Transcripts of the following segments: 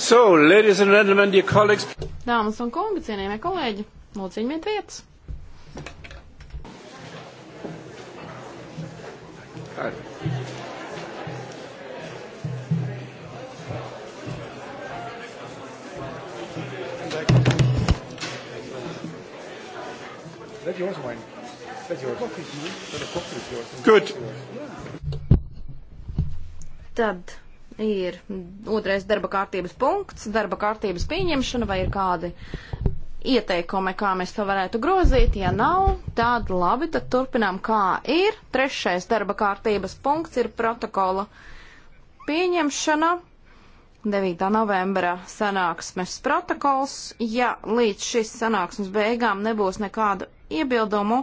So, ladies and gentlemen, dear colleagues. Dāmas un kungi, cienījamie kolēģi, lūdzu ņemiet vietas. That's yours, wine. That's yours. Good. Tad ir otrais darba kārtības punkts, darba kārtības pieņemšana vai ir kādi ieteikumi, kā mēs to varētu grozīt. Ja nav, tad labi, tad turpinām kā ir. Trešais darba kārtības punkts ir protokola pieņemšana. 9. novembra sanāksmes protokols. Ja līdz šis sanāksmes beigām nebūs nekādu iebildumu,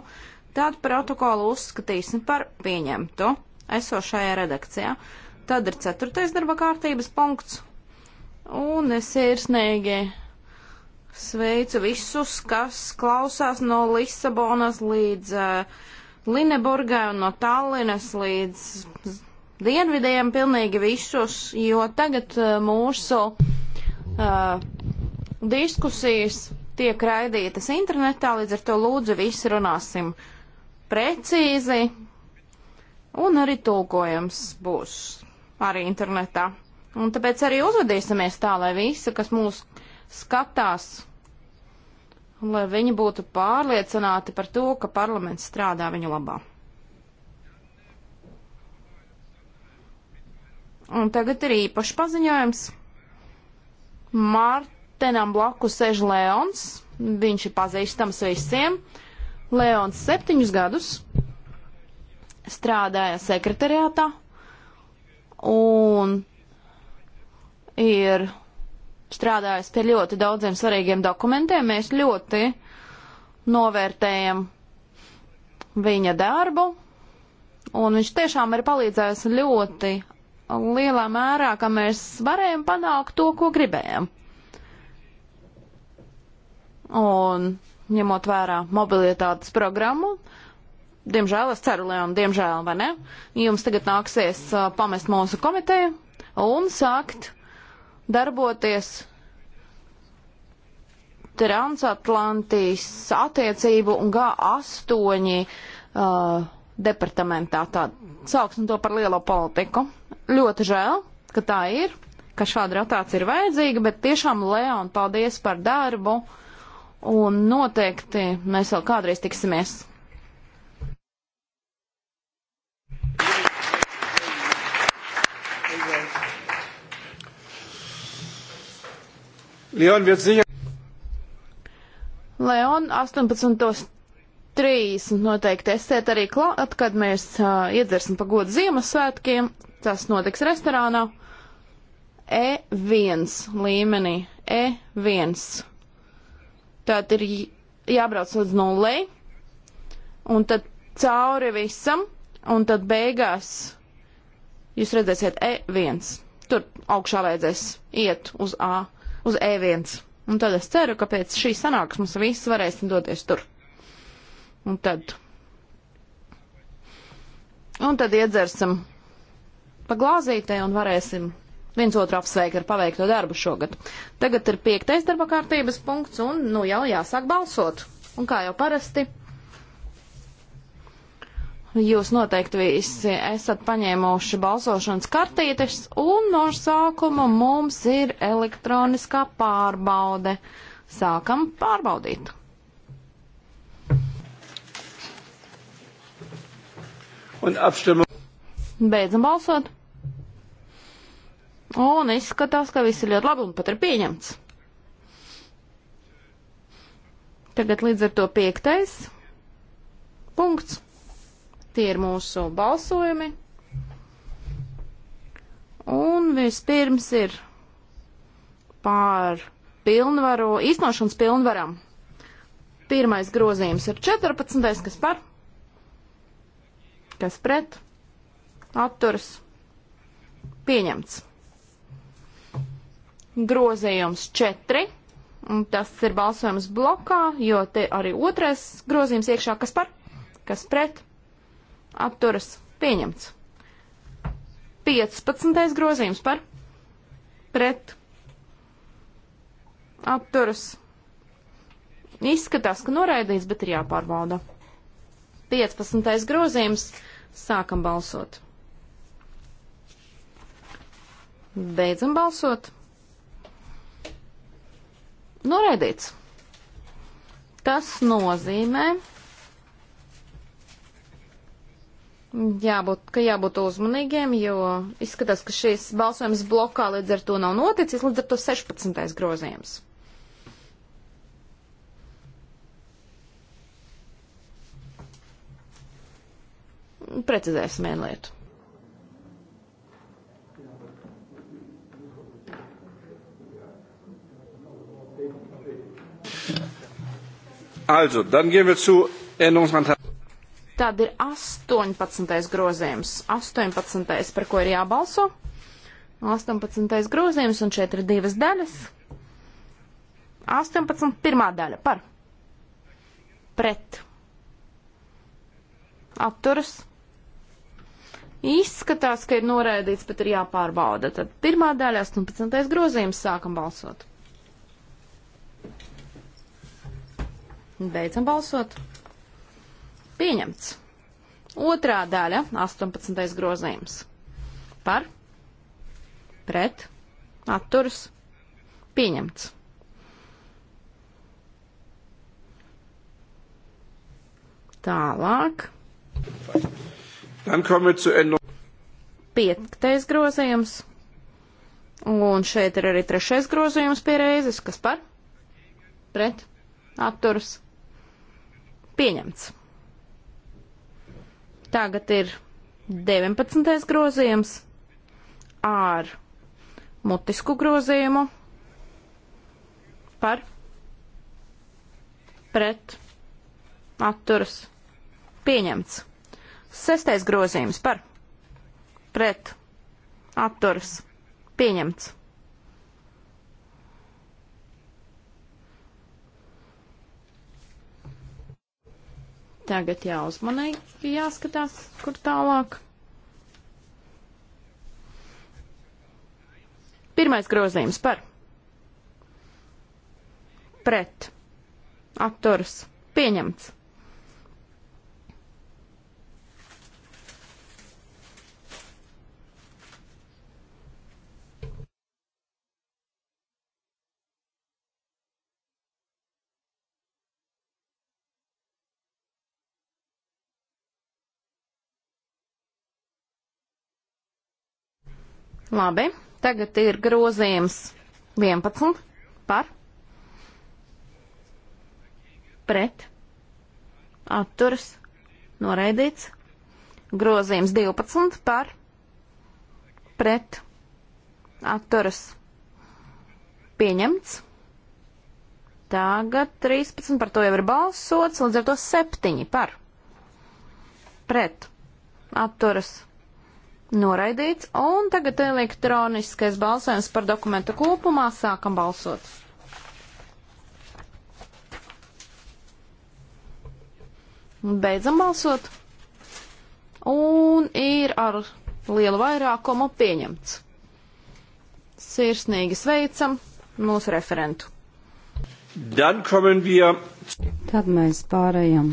tad protokolu uzskatīsim par pieņemtu esošajā redakcijā. Uh, Tad ir ceturtais darba kārtības punkts. Un es iesniegi sveicu visus, kas klausās no Lisabonas līdz uh, Lineburgai un no Tallinas līdz dienvidiem pilnīgi visus, jo tagad uh, mūsu uh, diskusijas tiek raidītas internetā, līdz ar to lūdzu visi runāsim precīzi, un arī tulkojums būs arī internetā. Un tāpēc arī uzvedīsimies tā, lai visi, kas mūs skatās, lai viņi būtu pārliecināti par to, ka parlaments strādā viņu labā. Un tagad ir īpašs paziņojums. Mārtenam blakus sēž Leons. Viņš ir pazīstams visiem. Leons septiņus gadus strādāja sekretariātā un ir strādājis pie ļoti daudziem svarīgiem dokumentiem. Mēs ļoti novērtējam viņa darbu, un viņš tiešām ir palīdzējis ļoti lielā mērā, ka mēs varējām panākt to, ko gribējām. Un ņemot vērā mobilitātes programmu, uh, diemžēl, es ceru, Leon, diemžēl, vai ne, jums tagad nāksies uh, pamest mūsu komiteju un sākt darboties transatlantijas attiecību un G8 uh, departamentā. Tā sauksim to par lielo politiku. Ļoti žēl, ka tā ir, ka šāda rotācija ir vajadzīga, bet tiešām, Leon, paldies par darbu un noteikti mēs vēl kādreiz tiksimies. Leon wird sicher. Leon 18.30 noteikti esiet arī klāt, kad mēs uh, iedzersim pagodu Ziemassvētkiem. Tas notiks restorānā E1 līmenī. E1. Tātad ir jābrauc līdz nulei, un tad cauri visam, un tad beigās jūs redzēsiet E1. Tur augšā vajadzēs iet uz A uz E1. Un tad es ceru, ka pēc šīs sanāksmes visi varēsim doties tur. Un tad. Un tad iedzersim pa glāzītē un varēsim viens otru apsveikt ar paveikto darbu šogad. Tagad ir piektais darba kārtības punkts un nu jau jāsāk balsot. Un kā jau parasti, Jūs noteikti visi esat paņēmuši balsošanas kartītes, un no sākuma mums ir elektroniskā pārbaude. Sākam pārbaudīt. Un apstimu. Beidzam balsot. Un izskatās, ka viss ir ļoti labi un pat ir pieņemts. Tagad līdz ar to piektais punkts. Tie ir mūsu balsojumi. Un vispirms ir pār pilnvaru, īstenošanas pilnvaram. Pirmais grozījums ir 14. kas par, kas pret, atturs, pieņemts. Grozījums 4. Un tas ir balsojums blokā, jo te arī otrais grozījums iekšā, kas par, kas pret, atturas pieņemts. 15. grozījums par pret atturas. Izskatās, ka noraidīts, bet ir jāpārbauda. 15. grozījums. Sākam balsot. Beidzam balsot. Noraidīts. Tas nozīmē, jābūt, ka jābūt uzmanīgiem, jo izskatās, ka šīs balsojums blokā līdz ar to nav noticis, līdz ar to 16. grozījums. Precizēsim vienu lietu. Also, dann gehen wir zu Änderungsantrag. Tad ir 18. grozījums. 18. par ko ir jābalso. 18. grozījums, un šeit ir divas daļas. 18. pirmā daļa par pret atturas. Izskatās, ka ir noraidīts, bet ir jāpārbauda. Tad pirmā daļa, 18. grozījums, sākam balsot. Beidzam balsot. Pieņemts. Otrā daļa, 18. grozījums. Par, pret, atturas, pieņemts. Tālāk. Piektais grozījums. Un šeit ir arī trešais grozījums pie reizes, kas par, pret, atturas, pieņemts. Tagad ir 19. grozījums ar mutisku grozījumu par pret atturas pieņemts. Sestais grozījums par pret atturas pieņemts. Tagad jāuzmanīgi jāskatās, kur tālāk. Pirmais grozījums par pret atturas pieņemts. Labi, tagad ir grozījums 11 par pret atturas noraidīts. Grozījums 12 par pret atturas pieņemts. Tagad 13 par to jau ir balsots, līdz ar to 7 par pret atturas Noraidīts. Un tagad elektroniskais balsojums par dokumentu kopumā. Sākam balsot. Beidzam balsot. Un ir ar lielu vairākumu pieņemts. Sirsnīgi sveicam mūsu referentu. Wir... Tad mēs pārējām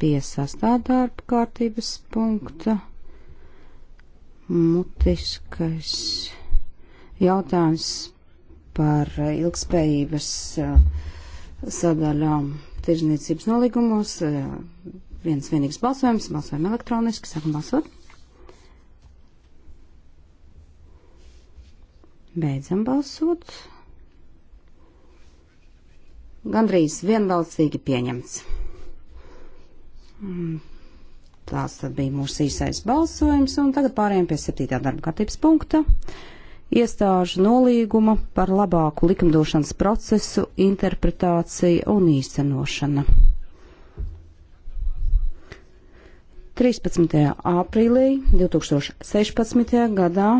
pie sastāvdarba kārtības punkta mutiskais jautājums par ilgspējības eh, sadaļām tirzniecības nolīgumos. Eh, viens vienīgs balsojums, balsojam elektroniski, sākam balsot. Beidzam balsot. Gandrīz vienbalsīgi pieņemts. Mm. Tās bija mūsu īsais balsojums, un tagad pārējām pie septītā darba kārtības punkta - iestāžu nolīguma par labāku likumdošanas procesu, interpretācija un īstenošana. 13. aprīlī 2016. gadā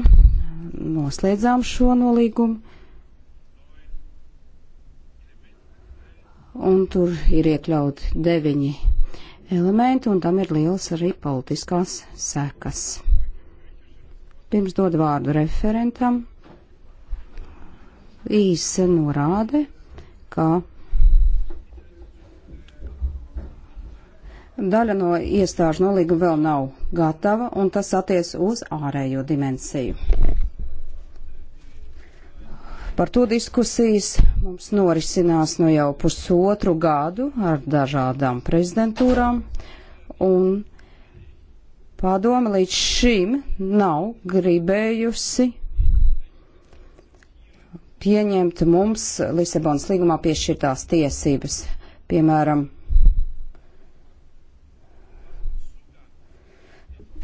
noslēdzām šo nolīgumu. un tur ir iekļauti deviņi elementi, un tam ir liels arī politiskās sekas. Pirms dod vārdu referentam, īsa norāde, ka daļa no iestāžu nolīguma vēl nav gatava, un tas attiec uz ārējo dimensiju. Par to diskusijas mums norisinās no jau pusotru gadu ar dažādām prezidentūrām, un padome līdz šim nav gribējusi pieņemt mums Lisabonas līgumā piešķirtās tiesības, piemēram,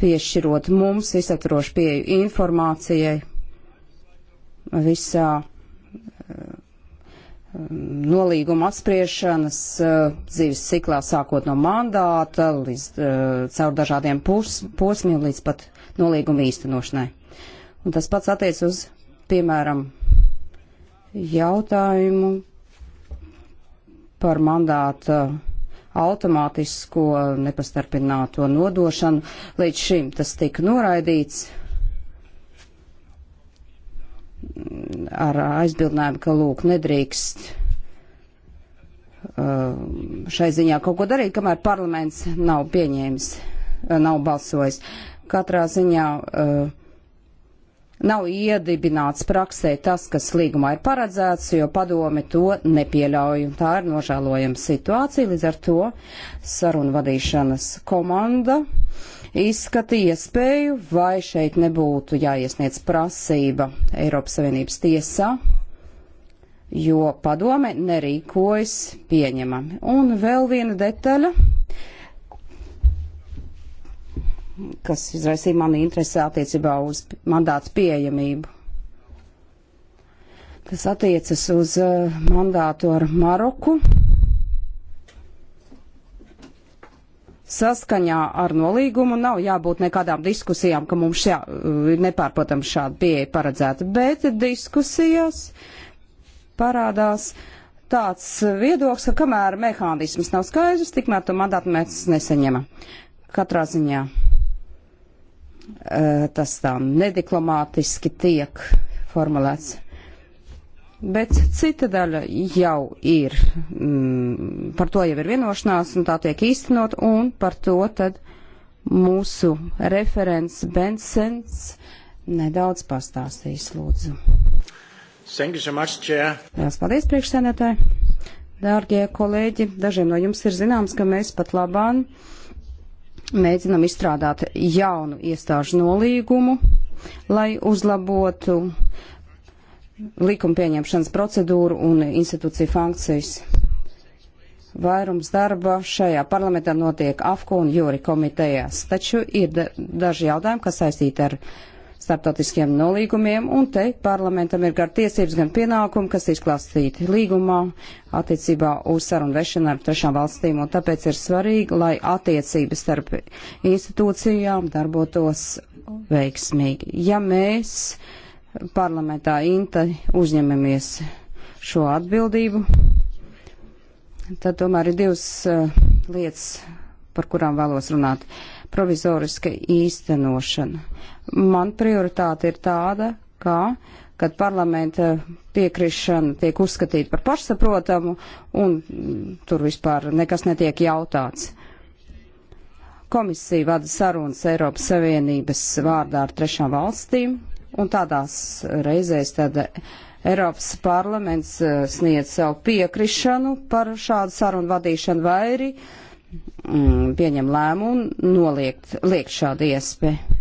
piešķirot mums visaptrošu pieeju informācijai visā nolīguma apspriešanas eh, dzīves ciklā, sākot no mandāta līdz eh, caur dažādiem posmiem līdz pat nolīguma īstenošanai. Un tas pats attiec uz, piemēram, jautājumu par mandāta automātisko nepastarpināto nodošanu. Līdz šim tas tika noraidīts, ar aizbildinājumu, ka lūk, nedrīkst uh, šai ziņā kaut ko darīt, kamēr parlaments nav pieņēmis, uh, nav balsojis. Katrā ziņā uh, nav iedibināts praksē tas, kas līgumā ir paredzēts, jo padome to nepieļauj. Tā ir nožēlojama situācija, līdz ar to sarunu vadīšanas komanda. Uh, izskata iespēju, vai šeit nebūtu jāiesniedz prasība Eiropas Savienības tiesā, jo padome nerīkojas pieņemami. Un vēl viena detaļa, kas izraisīja mani interesē attiecībā uz mandāts pieejamību. Tas attiecas uz uh, mandātu ar Maroku saskaņā ar nolīgumu nav jābūt nekādām diskusijām, ka mums šā, uh, nepārprotam šāda pieeja paredzēta, bet diskusijas parādās tāds viedoklis, ka kamēr mehānisms nav skaidrs, tikmēr to mandātu mēs neseņemam. Katrā ziņā uh, tas tā nediplomātiski tiek formulēts. Bet cita daļa jau ir, mm, par to jau ir vienošanās, un tā tiek īstenot, un par to tad mūsu referents Bensens nedaudz pastāstīs, lūdzu. So much, Lielas paldies, priekšsēdētāji! Dārgie kolēģi, dažiem no jums ir zināms, ka mēs pat labāk mēģinam izstrādāt jaunu iestāžu nolīgumu, lai uzlabotu likuma pieņemšanas procedūru un institūciju funkcijas. Vairums darba šajā parlamentā notiek AFKO un Jūri komitejās, taču ir daži jautājumi, kas saistīti ar starptautiskiem nolīgumiem, un te parlamentam ir gan tiesības, gan pienākumi, kas izklāstīti līgumā attiecībā uz sarunu vešanu ar trešām valstīm, un tāpēc ir svarīgi, lai attiecības starp institūcijām darbotos veiksmīgi. Ja mēs uh, parlamentā Inta uzņemamies šo atbildību, tad tomēr ir divas uh, lietas, par kurām vēlos runāt. Provizoriska īstenošana. Man prioritāte ir tāda, kā kad parlamenta piekrišana tiek uzskatīta par pašsaprotamu un mm, tur vispār nekas netiek jautāts. Komisija vada sarunas Eiropas Savienības vārdā ar trešām valstīm, un tādās reizēs tad Eiropas parlaments eh, sniedz savu piekrišanu par šādu sarunu vadīšanu vai arī mm, pieņem lēmumu noliegt liekt šādu iespēju.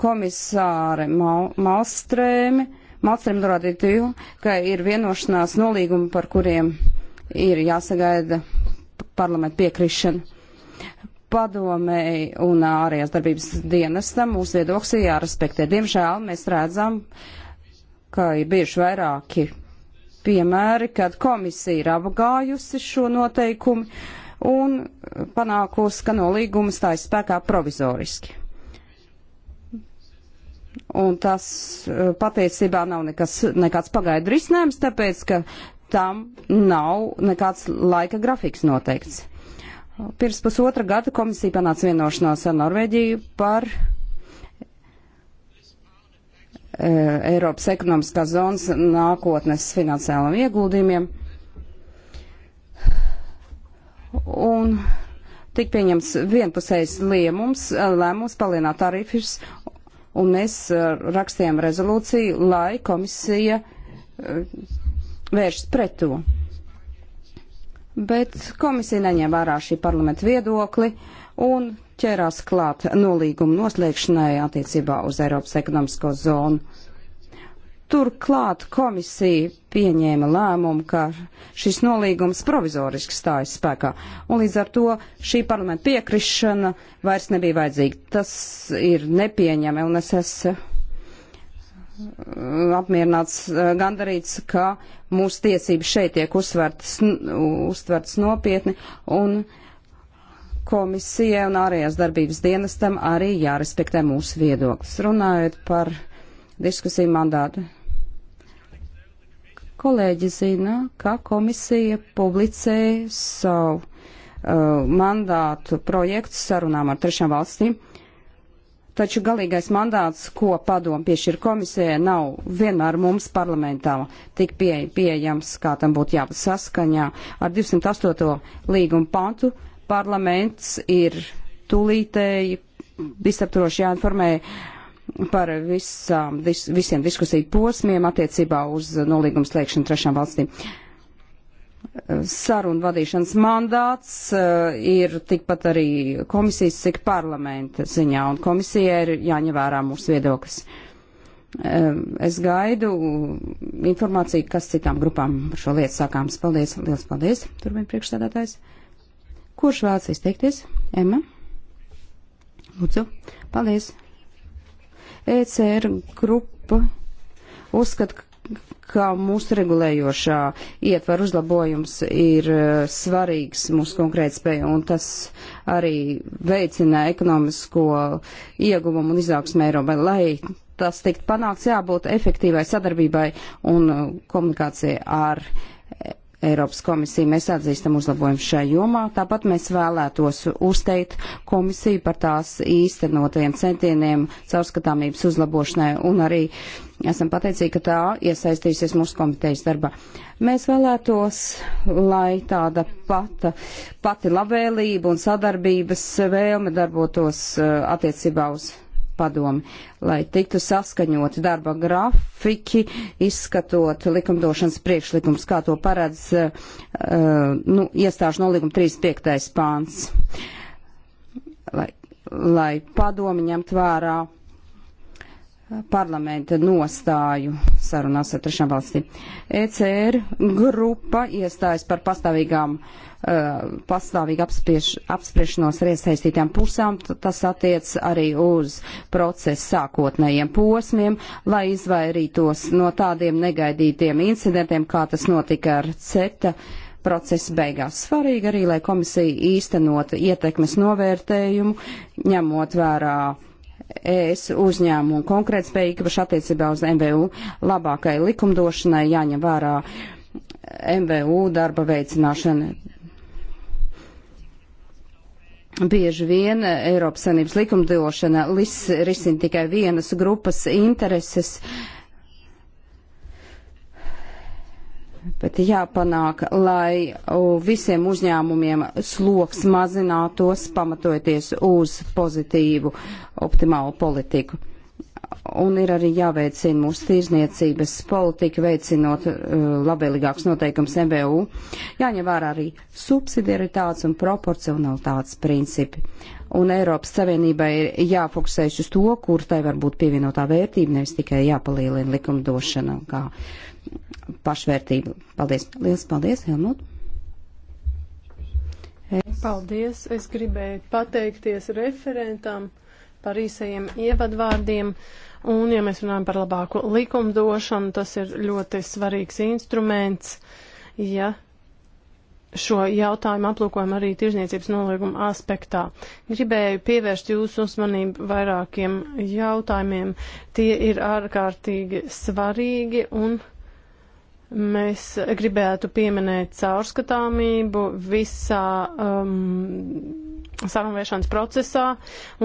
Komisāre Mal Malstrēmi, Malstrēmi norādīja, ka ir vienošanās nolīgumi, par kuriem ir jāsagaida parlamenta piekrišana padomēji un ārējās darbības dienestam mūsu viedoklis ir jārespektē. Diemžēl mēs redzam, ka ir bieži vairāki piemēri, kad komisija ir apgājusi šo noteikumu un panākusi, ka no līguma stājas spēkā provizoriski. Un tas e, patiesībā nav nekas, nekāds pagaidu risinājums, tāpēc, ka tam nav nekāds laika grafiks noteikts. Pirms pusotra gada komisija panāca vienošanos ar Norvēģiju par e, Eiropas ekonomiskās zonas nākotnes finansiālam ieguldījumiem. Un tik pieņems vienpusējs liemums, lēmums palielināt tarifus, un mēs e, rakstījām rezolūciju, lai komisija e, vēršas pret to bet komisija neņem vērā šī parlamenta viedokli un ķērās klāt nolīgumu noslēgšanai attiecībā uz Eiropas ekonomisko zonu. Turklāt komisija pieņēma lēmumu, ka šis nolīgums provizoriski stājas spēkā, un līdz ar to šī parlamenta piekrišana vairs nebija vajadzīga. Tas ir nepieņemi, un es esmu apmierināts, eh, gandarīts, ka mūsu tiesības šeit tiek uztvertas, uztvertas nopietni, un komisija un ārējās darbības dienestam arī jārespektē mūsu viedoklis. Runājot par diskusiju mandātu. Kolēģi zina, ka komisija publicēja savu uh, mandātu projektu sarunām ar trešām valstīm. Uh, taču galīgais mandāts, ko padomu piešķir komisijai, nav vienmēr mums parlamentā tik pie, pieejams, kā tam būtu jābūt saskaņā. Ar 208. līgumu pantu parlaments ir tūlītēji visaptroši jāinformē par visām, vis, visiem diskusiju posmiem attiecībā uz nolīgumu slēgšanu trešām valstīm. Uh, sarunu vadīšanas mandāts uh, ir tikpat arī komisijas, cik parlamenta ziņā, un komisija ir jāņem vērā mūsu viedoklis. Uh, es gaidu informāciju, kas citām grupām par šo lietu sakāms. Paldies, liels paldies, turpina priekšstādātājs. Kurš vēlas izteikties? Emma? Lūdzu, paldies. ECR grupa uzskata, ka mūsu regulējošā ietvaru uzlabojums ir e, svarīgs mūsu konkrētspēja, un tas arī veicina ekonomisko ieguvumu un izaugsmu Eiropai, lai tas tikt panākts, jābūt efektīvai sadarbībai un e, komunikācijai ar Eiropas komisija. Mēs atzīstam uzlabojumu šai jomā. Tāpat mēs vēlētos uzteikt komisiju par tās īstenotajiem centieniem caurskatāmības uzlabošanai un arī esam pateicīgi, ka tā iesaistīsies mūsu komitejas darbā. Mēs vēlētos, lai tāda pata, pati labvēlība un sadarbības vēlme darbotos eh, attiecībā uz padomu, lai tiktu saskaņoti darba grafiki, izskatot likumdošanas priekšlikums, kā to paredz uh, nu, iestāžu nolīguma 35. pāns, lai, lai padomi ņemt vērā parlamenta nostāju sarunās ar trešām valstīm. ECR grupa iestājas par pastāvīgām, uh, pastāvīgu apspriež, apspriešanos ar iesaistītām pusām. Tas attiec arī uz procesa sākotnējiem posmiem, lai izvairītos no tādiem negaidītiem incidentiem, kā tas notika ar CETA procesa beigās. Svarīgi arī, lai komisija īstenot ietekmes novērtējumu, ņemot vērā uh, es uzņēmumu konkurētspēju, īpaši attiecībā uz MVU labākai likumdošanai jāņem vērā MVU darba veicināšana. Bieži vien Eiropas Sanības likumdošana risina tikai vienas grupas intereses. Uh, bet jāpanāk, lai visiem uzņēmumiem sloks mazinātos, pamatojoties uz pozitīvu, optimālu politiku. Un ir arī jāveicina mūsu tīrzniecības politika, veicinot uh, labvēlīgāks noteikums MVU. Jāņem vērā arī subsidiaritātes un proporcionalitātes principi. Un Eiropas Savienībai ir jāfokusējas uz to, kur tai var būt pievienotā vērtība, nevis tikai jāpalielina likumdošana, kā pašvērtību. Paldies! Lielas paldies, Helmut! Es... Paldies! Es gribēju pateikties referentam par īsajiem ievadvārdiem. Un, ja mēs runājam par labāku likumdošanu, tas ir ļoti svarīgs instruments, ja šo jautājumu aplūkojam arī tirzniecības nolieguma aspektā. Gribēju pievērst jūsu uzmanību vairākiem jautājumiem. Tie ir ārkārtīgi svarīgi un. Mēs gribētu pieminēt caurskatāmību visā um, sarunvēršanas procesā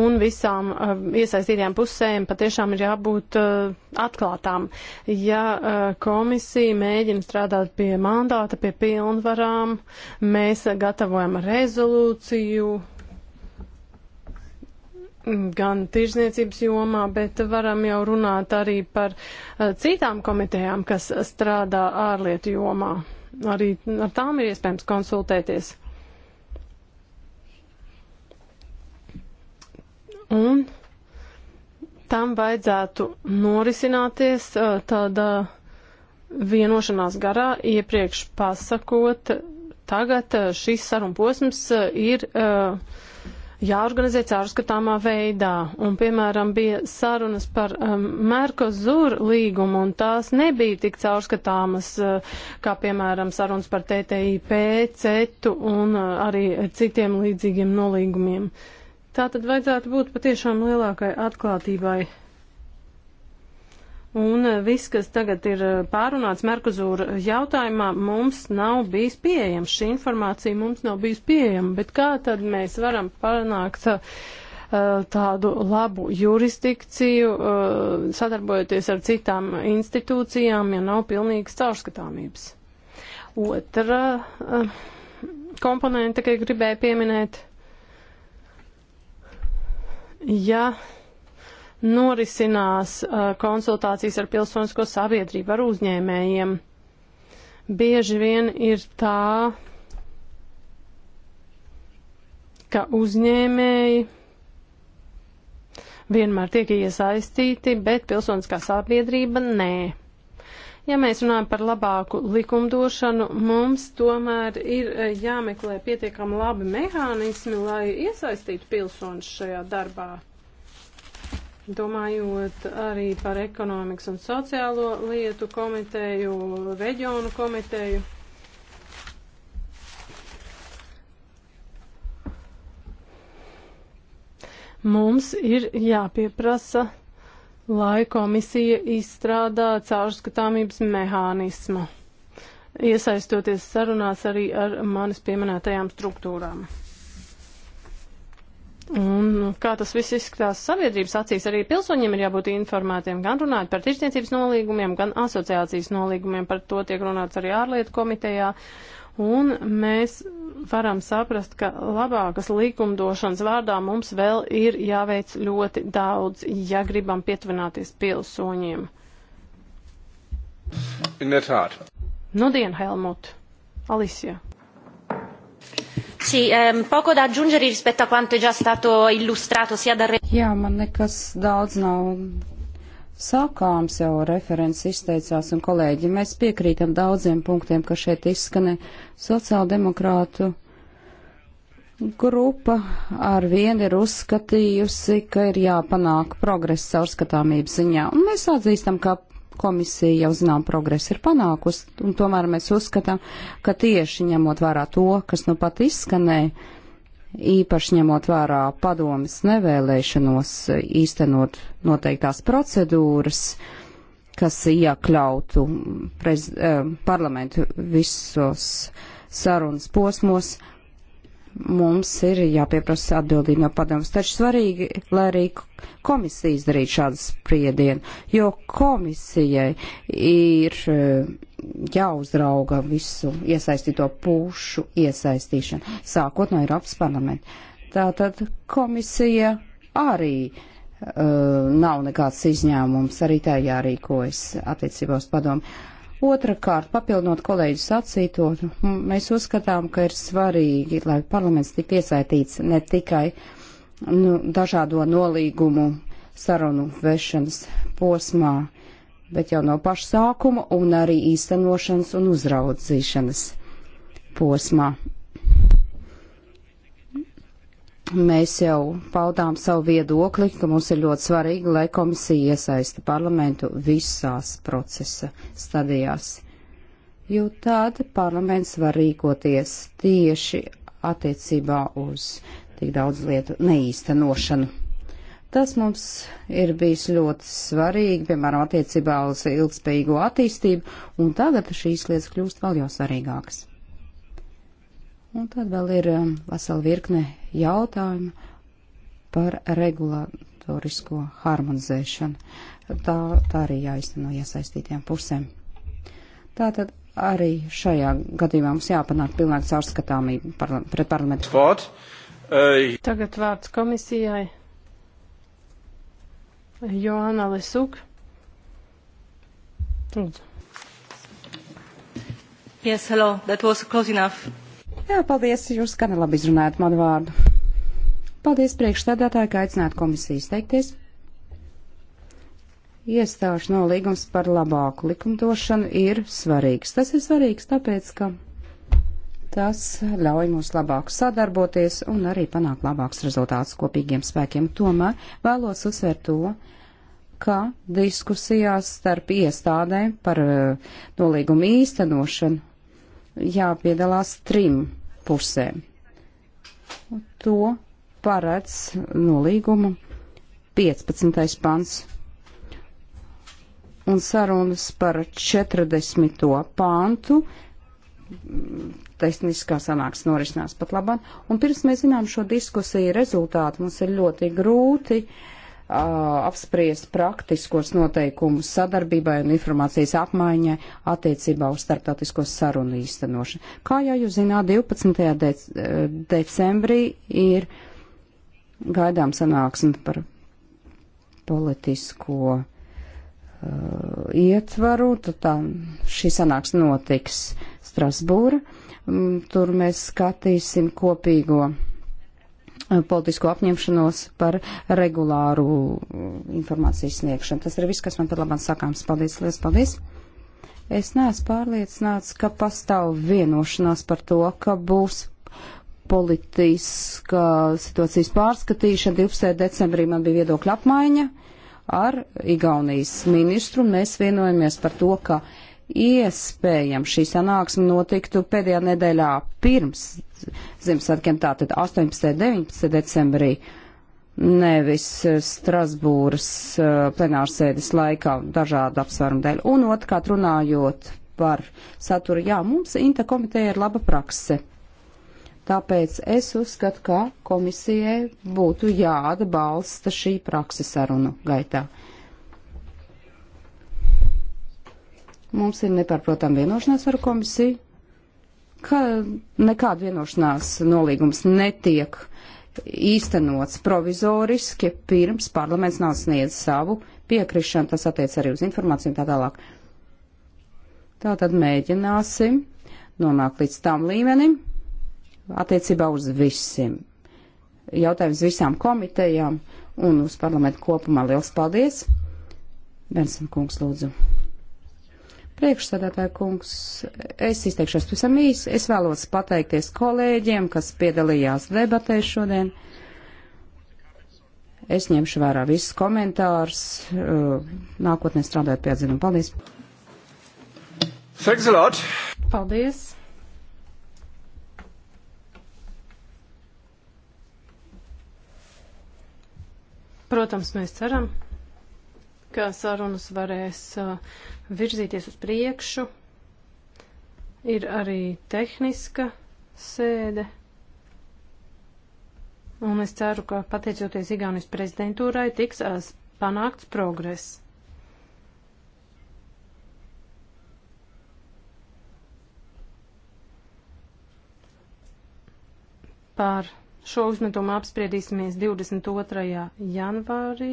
un visām um, iesaistītajām pusēm patiešām ir jābūt uh, atklātām. Ja uh, komisija mēģina strādāt pie mandāta, pie pilnvarām, mēs gatavojam rezolūciju, Mm, gan tirzniecības jomā, bet varam jau runāt arī par eh, citām komitejām, kas strādā ārlietu jomā. Arī ar tām ir iespējams konsultēties. Un tam vajadzētu norisināties eh, tādā vienošanās garā, iepriekš pasakot, tagad eh, šis sarunposms ir uh, jāorganizē caurskatāmā veidā. Un, piemēram, bija sarunas par um, Merkozur līgumu, un tās nebija tik caurskatāmas, uh, kā, piemēram, sarunas par TTIP, CETU un uh, arī citiem līdzīgiem nolīgumiem. Tā tad vajadzētu būt patiešām lielākai atklātībai Un viss, kas tagad ir eh, pārunāts Merkuzūra jautājumā, mums nav bijis pieejams. Šī informācija mums nav bijis pieejama, bet kā tad mēs varam panākt uh, tādu labu jurisdikciju, uh, sadarbojoties ar citām institūcijām, ja nav pilnīgas caurskatāmības? Otra uh, komponente, ko gribēju pieminēt, ja norisinās uh, konsultācijas ar pilsonisko sabiedrību, ar uzņēmējiem. Bieži vien ir tā, ka uzņēmēji vienmēr tiek iesaistīti, bet pilsoniskā sabiedrība nē. Ja mēs runājam par labāku likumdošanu, mums tomēr ir eh, jāmeklē pietiekami labi mehānismi, lai iesaistītu pilsonis šajā darbā. Domājot arī par ekonomikas un sociālo lietu komiteju, reģionu komiteju. Mums ir jāpieprasa, lai komisija izstrādā caurskatāmības mehānismu, iesaistoties sarunās arī ar manis pieminētajām struktūrām. Un kā tas viss izskatās sabiedrības acīs, arī pilsoņiem ir jābūt informētiem, gan runāt par tirsniecības nolīgumiem, gan asociācijas nolīgumiem, par to tiek runāts arī ārlietu komitejā. Un mēs varam saprast, ka labākas likumdošanas vārdā mums vēl ir jāveic ļoti daudz, ja gribam pietuvināties pilsoņiem. In der Tat. Nudien, Helmut. Alicia. Sì, ehm, poco da aggiungere rispetto a quanto è già stato illustrato sia dal Jā, man nekas daudz nav sākāms jau referents izteicās un kolēģi. Mēs piekrītam daudziem punktiem, kas šeit izskanē. Sociāldemokrātu grupa ar vienu ir uzskatījusi, ka ir jāpanāk progress caurskatāmības ziņā. Un mēs atzīstam, ka Komisija jau zinām progresu ir panākusi, un tomēr mēs uzskatām, ka tieši ņemot vērā to, kas nu pat izskanēja, īpaši ņemot vērā padomis nevēlēšanos īstenot noteiktās procedūras, kas iekļautu prez, eh, parlamentu visos sarunas posmos, mums ir jāpieprasa atbildība no padomus. Taču svarīgi, lai arī komisija izdarītu šādu spriedienu, jo komisijai ir eh, jāuzrauga visu iesaistīto pušu iesaistīšanu, sākot no Eiropas parlamenta. Tātad komisija arī uh, nav nekāds izņēmums, arī tā jārīkojas attiecībos padomu. Otrakārt, papildinot kolēģi sacīto, nu, mēs uzskatām, ka ir svarīgi, lai parlaments tiktu iesaistīts ne tikai nu, dažādo nolīgumu sarunu vešanas posmā, bet jau no paša sākuma un arī īstenošanas un uzraudzīšanas posmā. Mēs jau paudām savu viedokli, ka mums ir ļoti svarīgi, lai komisija iesaista parlamentu visās procesa stadijās, jo tāda parlaments var rīkoties tieši attiecībā uz tik daudz lietu neīstenošanu. Tas mums ir bijis ļoti svarīgi, piemēram, attiecībā uz ilgspējīgo attīstību, un tagad šīs lietas kļūst vēl jau svarīgākas. Un tad vēl ir um, vesela virkne jautājumu par regulatorisko harmonizēšanu. Tā, tā arī jāizteno iesaistītiem pusēm. Tātad arī šajā gadījumā mums jāpanāk pilnāk caurskatāmība par, pret parlamentu. Vārd. Tagad vārds komisijai. Joana Lesuk. Lūdzu. Yes, hello. That was close enough. Jā, paldies, jūs gan labi izrunājat manu vārdu. Paldies priekšstādātāji, ka aicināt komisijas teikties. Iestāšanās līgums par labāku likumdošanu ir svarīgs. Tas ir svarīgs tāpēc, ka Tas ļauj mums labāk sadarboties un arī panākt labāks rezultāts kopīgiem spēkiem. Tomēr vēlos uzsvērt to, ka diskusijās starp iestādēm par eh, nolīgumu īstenošanu jāpiedalās trim pusēm. To paredz no līguma 15. pants un sarunas par 40. pāntu. Tehniskā sanāks norisinās pat labāk. Un pirms mēs zinām šo diskusiju rezultātu, mums ir ļoti grūti uh, apspriest praktiskos noteikumus sadarbībai un informācijas apmaiņai attiecībā uz starptautisko sarunu īstenošanu. Kā jau jūs zināt, 12. Dec decembrī ir gaidām sanāksme par politisko uh, ietvaru, tad tā, šī sanāksme notiks Strasbūra. Mm, tur mēs skatīsim kopīgo politisko apņemšanos par regulāru mm, informācijas sniegšanu. Tas ir viss, kas man pat labāk sakāms. Paldies, liels paldies! Es neesmu pārliecināts, ka pastāv vienošanās par to, ka būs politiska situācijas pārskatīšana. 12. decembrī man bija viedokļa apmaiņa ar Igaunijas ministru. Mēs vienojamies par to, ka iespējams šī sanāksme notiktu pēdējā nedēļā pirms Ziemassvētkiem, tātad 18. un 19. decembrī, nevis eh, Strasbūras eh, plenārsēdes laikā dažādu apsvērumu dēļ. Un otrkārt runājot par saturu, jā, mums Inta komiteja ir laba prakse. Tāpēc es uzskatu, ka komisijai būtu jāatbalsta šī prakses sarunu gaitā. Mums ir nepārprotam vienošanās ar komisiju, ka nekāda vienošanās nolīgums netiek īstenots provizoriski, pirms parlaments nav sniedz savu piekrišanu, tas attiec arī uz informāciju un tā tālāk. Tātad mēģināsim nonākt līdz tam līmenim attiecībā uz visiem. Jautājums visām komitejām un uz parlamentu kopumā. Liels paldies! Benson kungs, lūdzu. Priekšsēdētāja kungs, es izteikšos pavisam īsi. Es vēlos pateikties kolēģiem, kas piedalījās debatēs šodien. Es ņemšu vērā visus komentārus. Uh, nākotnē strādājot pie atzinuma. Paldies! Thanks a lot! Paldies! Protams, mēs ceram ka sarunas varēs uh, virzīties uz priekšu. Ir arī tehniska sēde. Un es ceru, ka pateicoties Igaunijas prezidentūrai tiks uh, panākts progress. Par šo uzmetumu apspriedīsimies 22. janvārī.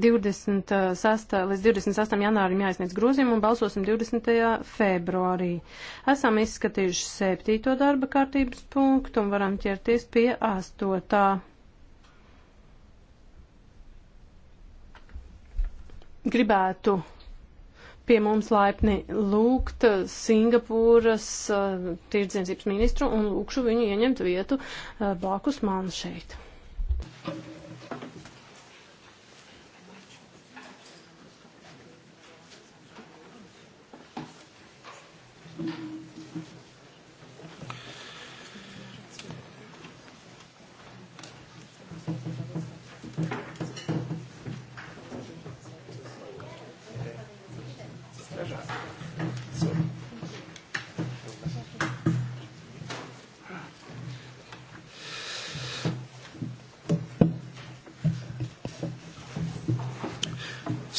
26. Uh, līdz 28. janvārim jāizniedz grūzījumu un balsosim 20. februārī. Esam izskatījuši 7. darba kārtības punktu un varam ķerties pie 8. Gribētu pie mums laipni lūgt Singapūras uh, tirdzniecības ministru un lūkšu viņu ieņemt vietu uh, blakus man šeit. Thank you.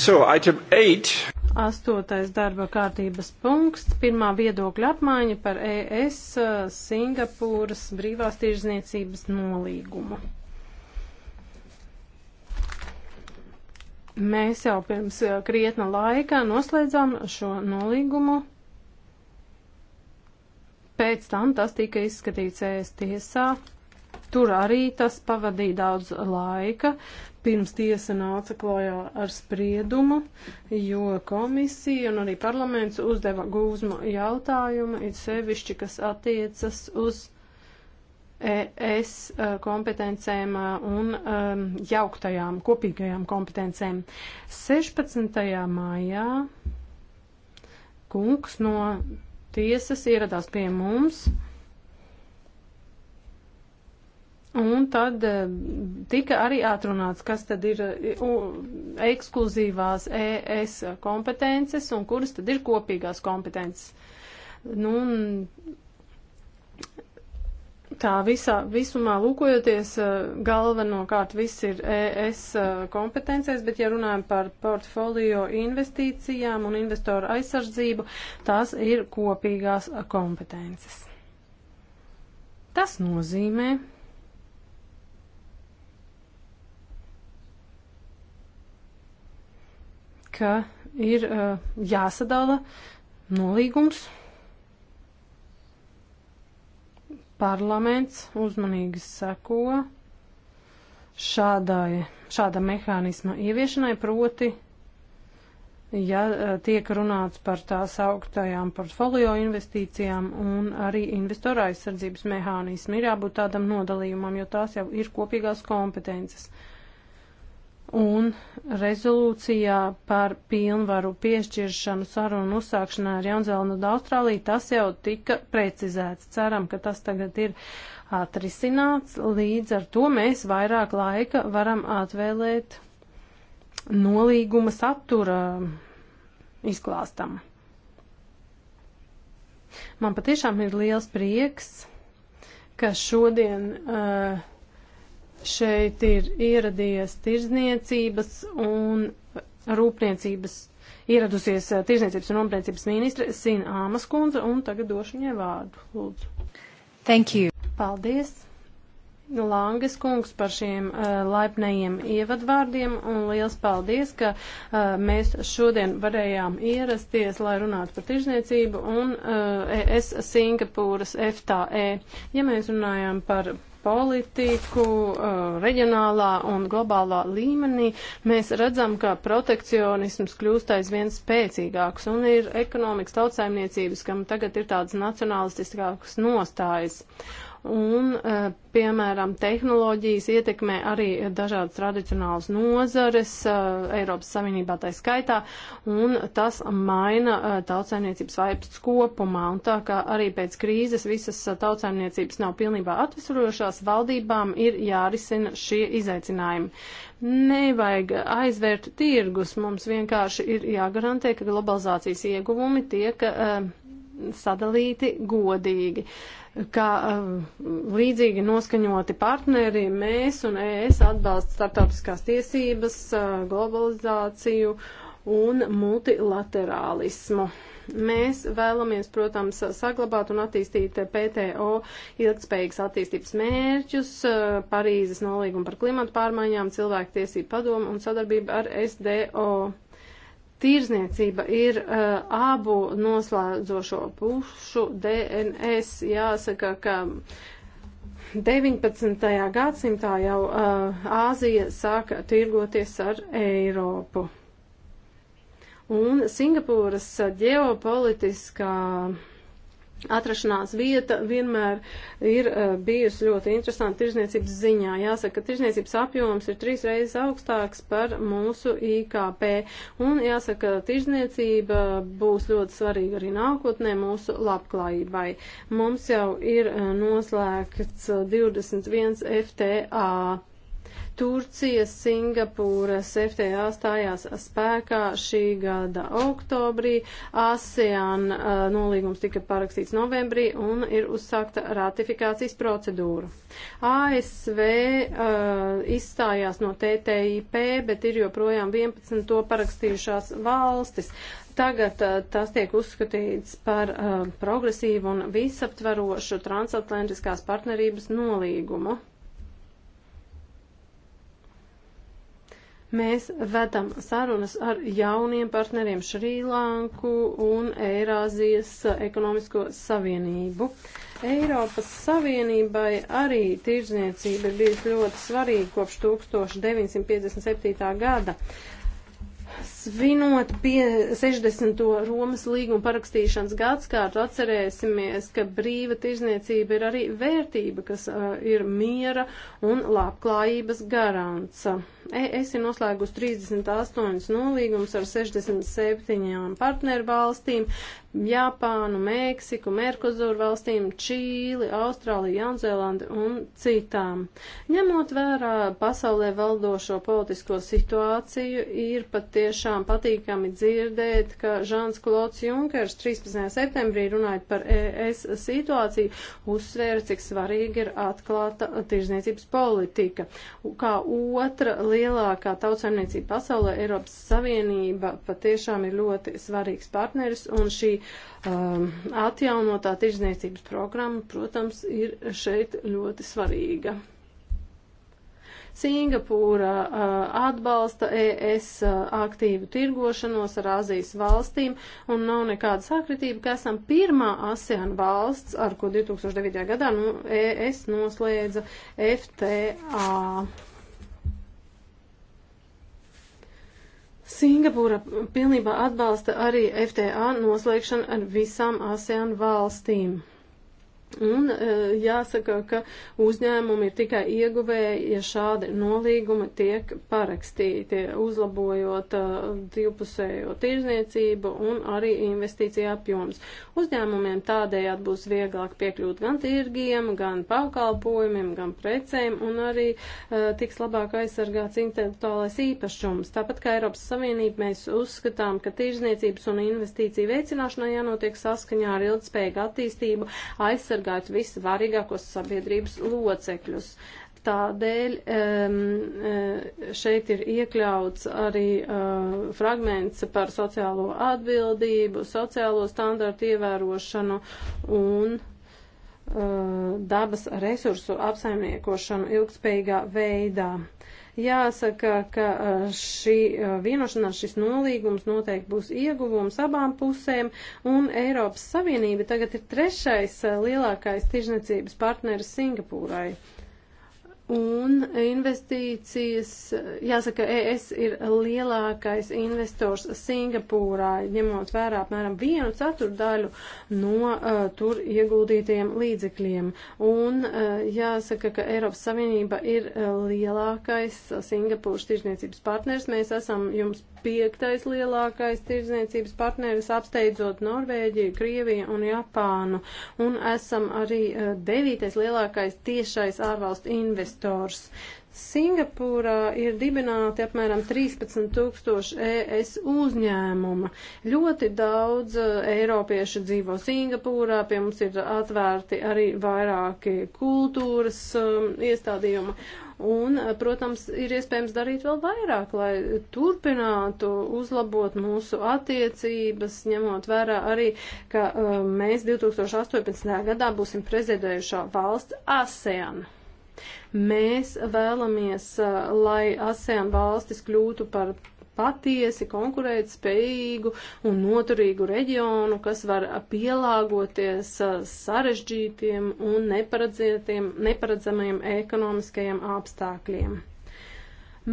So, item 8. Astotais darba kārtības punkts - pirmā viedokļa apmaiņa par ES uh, Singapūras brīvās tirzniecības nolīgumu. Mēs jau pirms uh, krietna laika noslēdzām šo nolīgumu. Pēc tam tas tika izskatīts ēst e tiesā. Tur arī tas pavadīja daudz laika. Uh, pirms tiesa nāca klājā ar spriedumu, jo komisija un arī parlaments uzdeva gūzmu jautājumu, it sevišķi, kas attiecas uz ES eh, kompetencēm eh, un um, jauktajām kopīgajām kompetencēm. 16. maijā kungs no tiesas ieradās pie mums. Un tad eh, tika arī atrunāts, kas tad ir eh, ekskluzīvās ES kompetences un kuras tad ir kopīgās kompetences. Nu, tā visā, visumā lūkojoties, eh, galvenokārt viss ir ES kompetencēs, bet ja runājam par portfolio investīcijām un investoru aizsardzību, tās ir kopīgās kompetences. Tas nozīmē, ka ir uh, jāsadala nolīgums. Parlaments uzmanīgi seko šādai, šāda mehānisma ieviešanai, proti, ja uh, tiek runāts par tās augtajām portfolio investīcijām un arī investora aizsardzības mehānismu, ir jābūt tādam nodalījumam, jo tās jau ir kopīgās kompetences. Uh, Un rezolūcijā par pilnvaru piešķiršanu sarunu uzsākšanā ar Jaunzēlnu un Austrāliju tas jau tika precizēts. Ceram, ka tas tagad ir atrisināts. Līdz ar to mēs vairāk laika varam atvēlēt nolīguma satura izklāstam. Man patiešām ir liels prieks, ka šodien uh, Šeit ir ieradies tirzniecības un rūpniecības, ieradusies eh, tirzniecības un rūpniecības ministre Sina Āmas kundze, un tagad došu viņai vārdu. Lūdzu. Thank you. Paldies. Langas kungs par šiem uh, eh, laipnējiem ievadvārdiem un liels paldies, ka uh, mēs šodien varējām ierasties, lai runātu par tirzniecību un uh, ES Singapūras FTE. Ja mēs runājām par politiku uh, reģionālā un globālā līmenī, mēs redzam, ka protekcionisms kļūst aizvien spēcīgāks un ir ekonomikas tautsaimniecības, kam tagad ir tādas nacionalistiskākas nostājas un, e, piemēram, tehnoloģijas ietekmē arī dažādas tradicionālas nozares e, Eiropas Savienībā tai skaitā, un tas maina e, tautsēmniecības vaipsts kopumā, un tā kā arī pēc krīzes visas tautsēmniecības nav pilnībā atvesurošās, valdībām ir jārisina šie izaicinājumi. Nevajag aizvērt tirgus, mums vienkārši ir jāgarantē, ka globalizācijas ieguvumi tiek uh, sadalīti godīgi, ka eh, līdzīgi noskaņoti partneri, mēs un ES atbalsta startautiskās tiesības, eh, globalizāciju un multilaterālismu. Mēs vēlamies, protams, saglabāt un attīstīt PTO ilgspējīgas attīstības mērķus, eh, Parīzes nolīgumu par klimatu pārmaiņām, cilvēku tiesību padomu un sadarbību ar SDO. Tirzniecība ir uh, abu noslēdzošo pušu DNS. Jāsaka, ka 19. gadsimtā jau uh, Āzija sāka tirgoties ar Eiropu. Un Singapūras eh, ģeopolitiskā uh, atrašanās vieta vienmēr ir uh, bijusi ļoti interesanta tirzniecības ziņā. Jāsaka, ka tirzniecības apjoms ir trīs reizes augstāks par mūsu IKP. Un jāsaka, ka tirzniecība būs ļoti svarīga arī nākotnē mūsu labklājībai. Mums jau ir uh, noslēgts 21 eh, FTA Turcija, Singapūra, FTA stājās spēkā šī gada oktobrī, ASEAN nolīgums tika parakstīts novembrī un ir uzsākta ratifikācijas procedūra. ASV uh, izstājās no TTIP, bet ir joprojām 11 to parakstījušās valstis tagad tas tiek uzskatīts par uh, progresīvu un visaptvarošu transatlantiskās partnerības nolīgumu. Mēs vedam sarunas ar jauniem partneriem Šrīlanku un Eirāzijas ekonomisko savienību. Eiropas Savienībai arī tirdzniecība ir bijusi ļoti svarīga kopš 1957. gada Svinot pie 60. Romas līguma parakstīšanas gadskārtu, atcerēsimies, ka brīva tirzniecība ir arī vērtība, kas uh, ir miera un labklājības garants. Es ir noslēgus 38 nolīgums ar 67 partneru valstīm, Japānu, Meksiku, Merkozoru valstīm, Čīli, Austrāliju, Jaunzēlandi un citām. Ņemot vērā pasaulē valdošo politisko situāciju, ir patiešām tiešām patīkami dzirdēt, ka Žāns Klots Junkers 13. septembrī runājot par ES situāciju, uzsvēra, cik svarīgi ir atklāta tirzniecības politika. Kā otra lielākā tautsaimniecība pasaulē, Eiropas Savienība patiešām ir ļoti svarīgs partneris, un šī um, atjaunotā tirzniecības programma, protams, ir šeit ļoti svarīga. Singapūra atbalsta ES aktīvu tirgošanos ar Azijas valstīm un nav nekāda sakritība, ka esam pirmā ASEAN valsts, ar ko 2009. gadā nu, ES noslēdza FTA. Singapūra pilnībā atbalsta arī FTA noslēgšanu ar visām ASEAN valstīm. Un e, jāsaka, ka uzņēmumi ir tikai ieguvēji, ja šādi nolīgumi tiek parakstīti, uzlabojot e, divpusējo tirzniecību un arī investīcija apjoms. Uzņēmumiem tādējādi būs vieglāk piekļūt gan tirgiem, gan pakalpojumiem, gan precēm un arī uh, tiks labāk aizsargāts intelektuālais īpašums. Tāpat kā Eiropas Savienība mēs uzskatām, ka tirzniecības un investīciju veicināšanai jānotiek saskaņā ar ilgspējīgu attīstību, aizsardzību aizsargājot vissvarīgākos sabiedrības locekļus. Tādēļ e, šeit ir iekļauts arī e, fragments par sociālo atbildību, sociālo standartu ievērošanu un e, dabas resursu apsaimniekošanu ilgspējīgā veidā. Uh, Jāsaka, ka uh, šī uh, vienošanās, šis nolīgums noteikti būs ieguvums abām pusēm, un Eiropas Savienība tagad ir trešais uh, lielākais tirzniecības partneris Singapūrai. Un investīcijas, jāsaka, ES ir lielākais investors Singapūrā, ņemot vērā apmēram vienu ceturdaļu no uh, tur ieguldītajiem līdzekļiem. Un uh, jāsaka, ka Eiropas Savienība ir uh, lielākais Singapūras tirzniecības partners. Mēs esam jums piektais lielākais tirzniecības partneris, apsteidzot Norvēģiju, Krieviju un Japānu. Un esam arī uh, devītais lielākais tiešais ārvalstu investors investors. Singapūrā ir dibināti apmēram 13 tūkstoši ES uzņēmuma. Ļoti daudz uh, eiropiešu dzīvo Singapūrā, pie mums ir atvērti arī vairāki kultūras um, iestādījumi. Un, uh, protams, ir iespējams darīt vēl vairāk, lai turpinātu uzlabot mūsu attiecības, ņemot vērā arī, ka um, mēs 2018. gadā būsim prezidējušā valsts ASEAN. Mēs vēlamies, lai ASEAN valstis kļūtu par patiesi konkurētspējīgu un noturīgu reģionu, kas var pielāgoties sarežģītiem un neparedzamajiem ekonomiskajiem apstākļiem.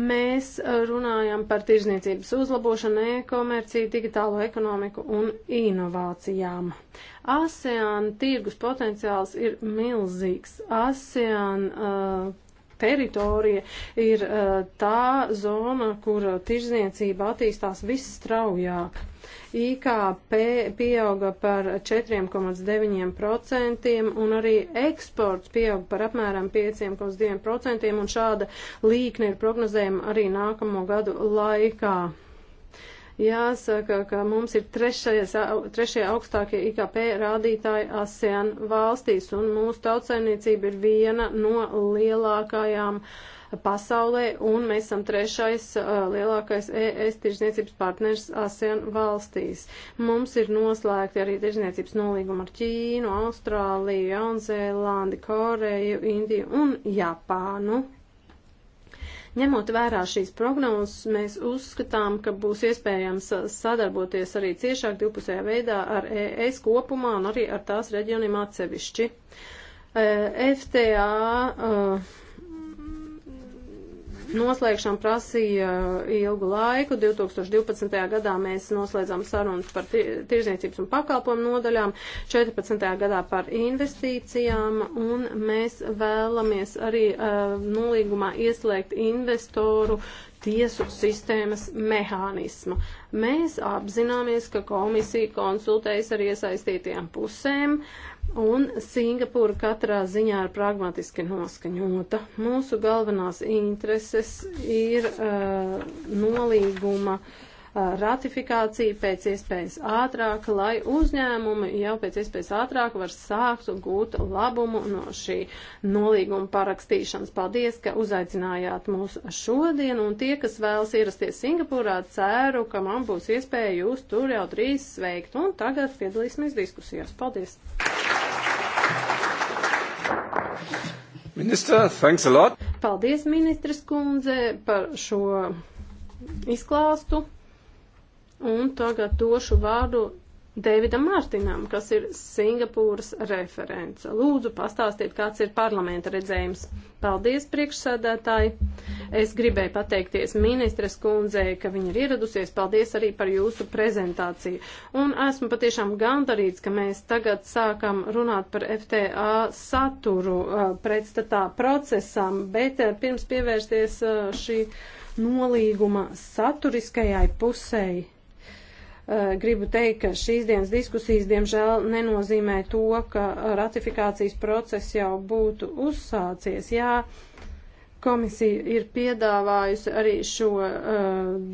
Mēs runājam par tirzniecības uzlabošanu, e-komerciju, digitālo ekonomiku un inovācijām. ASEAN tirgus potenciāls ir milzīgs. ASEAN uh, teritorija ir uh, tā zona, kur tirzniecība attīstās visstraujāk. IKP pieauga par 4,9% un arī eksports pieauga par apmēram 5,2% un šāda līkne ir prognozējama arī nākamo gadu laikā. Jāsaka, ka mums ir trešais, trešie augstākie IKP rādītāji ASEAN valstīs, un mūsu tautsaimniecība ir viena no lielākajām pasaulē, un mēs esam trešais uh, lielākais ES tirzniecības partners ASEAN valstīs. Mums ir noslēgti arī tirzniecības nolīgumi ar Ķīnu, Austrāliju, Jaunzēlandi, Koreju, Indiju un Japānu. Ņemot vērā šīs prognozes, mēs uzskatām, ka būs iespējams sadarboties arī ciešāk divpusējā veidā ar ES kopumā un arī ar tās reģioniem atsevišķi. E, FTA uh, Noslēgšana prasīja ilgu laiku. 2012. gadā mēs noslēdzām sarunas par tirzniecības un pakalpojumu nodaļām, 14. gadā par investīcijām, un mēs vēlamies arī uh, nolīgumā ieslēgt investoru tiesu sistēmas mehānismu. Mēs apzināmies, ka komisija konsultējas ar iesaistītajām pusēm, un Singapūra katrā ziņā ir pragmatiski noskaņota. Mūsu galvenās intereses ir uh, nolīguma uh, ratifikāciju pēc iespējas ātrāk, lai uzņēmumi jau pēc iespējas ātrāk var sākt un gūt labumu no šī nolīguma parakstīšanas. Paldies, ka uzaicinājāt mūs šodien, un tie, kas vēlas ierasties Singapūrā, ceru, ka man būs iespēja jūs tur jau drīz sveikt, un tagad piedalīsimies diskusijās. Paldies! Minister, thanks a lot. Paldies, ministres kundze, par šo izklāstu. Un tagad došu vārdu Deividam Mārtiņam, kas ir Singapūras referents. Lūdzu, pastāstiet, kāds ir parlamenta redzējums. Paldies, priekšsēdētāji. Es gribēju pateikties ministres kundzei, ka viņa ir ieradusies. Paldies arī par jūsu prezentāciju. Un esmu patiešām gandarīts, ka mēs tagad sākam runāt par FTA saturu uh, pretstatā procesam, bet uh, pirms pievērsties uh, šī nolīguma saturiskajai pusēji Eh, gribu teikt, ka šīs dienas diskusijas, diemžēl, nenozīmē to, ka ratifikācijas process jau būtu uzsācies. Jā, komisija ir piedāvājusi arī šo uh,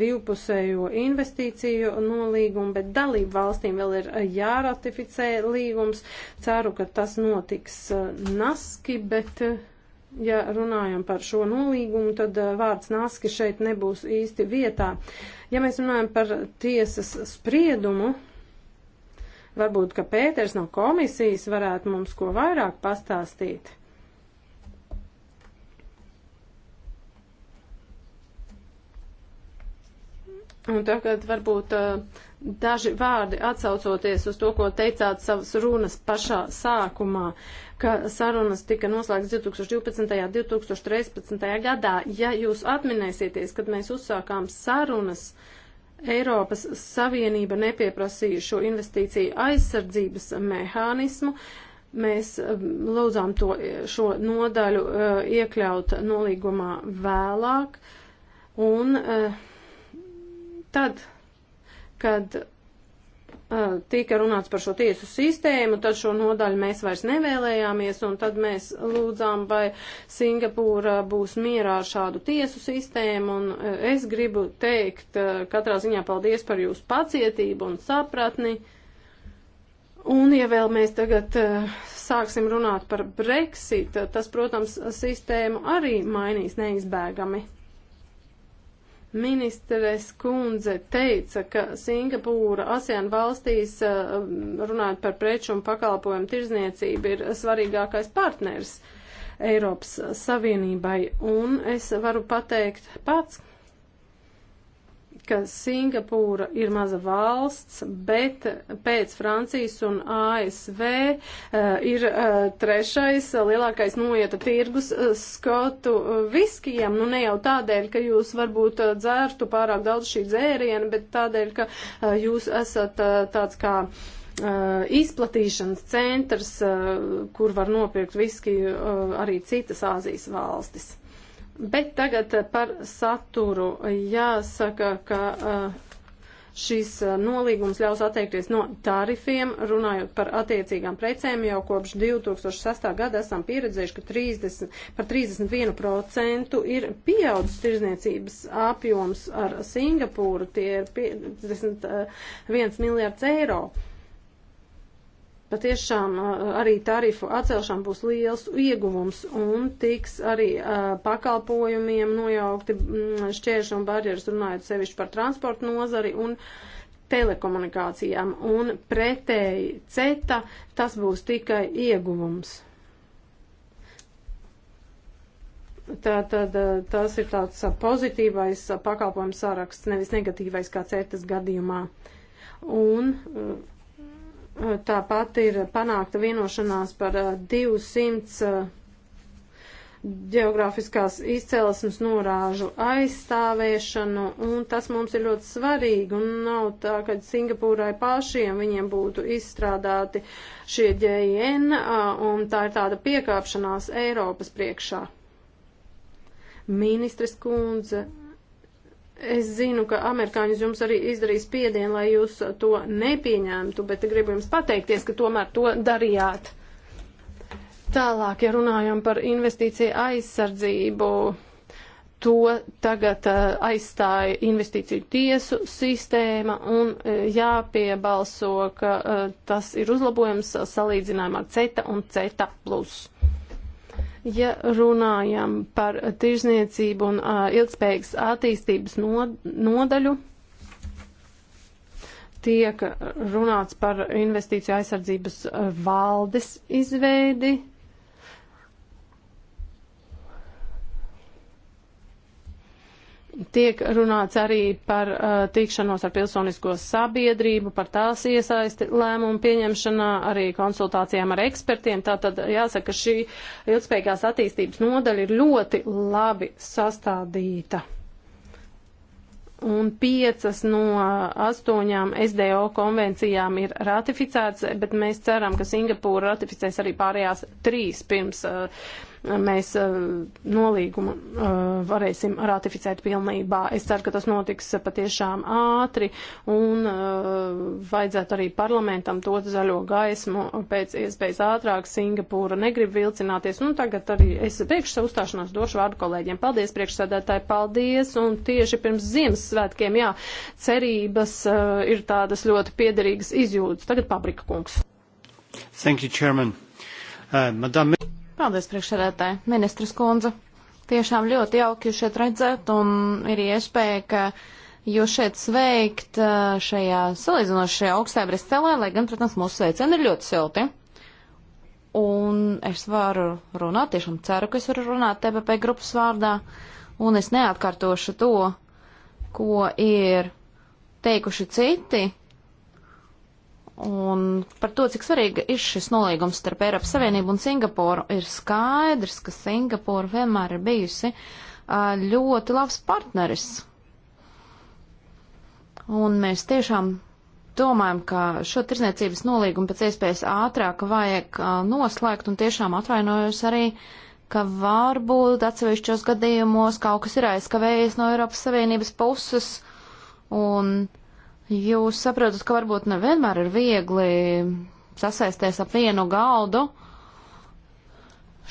divpusējo investīciju nolīgumu, bet dalību valstīm vēl ir jāratificē līgums. Ceru, ka tas notiks uh, naski, bet. Uh, Ja runājam par šo nolīgumu, tad uh, vārds nāski šeit nebūs īsti vietā. Uh, Ja mēs runājam par tiesas spriedumu, varbūt, ka Pēters no komisijas varētu mums ko vairāk pastāstīt. Un tagad varbūt uh, daži vārdi atsaucoties uz to, ko teicāt savas runas pašā sākumā, ka sarunas tika noslēgts 2012. un 2013. gadā. Ja jūs atminēsieties, kad mēs uzsākām sarunas, Eiropas Savienība nepieprasīja šo investīciju aizsardzības mehānismu, mēs um, lūdzām to, šo nodaļu uh, iekļaut nolīgumā vēlāk. Un uh, tad kad uh, tika runāts par šo tiesu sistēmu, tad šo nodaļu mēs vairs nevēlējāmies, un tad mēs lūdzām, vai Singapūra būs mierā ar šādu tiesu sistēmu, un uh, es gribu teikt uh, katrā ziņā paldies par jūsu pacietību un sapratni. Un, ja vēl mēs tagad uh, sāksim runāt par Brexit, tas, protams, sistēmu arī mainīs neizbēgami. Ministres kundze teica, ka Singapūra ASEAN valstīs eh, runājot par preču un pakalpojumu tirzniecību ir svarīgākais partners Eiropas Savienībai. Un es varu pateikt pats, ka Singapūra ir maza valsts, bet pēc Francijas un ASV uh, eh, ir uh, trešais uh, lielākais noieta tirgus uh, skotu uh, viskijam. Nu, ne jau tādēļ, ka jūs varbūt uh, dzērtu pārāk daudz šī dzēriena, bet tādēļ, ka uh, jūs esat uh, tāds kā. Uh, izplatīšanas centrs, uh, kur var nopirkt viski uh, arī citas Āzijas valstis. Bet tagad par saturu jāsaka, ka. Uh, šis uh, nolīgums ļaus atteikties no tarifiem, runājot par attiecīgām precēm, jau kopš 2006. gada esam pieredzējuši, ka 30, par 31% ir pieaudzis tirzniecības apjoms ar Singapūru, tie ir 51 uh, miljārds eiro patiešām arī tarifu atcelšana būs liels ieguvums un tiks arī pakalpojumiem nojaukti mm, šķēršļi un barjeras, runājot sevišķi par transportu nozari un telekomunikācijām. Un pretēji CETA tas būs tikai ieguvums. Tātad tas ir tāds pozitīvais pakalpojums saraksts, nevis negatīvais kā CETAS gadījumā. Un Tāpat ir panākta vienošanās par 200 geogrāfiskās izcēlesmes norāžu aizstāvēšanu, un tas mums ir ļoti svarīgi, un nav tā, ka Singapūrai pašiem viņiem būtu izstrādāti šie GIN, un tā ir tāda piekāpšanās Eiropas priekšā. Ministres kundze, Es zinu, ka amerikāņi jums arī izdarīs piedienu, lai jūs to nepieņemtu, bet gribu jums pateikties, ka tomēr to darījāt. Tālāk, ja runājam par investīciju aizsardzību, to tagad uh, aizstāja investīciju tiesu sistēma un uh, jāpiebalso, ka uh, tas ir uzlabojums salīdzinājumā CETA un CETA plus. Ja runājam par tirzniecību un uh, ilgspējīgas attīstības nodaļu, tiek runāts par investīciju aizsardzības valdes izveidi. Tiek runāts arī par uh, tikšanos ar pilsonisko sabiedrību, par tās iesaisti lēmumu pieņemšanā, arī konsultācijām ar ekspertiem. Tātad jāsaka, ka šī ilgspējīgās attīstības nodaļa ir ļoti labi sastādīta un piecas no astoņām SDO konvencijām ir ratificētas, bet mēs ceram, ka Singapūra ratificēs arī pārējās trīs pirms uh, mēs eh, nolīgumu eh, varēsim ratificēt pilnībā. Es ceru, ka tas notiks patiešām ātri un eh, vajadzētu arī parlamentam dot zaļo gaismu pēc iespējas ātrāk. Singapūra negrib vilcināties. Nu, tagad arī es beigšu savu uzstāšanos, došu vārdu kolēģiem. Paldies, priekšsēdētāji, paldies. Un tieši pirms Ziemassvētkiem, jā, cerības uh, ir tādas ļoti piederīgas izjūtas. Tagad paprika kungs. Thank you, Chairman. Uh, Madame... Paldies, priekšsēdētāji. Ministras kundze, tiešām ļoti jauki jūs šeit redzēt un ir iespēja, ka jūs šeit sveikt šajā salīdzinošajā augstā Briselē, lai gan, protams, mūsu sveicieni ir ļoti silti. Un es varu runāt, tiešām ceru, ka es varu runāt TPP grupas vārdā, un es neatkārtošu to, ko ir teikuši citi Un par to, cik svarīga ir šis nolīgums starp Eiropas Savienību un Singapūru, ir skaidrs, ka Singapūra vienmēr ir bijusi ļoti labs partneris. Un mēs tiešām domājam, ka šo tirzniecības nolīgumu pēc iespējas ātrāk vajag uh, noslēgt un tiešām atvainojos arī, ka varbūt atsevišķos gadījumos kaut kas ir aizkavējies no Eiropas Savienības puses un Jūs saprotat, ka varbūt nevienmēr ir viegli sasaisties ap vienu galdu.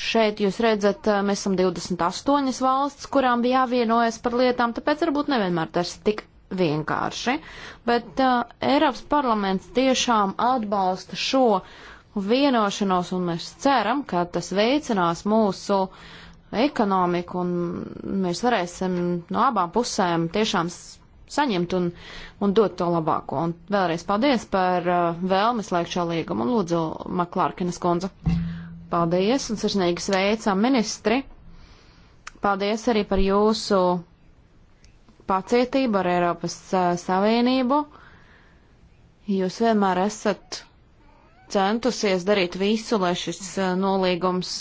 Šeit jūs redzat, eh, mēs esam 28 valsts, kurām bija jāvienojas par lietām, tāpēc varbūt nevienmēr tas ir tik vienkārši. Bet uh, Eiropas parlaments tiešām atbalsta šo vienošanos, un mēs ceram, ka tas veicinās mūsu ekonomiku, un mēs varēsim no abām pusēm tiešām saņemt un, un dot to labāko. Un vēlreiz paldies par uh, vēlmi slēgt šo līgumu un lūdzu Maklārkinas kundze. Paldies un sirsnīgi sveicam ministri. Paldies arī par jūsu pacietību ar Eiropas uh, Savienību. Jūs vienmēr esat centusies darīt visu, lai šis uh, nolīgums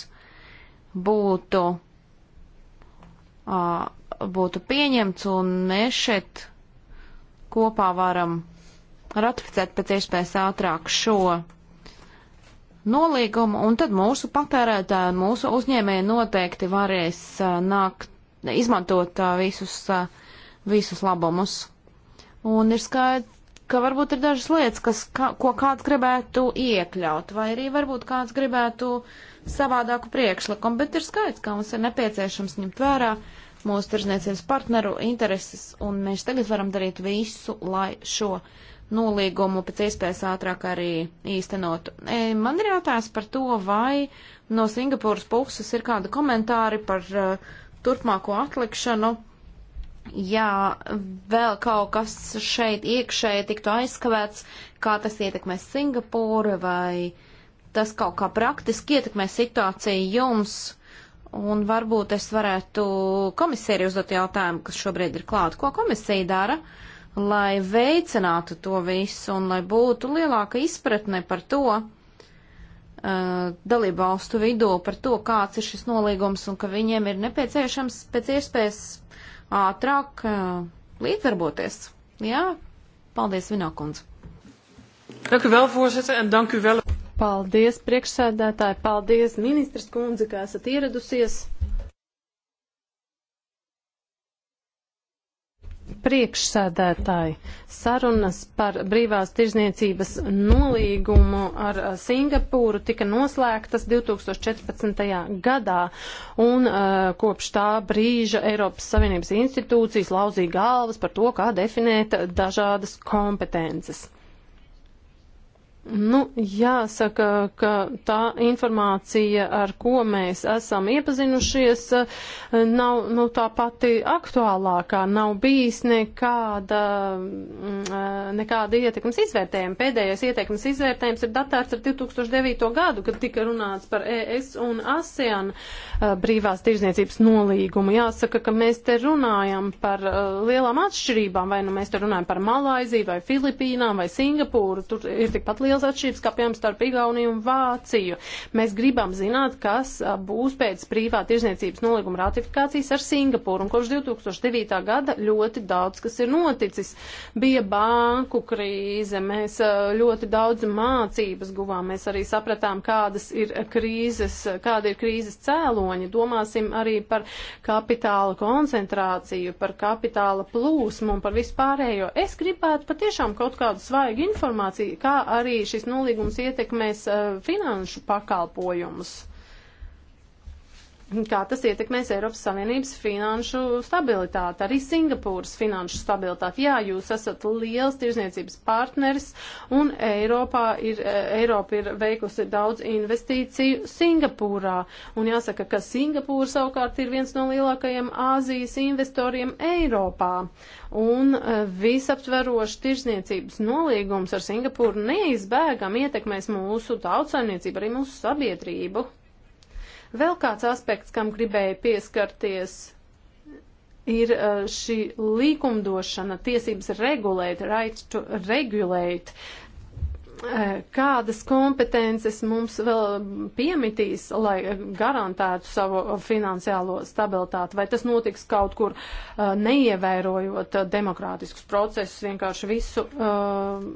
būtu. Uh, būtu pieņemts, un mēs šeit kopā varam ratificēt pēc iespējas ātrāk šo nolīgumu, un tad mūsu patērētāji un mūsu uzņēmēji noteikti varēs uh, nākt, izmantot uh, visus, uh, visus labumus. Un ir skaidrs, ka varbūt ir dažas lietas, kas, kā, ko kāds gribētu iekļaut, vai arī varbūt kāds gribētu savādāku priekšlikumu, bet ir skaidrs, ka mums ir nepieciešams ņemt vērā uh, mūsu tirzniecības partneru intereses, un mēs tagad varam darīt visu, lai šo nolīgumu pēc iespējas ātrāk arī īstenotu. E, man ir jautājums par to, vai no Singapūras puses ir kādi komentāri par uh, turpmāko atlikšanu. Ja vēl kaut kas šeit iekšēji tiktu aizskavēts, kā tas ietekmēs Singapūru vai tas kaut kā praktiski ietekmēs situāciju jums Un varbūt es varētu komisēri uzdot jautājumu, kas šobrīd ir klāt. Ko komisija dara, lai veicinātu to visu un lai būtu lielāka izpratne par to uh, dalību valstu vidū, par to, kāds ir šis nolīgums un ka viņiem ir nepieciešams pēc iespējas ātrāk uh, līdzdarboties. Jā, paldies, Vinokundze. Dank u wel, voorzitter, en dank u wel. Paldies, priekšsēdētāji, paldies, ministrs kundze, ka esat ieradusies. Priekšsēdētāji, sarunas par brīvās tirzniecības nolīgumu ar Singapūru tika noslēgtas 2014. gadā, un uh, kopš tā brīža Eiropas Savienības institūcijas lauzīja galvas par to, kā definēt dažādas kompetences. Nu, jāsaka, ka tā informācija, ar ko mēs esam iepazinušies, nav nu, tā pati aktuālākā. Nav bijis nekāda, mm, nekāda ietekmes izvērtējuma. Pēdējais ietekmes izvērtējums ir datēts ar 2009. gadu, kad tika runāts par ES un ASEAN uh, brīvās tirzniecības nolīgumu. Jāsaka, ka mēs te runājam par uh, lielām atšķirībām, vai nu mēs te runājam par Malaiziju, vai Filipīnām, vai Singapūru. Tur ir tikpat liels liels atšķirības, kā piemēram starp Igauniju un Vāciju. Mēs gribam zināt, kas būs pēc privā tirzniecības nolīguma ratifikācijas ar Singapūru. Un kopš 2009. gada ļoti daudz, kas ir noticis. Bija banku krīze, mēs ļoti daudz mācības guvām, mēs arī sapratām, kādas ir krīzes, kāda ir krīzes cēloņi. Domāsim arī par kapitāla koncentrāciju, par kapitāla plūsmu un par vispārējo. Es gribētu patiešām kaut kādu svaigu informāciju, kā arī šis nolīgums ietekmēs eh, finanšu pakalpojumus? kā tas ietekmēs Eiropas Savienības finanšu stabilitāti, arī Singapūras finanšu stabilitāti. Jā, jūs esat liels tirzniecības partneris, un Eiropā ir, e, Eiropa ir veikusi daudz investīciju Singapūrā. Un jāsaka, ka Singapūra savukārt ir viens no lielākajiem Āzijas investoriem Eiropā. Un e, visaptveroši tirzniecības nolīgums ar Singapūru neizbēgam ietekmēs mūsu tautsaimniecību, arī mūsu sabiedrību. Vēl kāds aspekts, kam gribēju pieskarties, ir uh, šī līkumdošana, tiesības regulēt, right to regulate. Eh, kādas kompetences mums vēl piemitīs, lai garantētu savu finansiālo stabilitāti, vai tas notiks kaut kur eh, neievērojot demokrātiskus procesus, vienkārši visu eh,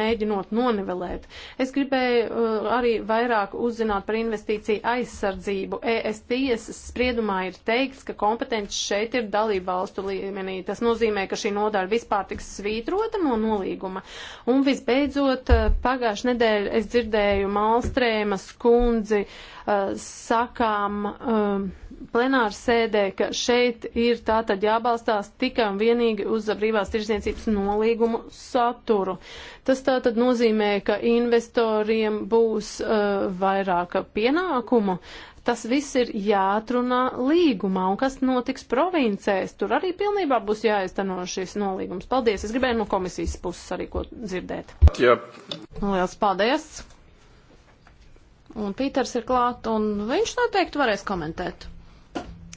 mēģinot nonivelēt. Es gribēju arī vairāk uzzināt par investīciju aizsardzību. ES tiesas spriedumā ir teikts, ka kompetences šeit ir dalība valstu līmenī. Tas nozīmē, ka šī nodaļa vispār tiks svītrota no nolīguma. Un visbeidzot, par Pagājušajā nedēļā es dzirdēju Malstrēmas kundzi uh, sakām uh, um, plenāru sēdē, ka šeit ir tātad jābalstās tikai un vienīgi uz brīvās tirzniecības nolīgumu saturu. Tas tātad nozīmē, ka investoriem būs uh, vairāk pienākumu. Uh, Tas viss ir jāatrunā līgumā, un kas notiks provincēs, tur arī pilnībā būs jāizteno šis nolīgums. Paldies, es gribēju no komisijas puses arī ko dzirdēt. Jā. Liels paldies! Un Pīters ir klāt, un viņš noteikti varēs komentēt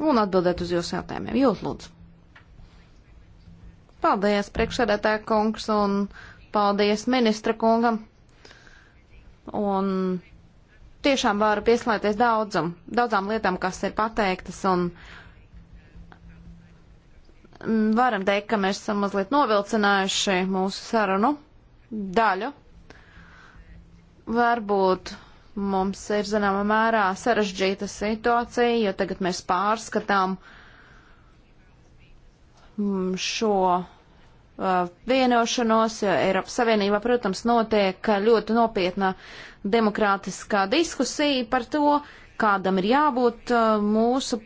un atbildēt uz jūsu jautājumiem. Jūs lūdzu. Paldies, priekšsēdētāja kungs, un paldies ministra kungam. Un tiešām varu pieslēgties daudzam, daudzām lietām, kas ir pateiktas, un varam teikt, ka mēs esam mazliet novilcinājuši mūsu sarunu daļu. Varbūt mums ir zināmā mērā sarežģīta situācija, jo tagad mēs pārskatām šo Uh, vienošanos, jo Eiropas Savienībā, protams, notiek ļoti nopietna demokrātiskā diskusija par to, kādam ir jābūt uh, mūsu,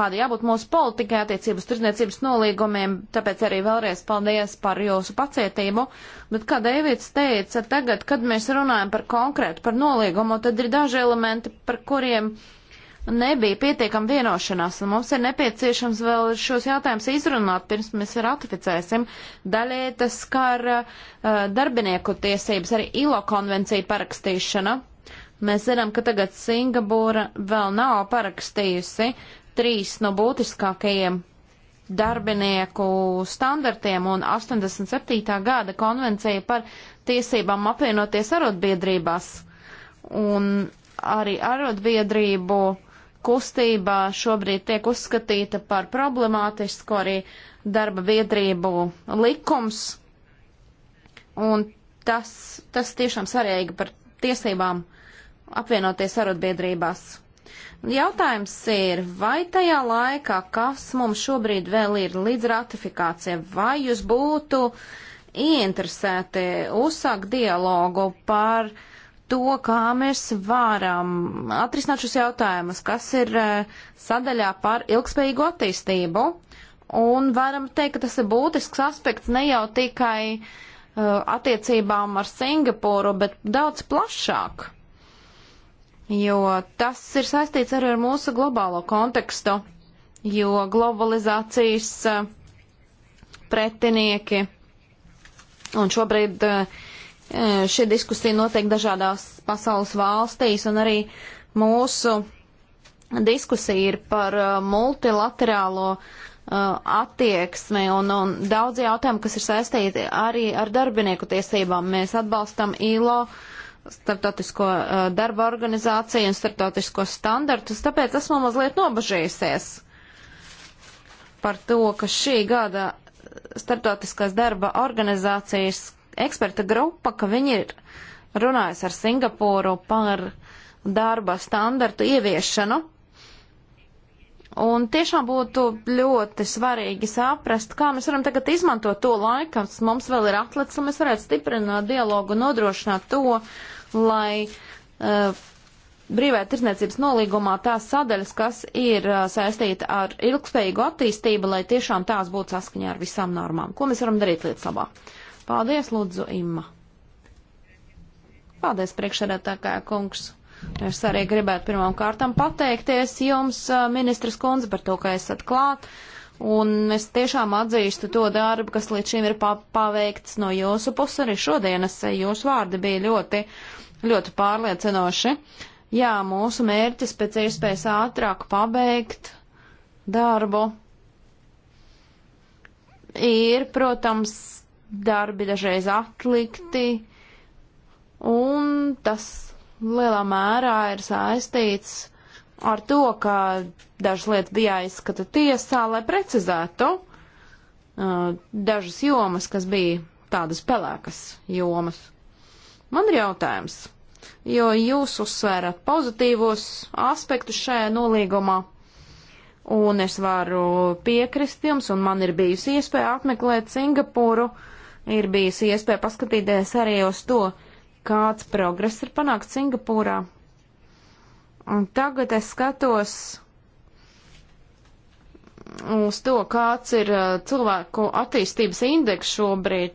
kāda jābūt mūsu politikai attiecības tirdzniecības nolīgumiem, tāpēc arī vēlreiz paldies par jūsu pacietību. Bet, kā Dēvids teica, tagad, kad mēs runājam par konkrētu, par nolīgumu, tad ir daži elementi, par kuriem uh, nebija pietiekama vienošanās, un mums ir nepieciešams vēl šos jautājumus izrunāt, pirms mēs ratificēsim. Daļai tas skar uh, darbinieku tiesības, arī ILO konvenciju parakstīšana. Mēs zinām, ka tagad Singapūra vēl nav parakstījusi trīs no būtiskākajiem darbinieku standartiem un 87. gada konvencija par tiesībām apvienoties arotbiedrībās. Un arī arotbiedrību uh, kustība šobrīd tiek uzskatīta par problemātisku arī darba biedrību likums. Un tas, tas tiešām svarīgi par tiesībām apvienoties arotbiedrībās. Jautājums ir, vai tajā laikā, kas mums šobrīd vēl ir līdz ratifikācijai, vai jūs būtu ieinteresēti uzsākt dialogu par uh, to, kā mēs varam atrisināt šos jautājumus, kas ir eh, sadaļā par ilgspējīgu attīstību. Un varam teikt, ka tas ir būtisks aspekts ne jau tikai uh, attiecībām ar Singapūru, bet daudz plašāk. Jo tas ir saistīts arī ar mūsu globālo kontekstu, jo globalizācijas uh, pretinieki un šobrīd uh, Šī diskusija notiek dažādās pasaules valstīs, un arī mūsu diskusija ir par multilaterālo attieksmi un, un daudz jautājumu, kas ir saistīti arī ar darbinieku tiesībām. Mēs atbalstam ILO, starptautisko darba organizāciju un starptautisko standartus, tāpēc esmu mazliet nobažījusies par to, ka šī gada starptautiskās darba organizācijas eksperta grupa, ka viņi ir runājusi ar Singapūru par darba standartu ieviešanu. Un tiešām būtu ļoti svarīgi saprast, kā mēs varam tagad izmantot to laiku, kas mums vēl ir atlicis, lai mēs varētu stiprināt dialogu un nodrošināt to, lai uh, eh, brīvē tirsniecības nolīgumā tās sadaļas, kas ir uh, saistīta ar ilgspējīgu attīstību, lai tiešām tās būtu saskaņā ar visām normām. Ko mēs varam darīt lietas labā? Uh, Paldies, Lūdzu, Imma. Paldies, priekšsēdētākā kungs. Es arī gribētu pirmām kārtām pateikties jums, ministras kundze, par to, ka esat klāt. Un es tiešām atzīstu to darbu, kas līdz šim ir paveikts no jūsu puses. Arī šodienas jūsu vārdi bija ļoti, ļoti pārliecinoši. Jā, mūsu mērķis pēc iespējas ātrāk pabeigt darbu ir, protams, darbi dažreiz atlikti, un tas lielā mērā ir saistīts ar to, ka dažas lietas bija jāizskata tiesā, lai precizētu uh, dažas jomas, kas bija tādas pelēkas jomas. Man ir jautājums, jo jūs uzsvērat pozitīvos aspektus šajā nolīgumā. Un es varu piekrist jums, un man ir bijusi iespēja apmeklēt Singapūru, uh, ir bijusi iespēja paskatīties arī uz to, kāds progress ir panākts Singapūrā. Un tagad es skatos uz to, kāds ir uh, cilvēku attīstības indeks šobrīd.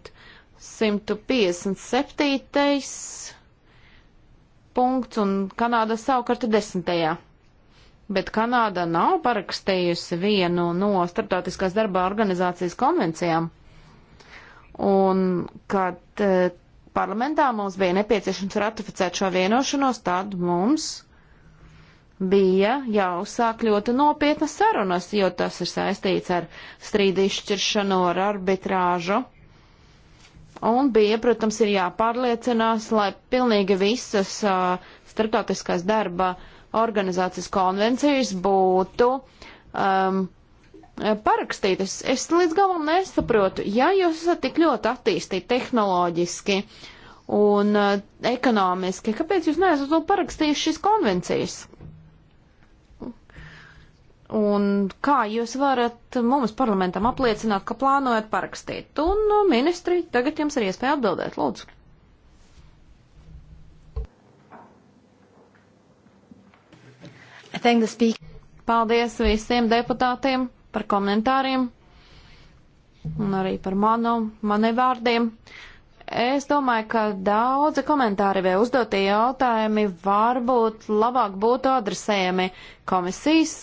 157. punkts un Kanāda savukārt 10. Bet Kanāda nav parakstījusi vienu no starptautiskās darba organizācijas konvencijām. Un kad e, parlamentā mums bija nepieciešams ratificēt šo vienošanos, tad mums bija jāuzsāk ļoti nopietnas sarunas, jo tas ir saistīts ar strīdu izšķiršanu, ar arbitrāžu. Un bija, protams, ir jāpārliecinās, lai pilnīgi visas uh, starptautiskās darba organizācijas konvencijas būtu um, Eh, parakstītas. Es līdz galam nesaprotu, ja jūs esat tik ļoti attīstīti tehnoloģiski un uh, ekonomiski, kāpēc jūs neesat vēl parakstījuši šīs konvencijas? Un kā jūs varat mums parlamentam apliecināt, ka plānojat parakstīt? Un no nu, ministri, tagad jums ir iespēja atbildēt, lūdzu. Paldies visiem deputātiem par komentāriem un arī par manu, mani vārdiem. Es domāju, ka daudzi komentāri vai uzdotie jautājumi varbūt labāk būtu adresējami komisijas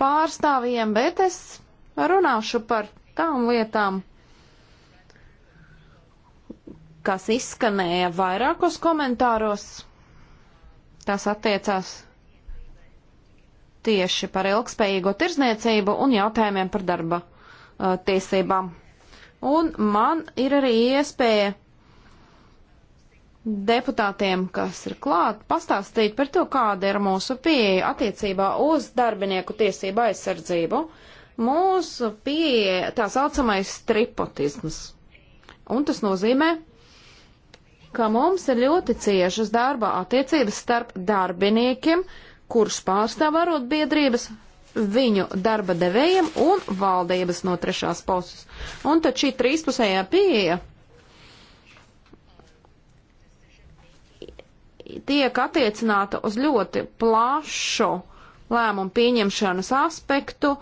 pārstāvjiem, bet es runāšu par tām lietām, kas izskanēja vairākos komentāros. Tas attiecās tieši par ilgspējīgo tirzniecību un jautājumiem par darba uh, tiesībām. Un man ir arī iespēja deputātiem, kas ir klāt, pastāstīt par to, kāda ir mūsu pieeja attiecībā uz darbinieku tiesību aizsardzību. Mūsu pieeja tā saucamais tripotisms. Un tas nozīmē, ka mums ir ļoti ciešas darba attiecības starp darbiniekiem, uh, kurš pārstāv arotbiedrības, viņu darba devējiem un valdības no trešās puses. Un tad šī trīspusējā pieeja tiek attiecināta uz ļoti plašu lēmumu pieņemšanas aspektu.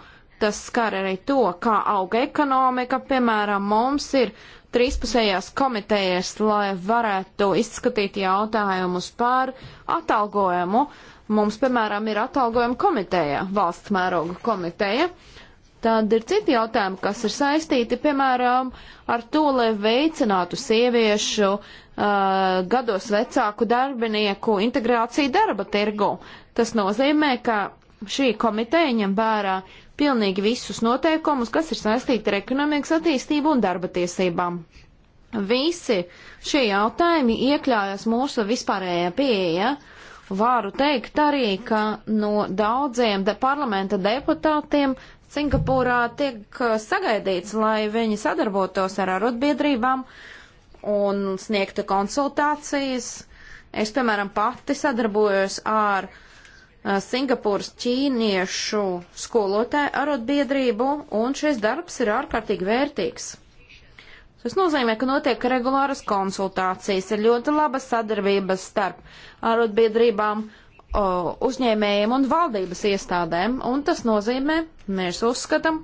Tas skar arī to, kā auga ekonomika. Piemēram, mums ir trīspusējās komitejas, lai varētu izskatīt jautājumus par atalgojumu. Uh, Mums, piemēram, ir atalgojuma komiteja, valsts mēroga komiteja. Tad ir citi jautājumi, kas ir saistīti, piemēram, ar to, lai veicinātu sieviešu uh, gados vecāku darbinieku integrāciju darba tirgu. Tas nozīmē, ka šī komiteja ņem vērā pilnīgi visus noteikumus, kas ir saistīti ar ekonomikas attīstību un darba tiesībām. Visi šie jautājumi iekļaujas mūsu vispārējā pieeja. Uh, Varu teikt arī, ka no daudziem de parlamenta deputātiem Singapūrā tiek uh, sagaidīts, lai viņi sadarbotos ar arotbiedrībām un sniegtu konsultācijas. Es, piemēram, pati sadarbojos ar uh, Singapūras ķīniešu skolotāju arotbiedrību, un šis darbs ir ārkārtīgi vērtīgs. Tas nozīmē, ka notiek regulāras konsultācijas, ir ļoti laba sadarbība starp arotbiedrībām, uzņēmējiem un valdības iestādēm, un tas nozīmē, mēs uzskatām,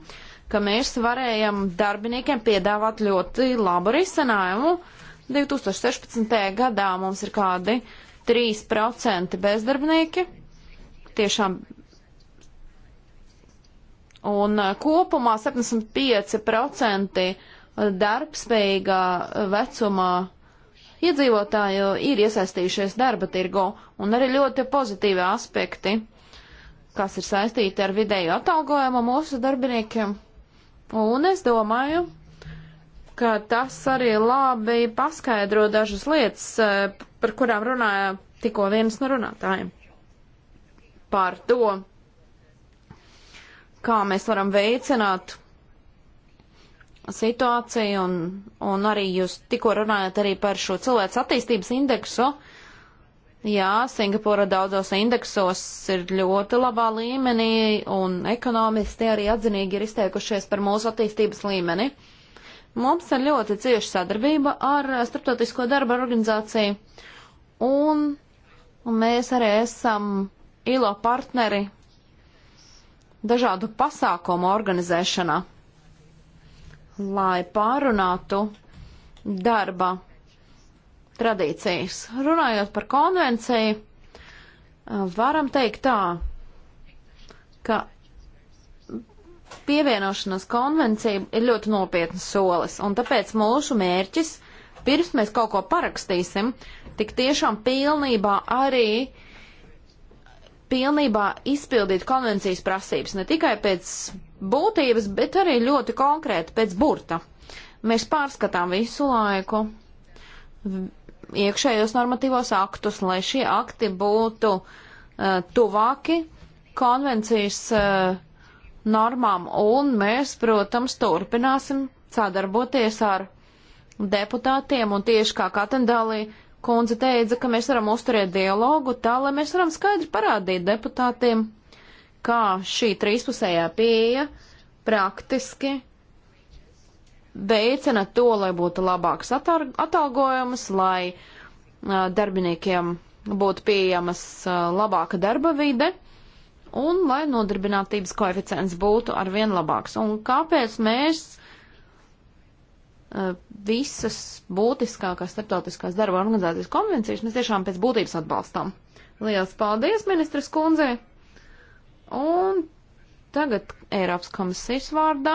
ka mēs varējam darbiniekiem piedāvāt ļoti labu risinājumu. 2016. gadā mums ir kādi 3% bezdarbnieki, tiešām un kopumā 75% darbspējīgā vecumā iedzīvotāju ir iesaistījušies darba tirgo un arī ļoti pozitīvi aspekti, kas ir saistīti ar vidēju atalgojumu mūsu darbiniekiem. Un es domāju, ka tas arī labi paskaidro dažas lietas, eh, par kurām runāja tikko viens no runātājiem. Par to, kā mēs varam veicināt situāciju, un, un arī jūs tikko runājat arī par šo cilvēku attīstības indeksu. Jā, Singapūra daudzos indeksos ir ļoti labā līmenī, un ekonomisti arī atzinīgi ir izteikušies par mūsu attīstības līmeni. Mums ir ļoti cieša sadarbība ar Startautisko darba organizāciju, un, un mēs arī esam ILO partneri dažādu pasākumu organizēšanā lai pārunātu darba tradīcijas. Runājot par konvenciju, eh, varam teikt tā, ka pievienošanās konvencija ir ļoti nopietnas solis, un tāpēc mūsu mērķis, pirms mēs kaut ko parakstīsim, tik tiešām pilnībā arī pilnībā izpildīt konvencijas prasības, ne tikai pēc būtības, bet arī ļoti konkrēti pēc burta. Mēs pārskatām visu laiku iekšējos normatīvos aktus, lai šie akti būtu uh, tuvāki konvencijas uh, normām, un mēs, protams, turpināsim sadarboties ar deputātiem, un tieši kā Katendālī kundze teica, ka mēs varam uzturēt dialogu tā, lai mēs varam skaidri parādīt deputātiem, kā šī trīspusējā pieeja praktiski veicina to, lai būtu labāks atalgojums, lai uh, darbiniekiem būtu pieejamas uh, labāka darba vide un lai nodarbinātības koeficients būtu arvien labāks. Un kāpēc mēs uh, visas būtiskākās starptautiskās darba organizācijas konvencijas mēs tiešām pēc būtības atbalstam? Lielas paldies, ministras kundzei! Un tagad Eiropas komisijas vārdā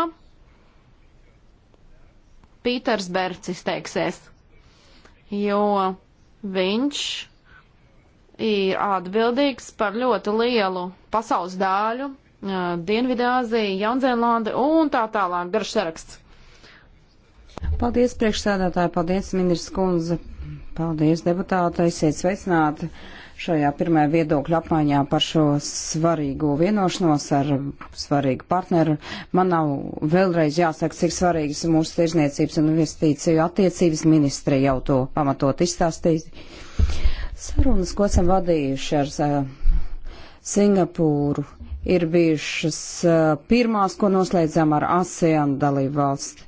Pīters Berts izteiksies, jo viņš ir atbildīgs par ļoti lielu pasaules dāļu, uh, Dienvidāzija, Jaunzēlanda un tā tālāk garš saraksts. Paldies priekšsēdētāji, paldies ministrs kundze, paldies deputātai, esiet sveicināti. Uh, šajā pirmajā viedokļa apmaiņā par šo svarīgo vienošanos ar svarīgu partneru. Man nav vēlreiz jāsaka, cik svarīgas mūsu tirzniecības un investīciju attiecības ministri jau to pamatot izstāstīs. Sarunas, ko esam vadījuši ar uh, Singapūru, ir bijušas uh, pirmās, ko noslēdzām ar ASEAN dalību valsti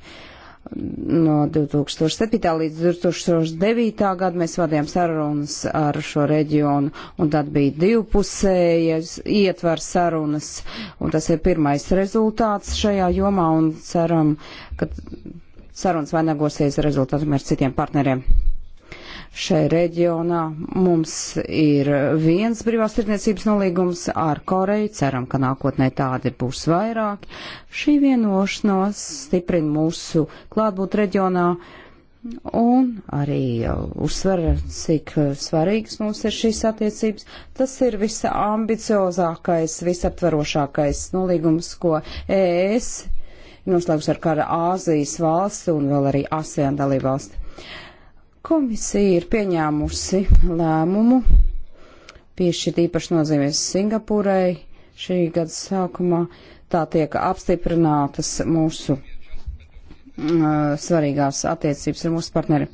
No 2007. līdz 2009. gadu mēs vadījām sarunas ar šo reģionu, un tad bija divpusējas ietver sarunas, un tas ir pirmais rezultāts šajā jomā, un ceram, ka sarunas vainagosies rezultātiem ar citiem partneriem šai reģionā. Mums ir viens brīvās tirdzniecības nolīgums ar Koreju, ceram, ka nākotnē tādi būs vairāk. Šī vienošanos stiprina mūsu klātbūt reģionā un arī uh, uzsver, cik uh, svarīgas mums ir šīs attiecības. Tas ir visa ambiciozākais, visaptvarošākais nolīgums, ko ES noslēgus ar kara Āzijas valsti un vēl arī ASEAN dalībvalsti. Komisija ir pieņēmusi lēmumu piešķirt īpaši nozīmēs Singapūrai šī gada sākumā. Tā tiek apstiprinātas mūsu uh, svarīgās attiecības ar mūsu partneri.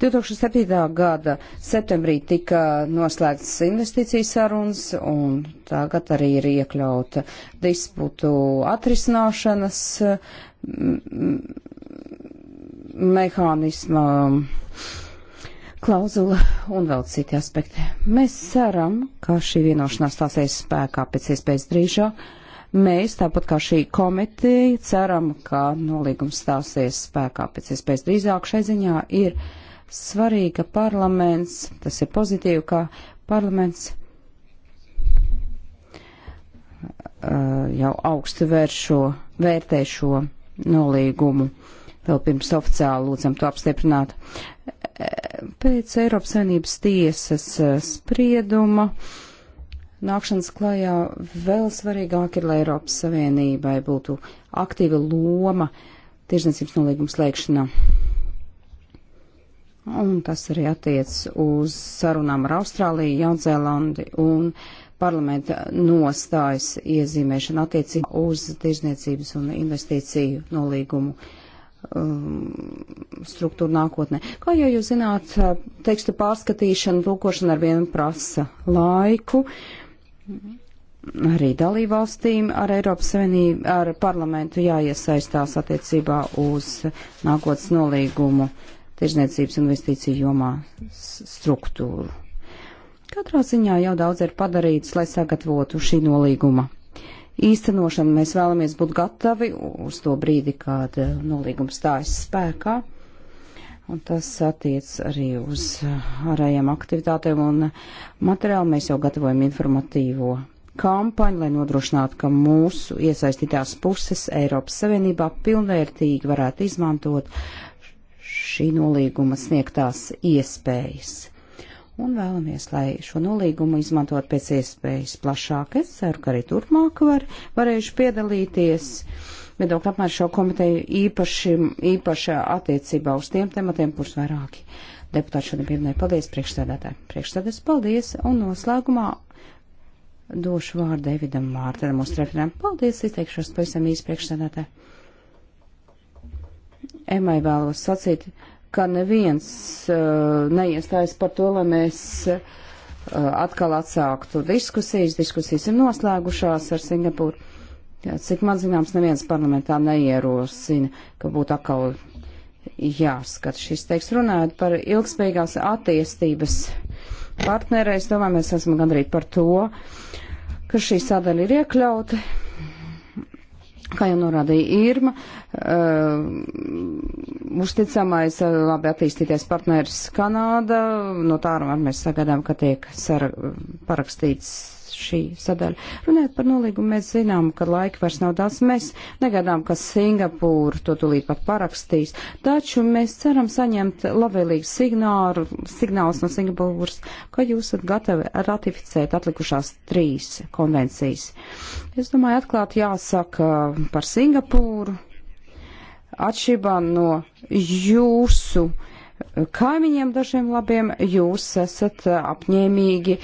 2007. gada septembrī tika noslēgts investīcijas sarunas un tagad arī ir iekļauta disputu atrisināšanas mehānisma. Um, klauzula un vēl citi aspekti. Mēs ceram, ka šī vienošanās stāsies spēkā pēc iespējas drīzāk. Mēs, tāpat kā šī komiteja, ceram, ka nolīgums stāsies spēkā pēc iespējas drīzāk. Šai ziņā ir svarīgi, ka parlaments, tas ir pozitīvi, ka parlaments uh, jau augstu vēršo, vērtē šo nolīgumu. Uh, vēl pirms oficiāli lūdzam to apstiprināt. Pēc Eiropas Savienības tiesas eh, sprieduma nākšanas klajā vēl svarīgāk ir, lai Eiropas Savienībai būtu aktīva loma tirsniecības nolīguma slēgšanā. Un tas arī attiec uz sarunām ar Austrāliju, Jaunzēlandi un parlamenta nostājas iezīmēšana attiecībā uz tirzniecības un investīciju nolīgumu Um, struktūru nākotnē. Kā jau jūs zināt, tekstu pārskatīšana, tulkošana ar vienu prasa laiku. Arī dalībvalstīm ar Eiropas Savienību, ar parlamentu jāiesaistās attiecībā uz nākotnes nolīgumu tirzniecības investīciju jomā struktūru. Katrā ziņā jau daudz ir padarīts, lai sagatavotu šī nolīguma īstenošanu. Mēs vēlamies būt gatavi uz to brīdi, kad eh, nolīgums stājas spēkā. Un tas attiec arī uz eh, ārējām aktivitātēm un materiālu. Mēs jau gatavojam informatīvo kampaņu, lai nodrošinātu, ka mūsu iesaistītās puses Eiropas Savienībā pilnvērtīgi varētu izmantot šī nolīguma sniegtās iespējas un vēlamies, lai šo nolīgumu izmantot pēc iespējas plašāk. Es ceru, ka arī turpmāk var, varēšu piedalīties. Viedokļu apmēr šo komiteju īpaši, īpaši attiecībā uz tiem tematiem, kurus vairāki deputāti šodien pieminēja. Paldies, priekšstādātāji. Priekšstādātājs, paldies, un noslēgumā došu vārdu Davidam Mārtenam, mūsu referentam. Paldies, izteikšos pavisam īsi priekšsēdētā. Emai vēlos sacīt, ka neviens uh, neiestājas par to, lai mēs uh, atkal atsāktu diskusijas. Diskusijas ir noslēgušās ar Singapūru. Jā, cik man zināms, neviens parlamentā neierosina, ka būtu atkal jāskat šis teiks. Runājot par ilgspējīgās attīstības partnerē, es domāju, mēs esam gandrīz par to, ka šī sadaļa ir iekļauta Kā jau norādīja Irma, uh, uzticamais uh, labi attīstīties partneris Kanāda, no tā mēs sagaidām, ka tiek sar, parakstīts šī sadaļa. Runājot par nolīgumu, mēs zinām, ka laika vairs nav daudz. Mēs negadām, ka Singapūra to tulīt pat parakstīs, taču mēs ceram saņemt labvēlīgu signālu, signālus no Singapūras, ka jūs esat gatavi ratificēt atlikušās trīs konvencijas. Es domāju, atklāti jāsaka par Singapūru. Atšķirībā no jūsu uh, kaimiņiem dažiem labiem, jūs esat apņēmīgi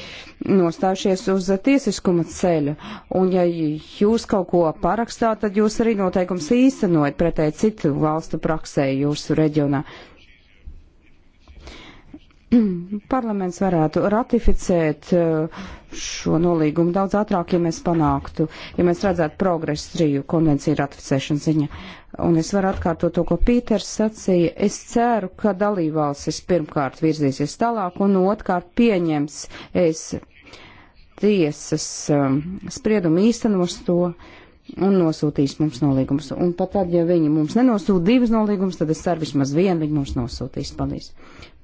nostājušies uz tiesiskuma ceļu. Un ja jūs kaut ko parakstāt, tad jūs arī noteikums īstenojat pretēji citu valstu praksē jūsu reģionā. parlaments varētu ratificēt uh, šo nolīgumu daudz ātrāk, ja mēs panāktu, ja mēs redzētu progresu triju konvenciju ratificēšanu ziņa. Un es varu atkārtot to, ko Pīters sacīja. Es ceru, ka dalībvalstis pirmkārt virzīsies tālāk un otrkārt pieņems es tiesas um, spriedumu īstenos to un nosūtīs mums nolīgumus. Un pat tad, ja viņi mums nenosūta divas nolīgumus, tad es ceru vismaz vienu viņi mums nosūtīs. Paldies.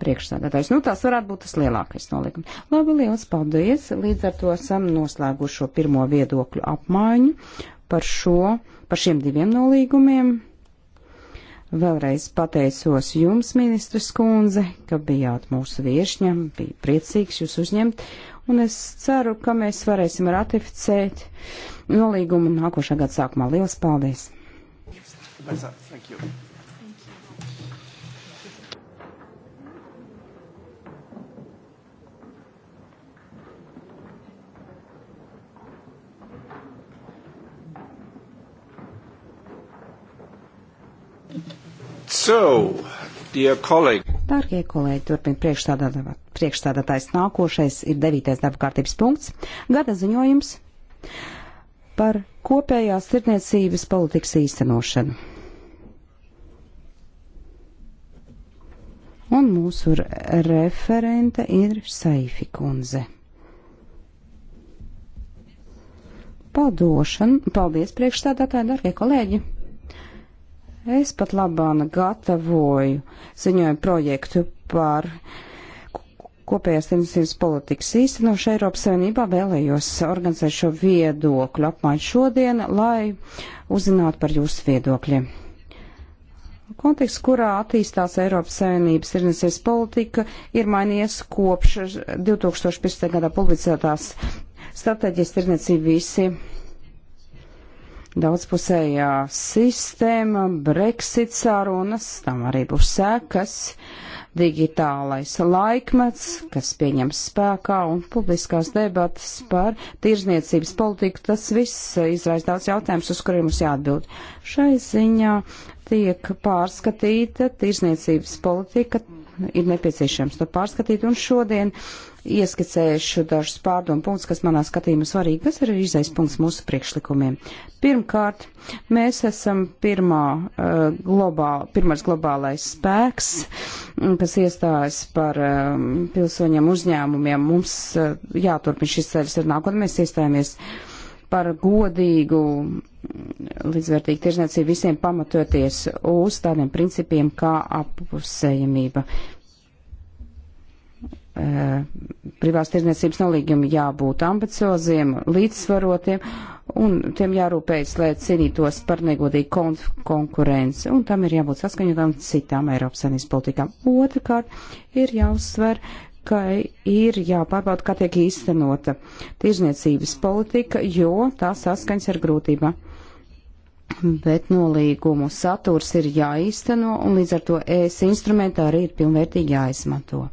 Priekšsādātājs. Nu, tās varētu būt tas lielākais nolīgums. Labi, liels paldies. Līdz ar to esam noslēguši šo pirmo viedokļu apmaiņu par šo, par šiem diviem nolīgumiem. Vēlreiz pateicos jums, ministrs kundze, ka bijāt mūsu viešņam, bija priecīgs jūs uzņemt un es ceru, ka mēs varēsim ratificēt nolīgumu nākošā gada sākumā. Lielas paldies! Thank you. So, dear colleague. Dārgie kolēģi, turpina priekšstādātājs nākošais ir devītais darba kārtības punkts - gada ziņojums par kopējās tirniecības politikas īstenošanu. Un mūsu referente ir Saifi Kunze. Paldošana. Paldies priekšstādātāji, darbie kolēģi! Es pat labāk gatavoju ziņojumu projektu par kopējās tirdzniecības politikas īstenošu Eiropas Savienībā. Vēlējos organizēt šo viedokļu apmaiņu šodien, lai uzzinātu par jūsu viedokļiem. Konteksts, kurā attīstās Eiropas Savienības tirdzniecības politika, ir mainījies kopš 2015. gadā publicētās stratēģijas tirdzniecība visi Daudzpusējā sistēma, Brexit sarunas, tam arī būs sekas, digitālais laikmets, kas pieņems spēkā un publiskās debatas par tirzniecības politiku. Tas viss izraisa daudz jautājumus, uz kuriem mums jāatbild. Šai ziņā tiek pārskatīta tirzniecības politika, ir nepieciešams to pārskatīt un šodien ieskicējuši dažus pārdomu punktus, kas manā skatījumā svarīgi, kas ir izais punkts mūsu priekšlikumiem. Pirmkārt, mēs esam pirmā, uh, eh, globāl, pirmais globālais spēks, mm, kas iestājas par um, pilsoņiem uzņēmumiem. Mums uh, jāturpina šis ceļš ar nākotnē, mēs iestājāmies par godīgu, mm, līdzvērtīgu tirzniecību visiem pamatoties uz tādiem principiem kā apusējamība. Eh, privās tirdzniecības nolīgumi jābūt ambicioziem, līdzsvarotiem un tiem jārūpējas, lai cīnītos par negodīgu kon konkurenci, un tam ir jābūt saskaņotām citām Eiropas Savienības politikām. Otrakārt ir jāuzsver, ka ir jāpārbauda, kā tiek īstenota tirdzniecības politika, jo tā saskaņas ar grūtībām. Bet nolīgumu saturs ir jāīsteno, un līdz ar to ēs instrumenti arī ir pilnvērtīgi jāizmanto.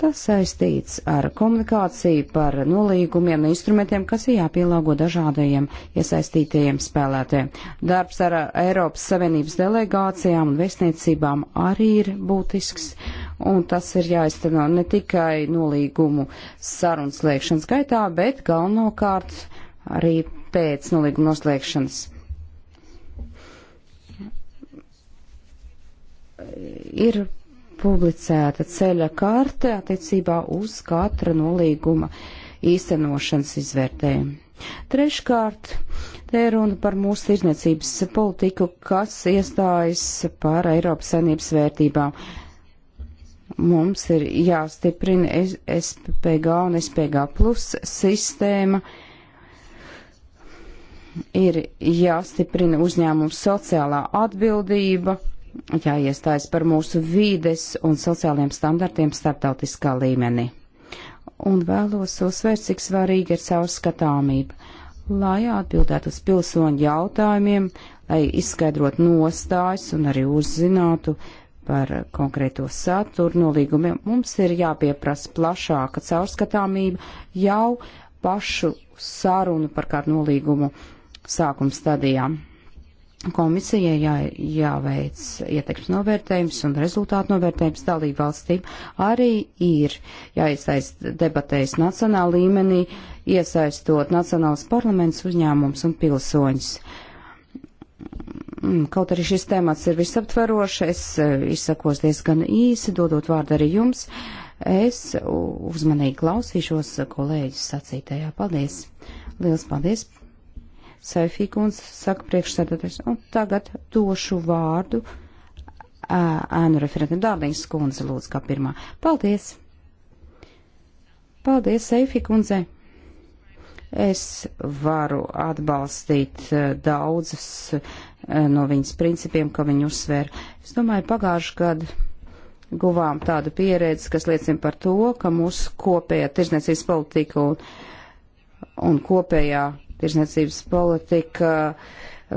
Tas saistīts ar komunikāciju par nolīgumiem un instrumentiem, kas ir jāpielāgo dažādajiem iesaistītajiem spēlētājiem. Darbs ar Eiropas Savienības delegācijām un vēstniecībām arī ir būtisks, un tas ir jāizteno ne tikai nolīgumu sarunas slēgšanas gaitā, bet galvenokārt arī pēc nolīguma noslēgšanas. Ir publicēta ceļa karte attiecībā uz katra nolīguma īstenošanas izvērtējumu. Treškārt, te ir runa par mūsu tirzniecības politiku, kas iestājas par Eiropas saimnības vērtībām. Mums ir jāstiprina SPG un SPG plus sistēma ir jāstiprina uzņēmuma sociālā atbildība, jāiestājas par mūsu vīdes un sociāliem standartiem starptautiskā līmenī. Un vēlos uzsvērt, cik svarīga ir caurskatāmība, lai atbildētu uz pilsoņu jautājumiem, lai izskaidrotu nostājus un arī uzzinātu par konkrēto saturu nolīgumiem. Mums ir jāpieprasa plašāka caurskatāmība jau pašu sarunu par kādu nolīgumu sākuma stadijām Komisijai jā, jāveic ietekmes novērtējums un rezultātu novērtējums dalību valstīm. Arī ir jāiesaist debatēs nacionāla līmenī, iesaistot nacionālas parlaments uzņēmums un pilsoņus. Mm, kaut arī šis temats ir visaptvarošs, es e, izsakos diezgan īsi, dodot vārdu arī jums. Es uzmanīgi klausīšos kolēģis sacītajā. Paldies! Liels paldies! Saifīkuns saka priekšsēdētājs. Un tagad došu vārdu ēnu referentam Dārdiņas kundze lūdzu kā pirmā. Paldies! Paldies, Seifikundze! Es varu atbalstīt daudzas no viņas principiem, ko viņa uzsvēra. Es domāju, pagājuši gadu guvām tādu pieredzi, kas liecina par to, ka mūsu kopējā tirzniecības politika un, un kopējā tirsniecības politika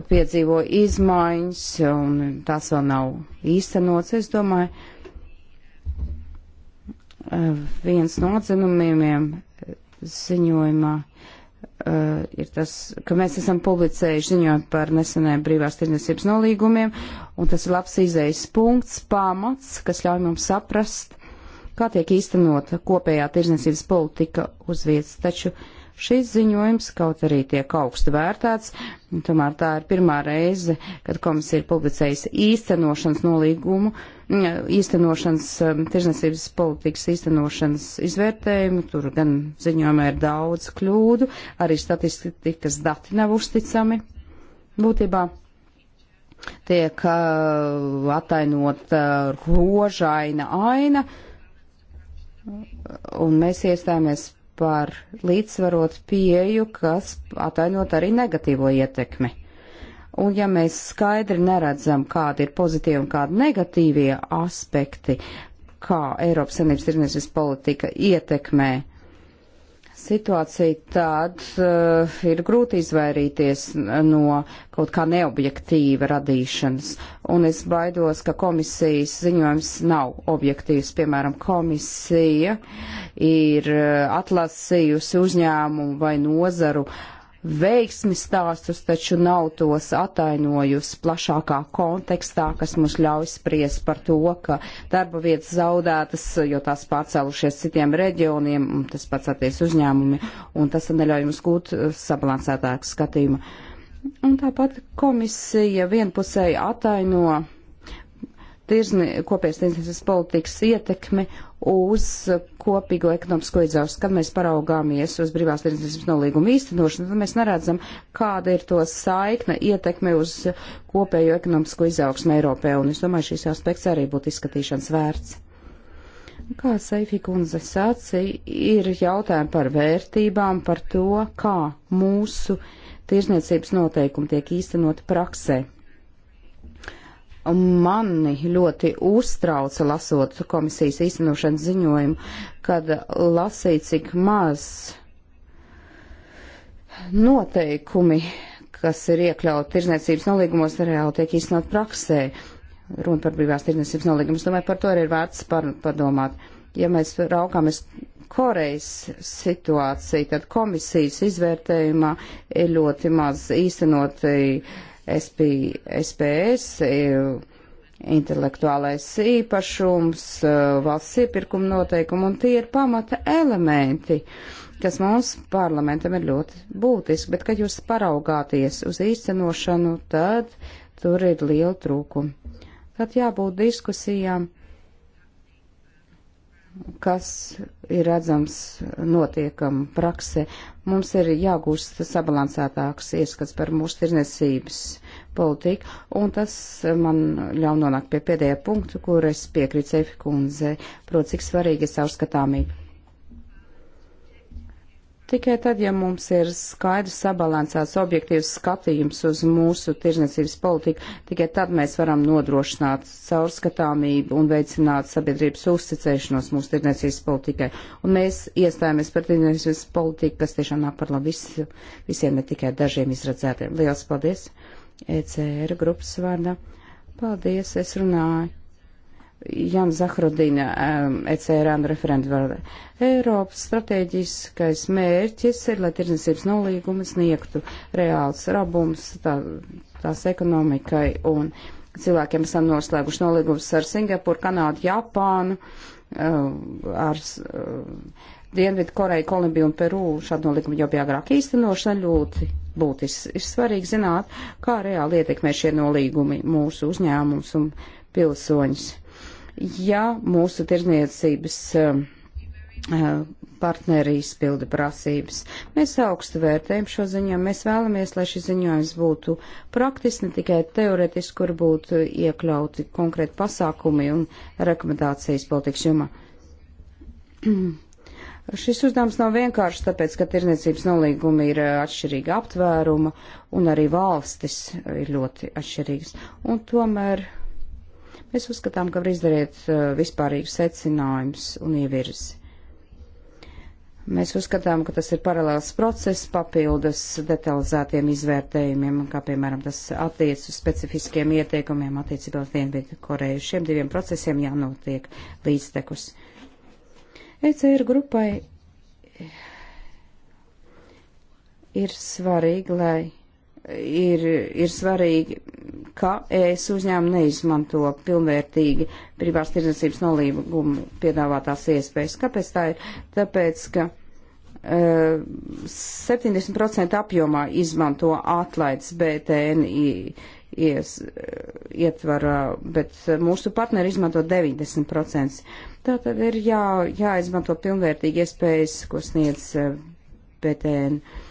piedzīvo izmaiņas, un tās vēl nav īstenots, es domāju. Eh, viens no atzinumiem eh, ziņojumā uh, ir tas, ka mēs esam publicējuši ziņojumu par nesenajiem brīvās tirdzniecības nolīgumiem, un tas ir labs izējas punkts, pamats, kas ļauj mums saprast, kā tiek īstenota kopējā tirdzniecības politika uz vietas. Taču uh, Šis ziņojums, kaut arī tiek augstu vērtēts, tomēr tā ir pirmā reize, kad komisija ir publicējusi īstenošanas nolīgumu, mm, īstenošanas, mm, tirzniecības politikas īstenošanas izvērtējumu. Tur gan ziņojumā ir daudz kļūdu, arī statistikas dati nav uzticami būtībā tiek uh, atainot uh, rožaina aina, un mēs iestājāmies par līdzsvarot pieju, kas atainot arī negatīvo ietekmi. Un ja mēs skaidri neredzam, kādi ir pozitīvi un kādi negatīvie aspekti, kā Eiropas Savienības tirdzniecības politika ietekmē situācija tāda uh, eh, ir grūti izvairīties no kaut kā neobjektīva radīšanas. Un es baidos, ka komisijas ziņojums nav objektīvs. Piemēram, komisija ir eh, atlasījusi uzņēmumu vai nozaru uh, veiksmi stāstus, taču nav tos atainojusi plašākā kontekstā, kas mums ļauj spriest par to, ka darba vietas zaudētas, jo tās pārcēlušies citiem reģioniem, un tas pats attiec uzņēmumi, un tas neļauj mums gūt uh, sabalansētāku skatījumu. Un tāpat komisija vienpusēji ataino tirzne, kopējas tirzniecības politikas ietekmi uz kopīgo ekonomisko izdevus. Kad mēs paraugāmies uz brīvās tirzniecības nolīgumu īstenošanu, tad mēs neredzam, kāda ir to saikne ietekme uz kopējo ekonomisko izaugsmu Eiropē, un es domāju, šīs aspekts arī būtu izskatīšanas vērts. Kā Seifi kundze sacīja, ir jautājumi par vērtībām, par to, kā mūsu tirzniecības noteikumi tiek īstenoti praksē. Mani ļoti uztrauca lasot komisijas īstenošanas ziņojumu, kad lasīja, cik maz noteikumi, kas ir iekļauti tirzniecības nolīgumos, reāli tiek īstenot praksē. Runa par brīvās tirzniecības nolīgumus. Domāju, par to arī ir vērts par, padomāt. Ja mēs raukāmies Korejas situācija, tad komisijas izvērtējumā ir ļoti maz īstenoti SP, SPS, eh, intelektuālais īpašums, eh, valsts iepirkuma noteikumi, un tie ir pamata elementi, kas mums parlamentam ir ļoti būtiski, bet, kad jūs paraugāties uz īstenošanu, tad tur ir liela trūkuma. Tad jābūt diskusijām kas ir redzams notiekam praksē. Mums ir jāgūst sabalansētāks ieskats par mūsu tirnesības politiku, un tas man ļauj nonākt pie pēdējā punktu, kur es piekrītu Seifi kundze, proti, cik svarīgi ir savskatāmība. Tikai tad, ja mums ir skaidrs sabalansēts objektīvs skatījums uz mūsu tirzniecības politiku, tikai tad mēs varam nodrošināt caurskatāmību un veicināt sabiedrības uzticēšanos mūsu tirzniecības politikai. Un mēs iestājāmies par tirzniecības politiku, kas tiešām nāk par labu visu, visiem, ne tikai dažiem izredzētiem. Lielas paldies! ECR grupas vārdā. Paldies, es runāju Jan Zahrudina, um, ECRN referenta vēl. Eiropas strateģiskais mērķis ir, lai tirdzniecības nolīgumi sniegtu reāls rabums tā, tās ekonomikai un cilvēkiem esam noslēguši nolīgumus ar Singapuru, Kanādu, Japānu, uh, ar uh, Dienvidu Koreju, Kolumbiju un Peru. Šādu nolīgumu jau bija agrāk īstenošana ļoti būtisks. Ir svarīgi zināt, kā reāli ietekmē šie nolīgumi mūsu uzņēmums un pilsoņus ja mūsu tirzniecības um, uh, partneri izpilda prasības. Mēs augstu vērtējam šo ziņojumu, mēs vēlamies, lai šis ziņojums būtu praktisks, ne tikai teoretiski, kur būtu iekļauti konkrēti pasākumi un rekomendācijas politikas jomā. Šis uzdevums nav vienkāršs, tāpēc, ka tirniecības nolīgumi ir uh, atšķirīga aptvēruma un arī valstis ir ļoti atšķirīgas. Un tomēr Mēs uzskatām, ka var izdarīt uh, vispārīgus secinājumus un ievirzi. Mēs uzskatām, ka tas ir paralēls process papildus detalizētiem izvērtējumiem, kā piemēram tas attiec uz specifiskiem ieteikumiem attiecībā uz Dienvidu Koreju. Šiem diviem procesiem jānotiek līdztekus. ECR grupai ir svarīgi, lai ir, ir svarīgi, ka ES uzņēmumi neizmanto pilnvērtīgi privās tirdzniecības nolīgumu piedāvātās iespējas. Kāpēc tā ir? Tāpēc, ka uh, e, 70% apjomā izmanto atlaides BTN ies, ietvarā, bet mūsu partneri izmanto 90%. Tā tad ir jā, jāizmanto pilnvērtīgi iespējas, ko sniedz e, BTN. Uh,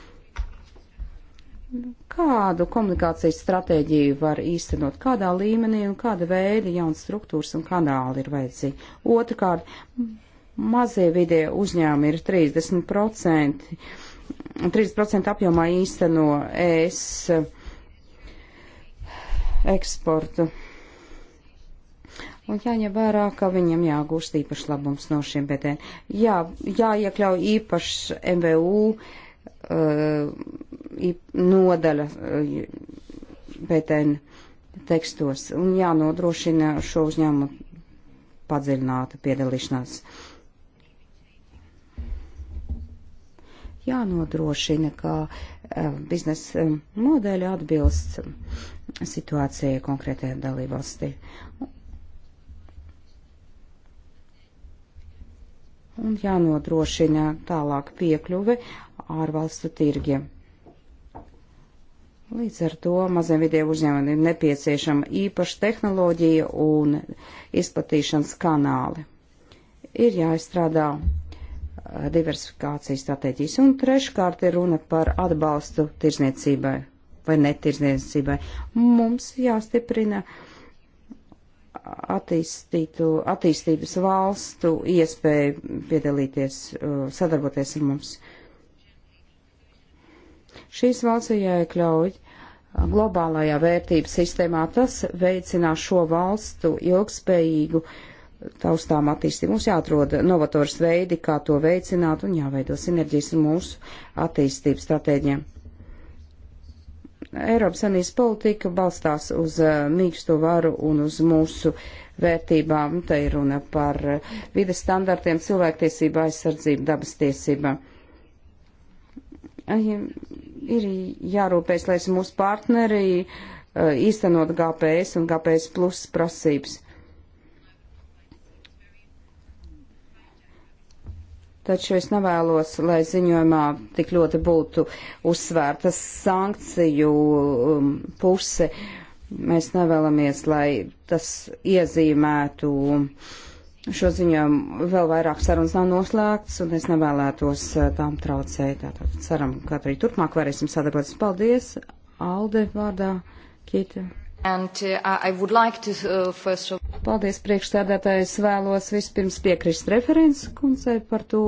Kādu komunikācijas stratēģiju var īstenot, kādā līmenī un kāda veida jaunas struktūras un kanāli ir vajadzīgi? Otrakārt, mazie vidie uzņēmumi ir 30%, 30% apjomā īsteno ES eksportu. Un jāņem vērā, ka viņam jāgūst īpašs labums no šiem bēdēm. Jā, jāiekļauj īpašs MVU. Uh, nodaļa e, PTN tekstos un jānodrošina šo uzņēmumu padziļināta piedalīšanās. Jānodrošina, ka e, biznesa e, modeļi atbilst situācijai konkrētajā dalībvalstī. Un jānodrošina tālāk piekļuve ārvalstu tirgiem. Līdz ar to maziem video uzņēmumiem ir nepieciešama īpaša tehnoloģija un izplatīšanas kanāli. Ir jāizstrādā uh, diversifikācijas stratēģijas, un treškārt ir runa par atbalstu tirzniecībai vai netirzniecībai. Mums jāstiprina attīstītu, attīstības valstu iespēju piedalīties, uh, sadarboties ar mums. Šīs valsts jāiekļauj globālajā vērtības sistēmā. Tas veicinās šo valstu ilgspējīgu taustām attīstību. Mums jāatrod novators veidi, kā to veicināt un jāveido sinerģijas ar mūsu attīstības stratēģiem. Eiropas Sanības politika balstās uz uh, mīksto varu un uz mūsu vērtībām. Te ir runa par uh, vides standartiem, cilvēktiesību aizsardzību, dabas tiesībām. Ir jārūpēs, lai mūsu partneri eh, īstenot GPS un GPS plus prasības. Taču es nevēlos, lai ziņojumā tik ļoti būtu uzsvērta sankciju um, puse. Mēs nevēlamies, lai tas iezīmētu uh, Šo ziņojumu vēl vairāk sarunas nav noslēgts, un es nevēlētos eh, tām traucēt. Tātad ceram, ka arī turpmāk varēsim sadarboties. Paldies, Alde vārdā, Kita. And, uh, like to, uh, first... Paldies, priekšstādātāji. Es vēlos vispirms piekrist referents kundzei par to,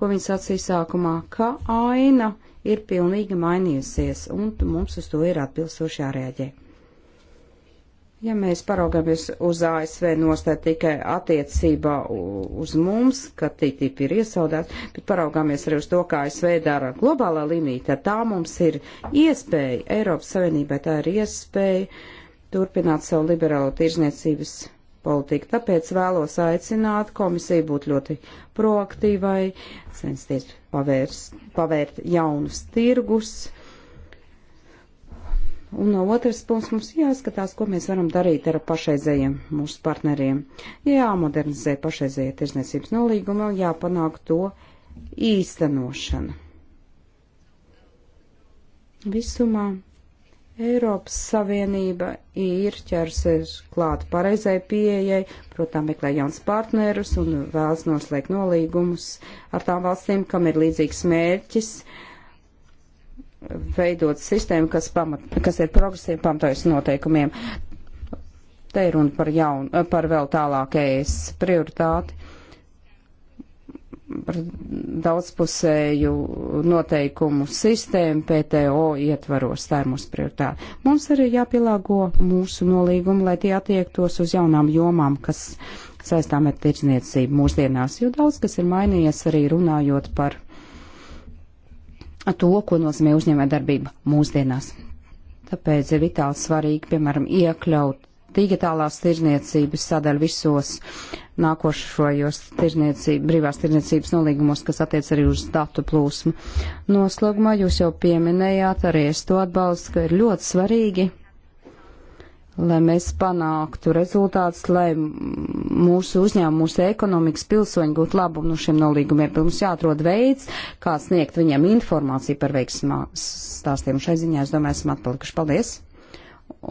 ko viņa sacīja sākumā, ka aina ir pilnīgi mainījusies, un mums uz to ir atbilstoši jārēģē. Ja mēs paraugamies uz ASV nostāju tikai attiecībā uz mums, ka TTIP ir iesaudēts, bet paraugamies arī uz to, kā ASV dara globālā līnija, tad tā mums ir iespēja, Eiropas Savienībai tā ir iespēja turpināt savu liberālo tirzniecības politiku. Tāpēc vēlos aicināt komisiju būt ļoti proaktīvai, censties pavērst, pavērt jaunus tirgus Un no otras puses mums jāskatās, ko mēs varam darīt ar pašreizējiem mūsu partneriem. Jāmodernizē pašreizējie tirzniecības nolīgumi un jāpanāk to īstenošana. Visumā Eiropas Savienība ir ķersies klāt pareizai pieejai, protām meklē jauns partnerus un vēlas noslēgt nolīgumus ar tām valstīm, kam ir līdzīgs mērķis. Uh, veidot sistēmu, kas, pamat, kas ir progresīvi pamatojas noteikumiem. Te ir runa par, jaun, par vēl tālākais prioritāti, par daudzpusēju noteikumu sistēmu PTO ietvaros. Tā ir mūsu prioritāte. Mums arī jāpielāgo mūsu nolīgumi, lai tie attiektos uz jaunām jomām, kas saistām ar tirdzniecību mūsdienās, jo daudz kas ir mainījies arī runājot par to, ko nozīmē uzņēmē darbība mūsdienās. Tāpēc ir vitāli svarīgi, piemēram, iekļaut digitālās tirzniecības sadaļu visos nākošajos tirzniecība, brīvās tirzniecības nolīgumos, kas attiec arī uz datu plūsmu. Noslēgumā jūs jau pieminējāt, arī es to atbalstu, ka ir ļoti svarīgi lai mēs panāktu rezultātus, lai mūsu uzņēmumu, mūsu ekonomikas pilsoņi gūtu labumu no šiem nolīgumiem. Mums jāatrod veids, kā sniegt viņiem informāciju par veiksmā stāstiem. Šai ziņā, es domāju, esam atpalikuši. Paldies!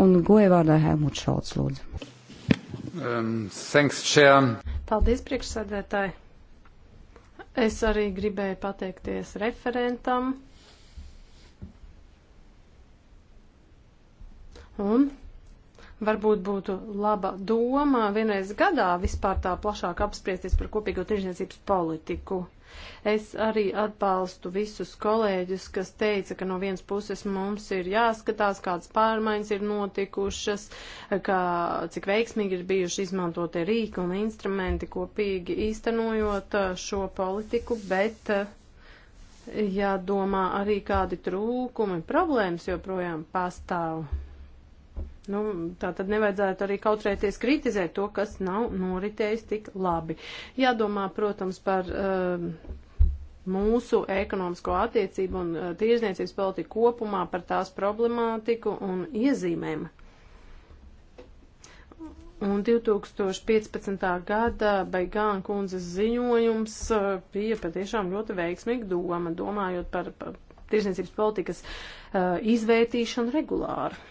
Un goja vārdā Helmut Šolts, lūdzu. Um, thanks, Chair. Paldies, priekšsēdētāji. Es arī gribēju pateikties referentam. Un Varbūt būtu laba doma vienreiz gadā vispār tā plašāk apspriesties par kopīgo tirzniecības politiku. Es arī atbalstu visus kolēģus, kas teica, ka no vienas puses mums ir jāskatās, kādas pārmaiņas ir notikušas, kā, cik veiksmīgi ir bijuši izmantotie rīki un instrumenti kopīgi īstenojot uh, šo politiku, bet uh, jādomā arī kādi trūkumi, problēmas joprojām pastāv. Nu, tā tad nevajadzētu arī kautrēties kritizēt to, kas nav noritējis tik labi. Jādomā, protams, par uh, mūsu ekonomisko attiecību un uh, tirzniecības politiku kopumā, par tās problemātiku un iezīmēm. Un 2015. gada Baigāna kundzes ziņojums uh, bija patiešām ļoti veiksmīga doma, domājot par, par tirzniecības politikas uh, izvērtīšanu regulāri.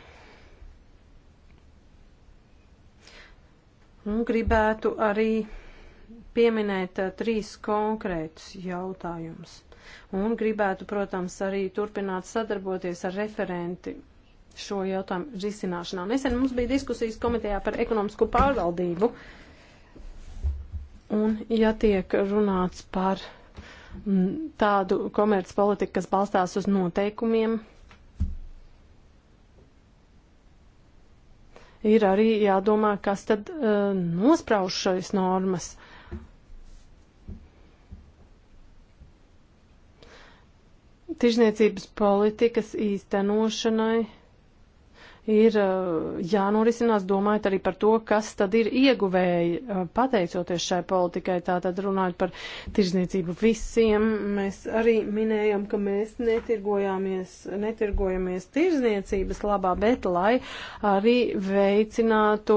Un gribētu arī pieminēt uh, trīs konkrētus jautājumus. Un gribētu, protams, arī turpināt sadarboties ar referenti šo jautājumu risināšanā. Nesen mums bija diskusijas komitejā par ekonomisko pārvaldību. Un, ja tiek runāts par m, mm, tādu komercpolitiku, kas balstās uz noteikumiem, ir arī jādomā, kas tad uh, nosprauž šais normas. Tirzniecības politikas īstenošanai ir eh, jānorisinās domājot arī par to, kas tad ir ieguvēji eh, pateicoties šai politikai. Tātad runājot par tirzniecību visiem, mēs arī minējam, ka mēs netirgojāmies, netirgojamies tirzniecības labā, bet lai arī veicinātu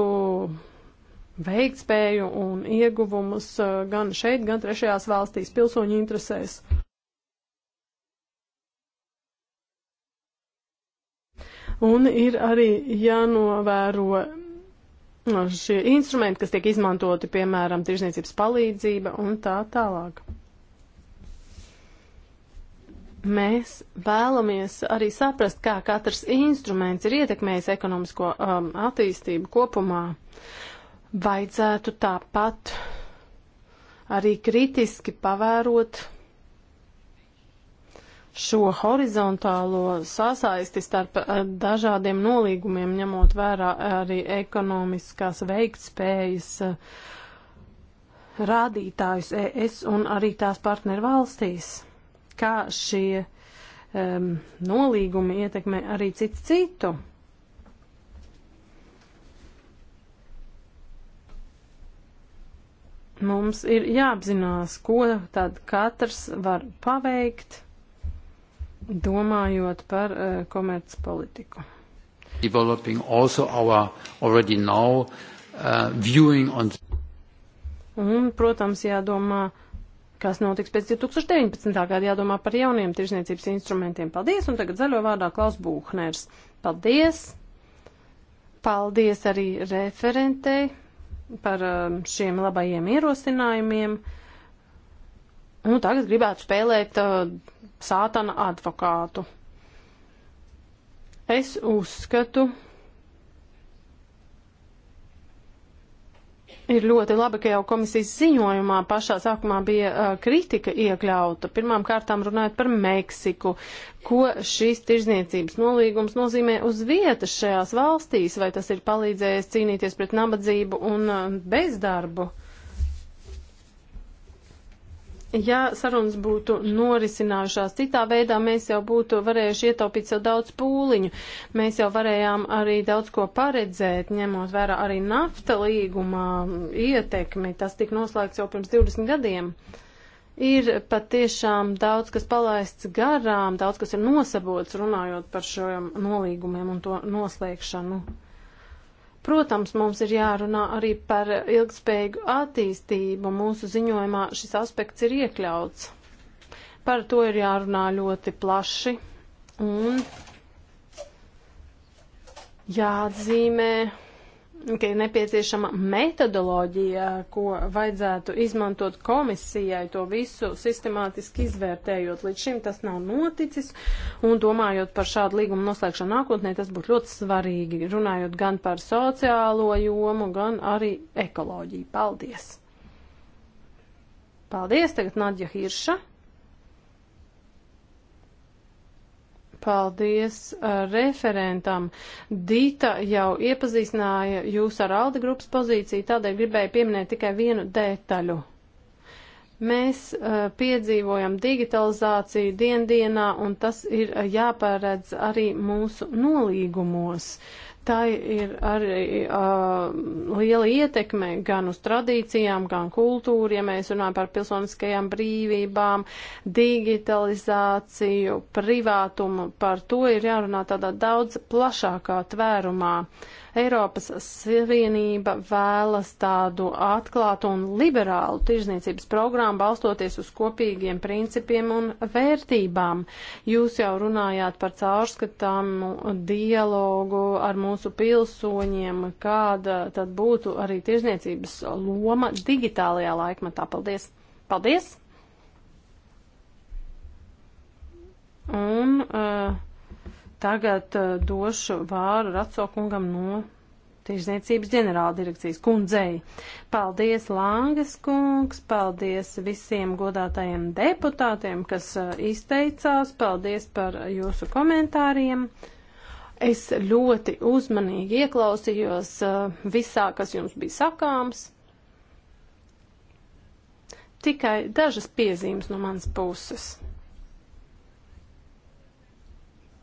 veiktspēju un ieguvumus eh, gan šeit, gan trešajās valstīs pilsoņu interesēs. Un ir arī jānovēro uh, šie instrumenti, kas tiek izmantoti, piemēram, tirzniecības palīdzība un tā tālāk. Mēs vēlamies arī saprast, kā katrs instruments ir ietekmējis ekonomisko um, attīstību kopumā. Vajadzētu tāpat arī kritiski pavērot šo horizontālo sasaisti starp eh, dažādiem nolīgumiem, ņemot vērā arī ekonomiskās veiktspējas eh, rādītājus ES un arī tās partneru valstīs, kā šie um, nolīgumi ietekmē arī citu citu. Mums ir jāapzinās, ko tad katrs var paveikt domājot par uh, komercpolitiku. Developing also our already now uh, viewing on. Un, protams, jādomā, kas notiks pēc 2019. gada, jādomā par jauniem tirzniecības instrumentiem. Paldies, un tagad zaļo vārdā Klaus Būhners. Paldies! Paldies arī referentei par eh, šiem labajiem ierosinājumiem. Uh, Un tagad gribētu spēlēt uh, sātana advokātu. Es uzskatu, ir ļoti labi, ka jau komisijas ziņojumā pašā sākumā bija uh, kritika iekļauta. Pirmām kārtām runājot par Meksiku, ko šīs tirzniecības nolīgums nozīmē uz vietas šajās valstīs, vai tas ir palīdzējis cīnīties pret nabadzību un uh, bezdarbu. Uh, Ja sarunas būtu norisinājušās citā veidā, mēs jau būtu varējuši ietaupīt sev daudz pūliņu. Mēs jau varējām arī daudz ko paredzēt, ņemot vērā arī nafta līgumā ietekmi. Tas tika noslēgts jau pirms 20 gadiem. Ir patiešām daudz, kas palaists garām, daudz, kas ir nosabots runājot par šiem nolīgumiem un to noslēgšanu. Protams, mums ir jārunā arī par ilgspējīgu attīstību. Mūsu ziņojumā šis aspekts ir iekļauts. Par to ir jārunā ļoti plaši un jāatzīmē ka ir nepieciešama metodoloģija, ko vajadzētu izmantot komisijai, to visu sistemātiski izvērtējot. Līdz šim tas nav noticis, un domājot par šādu līgumu noslēgšanu nākotnē, tas būtu ļoti svarīgi, runājot gan par sociālo jomu, gan arī ekoloģiju. Paldies! Paldies, tagad Nadja Hirša. Paldies uh, referentam. Dīta jau iepazīstināja jūs ar Alde grupas pozīciju, tādēļ gribēju pieminēt tikai vienu detaļu. Mēs uh, piedzīvojam digitalizāciju diendienā, un tas ir uh, jāparedz arī mūsu nolīgumos. Uh, tai ir arī uh, liela ietekme gan uz tradīcijām, gan kultūru, ja mēs runājam par pilsoniskajām brīvībām, digitalizāciju, privātumu. Par to ir jārunā tādā daudz plašākā tvērumā. Uh, Eiropas Savienība vēlas tādu atklātu un liberālu tirzniecības programmu, balstoties uz kopīgiem principiem un vērtībām. Jūs jau runājāt par caurskatāmu dialogu ar mūsu pilsoņiem, kāda tad būtu arī tirzniecības loma digitālajā laikmatā. Paldies! Paldies! Un uh, Tagad uh, došu vāru Raco kungam no Tirzniecības ģenerāldirekcijas kundzei. Paldies, Langas kungs, paldies visiem godātajiem deputātiem, kas uh, izteicās, paldies par jūsu komentāriem. Es ļoti uzmanīgi ieklausījos uh, visā, kas jums bija sakāms. Tikai dažas piezīmes no manas puses.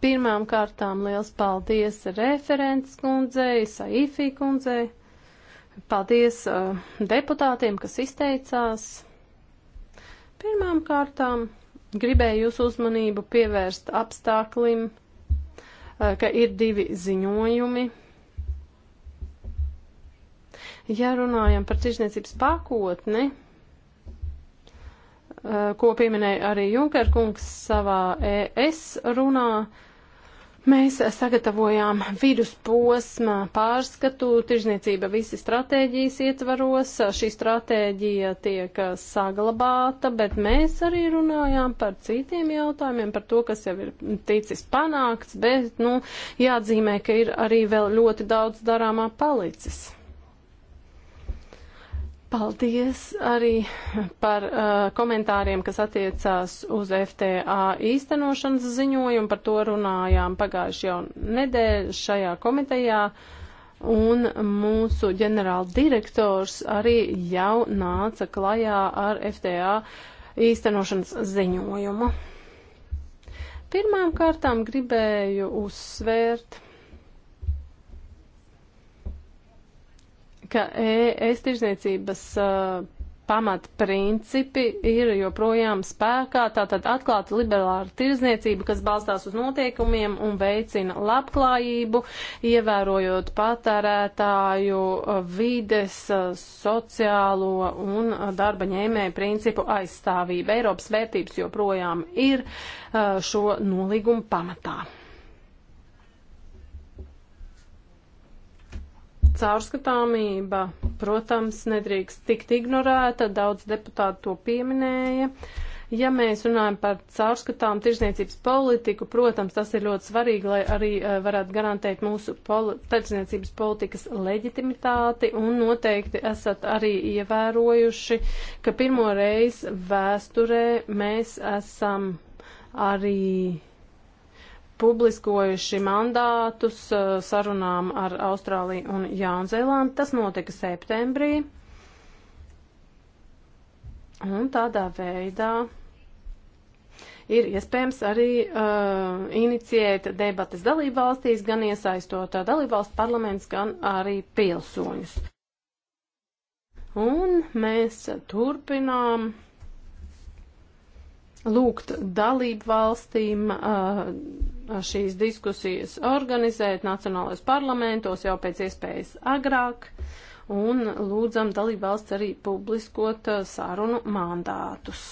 Pirmām kārtām liels paldies referents kundzei, Saifī kundzei. Paldies uh, deputātiem, kas izteicās. Pirmām kārtām gribēju jūsu uzmanību pievērst apstāklim, uh, ka ir divi ziņojumi. Ja runājam par tirzniecības pakotni, uh, ko pieminēja arī Junkerkungs savā ES runā, uh, Mēs sagatavojām vidusposma pārskatu, tirzniecība visi stratēģijas ietvaros, šī stratēģija tiek saglabāta, bet mēs arī runājām par citiem jautājumiem, par to, kas jau ir ticis panākts, bet, nu, jāatzīmē, ka ir arī vēl ļoti daudz darāmā palicis. Paldies arī par uh, komentāriem, kas attiecās uz FTA īstenošanas ziņojumu. Par to runājām pagājuši jau nedēļu šajā komitejā. Un mūsu ģenerāldirektors arī jau nāca klajā ar FTA īstenošanas ziņojumu. Pirmām kārtām gribēju uzsvērt ka ES tirzniecības pamatprincipi ir joprojām spēkā, tātad atklāta liberāla tirzniecība, kas balstās uz noteikumiem un veicina labklājību, ievērojot patērētāju vides, sociālo un darba ņēmēju principu aizstāvību. Eiropas vērtības joprojām ir šo nolīgumu pamatā. Caurskatāmība, protams, nedrīkst tikt ignorēta, daudz deputāti to pieminēja. Ja mēs runājam par caurskatām tirzniecības politiku, protams, tas ir ļoti svarīgi, lai arī e, varētu garantēt mūsu poli tirzniecības politikas leģitimitāti un noteikti esat arī ievērojuši, ka pirmo reizi vēsturē mēs esam arī publiskojuši mandātus eh, sarunām ar Austrāliju un Jaunzēlandi. Tas notika septembrī. Un tādā veidā ir iespējams arī uh, eh, inicijēt debatas dalībvalstīs, gan iesaistot uh, eh, dalībvalstu parlaments, gan arī pilsoņus. Un mēs turpinām lūgt dalību valstīm uh, šīs diskusijas organizēt nacionālajos parlamentos jau pēc iespējas agrāk un lūdzam dalību valsts arī publiskot uh, sarunu mandātus.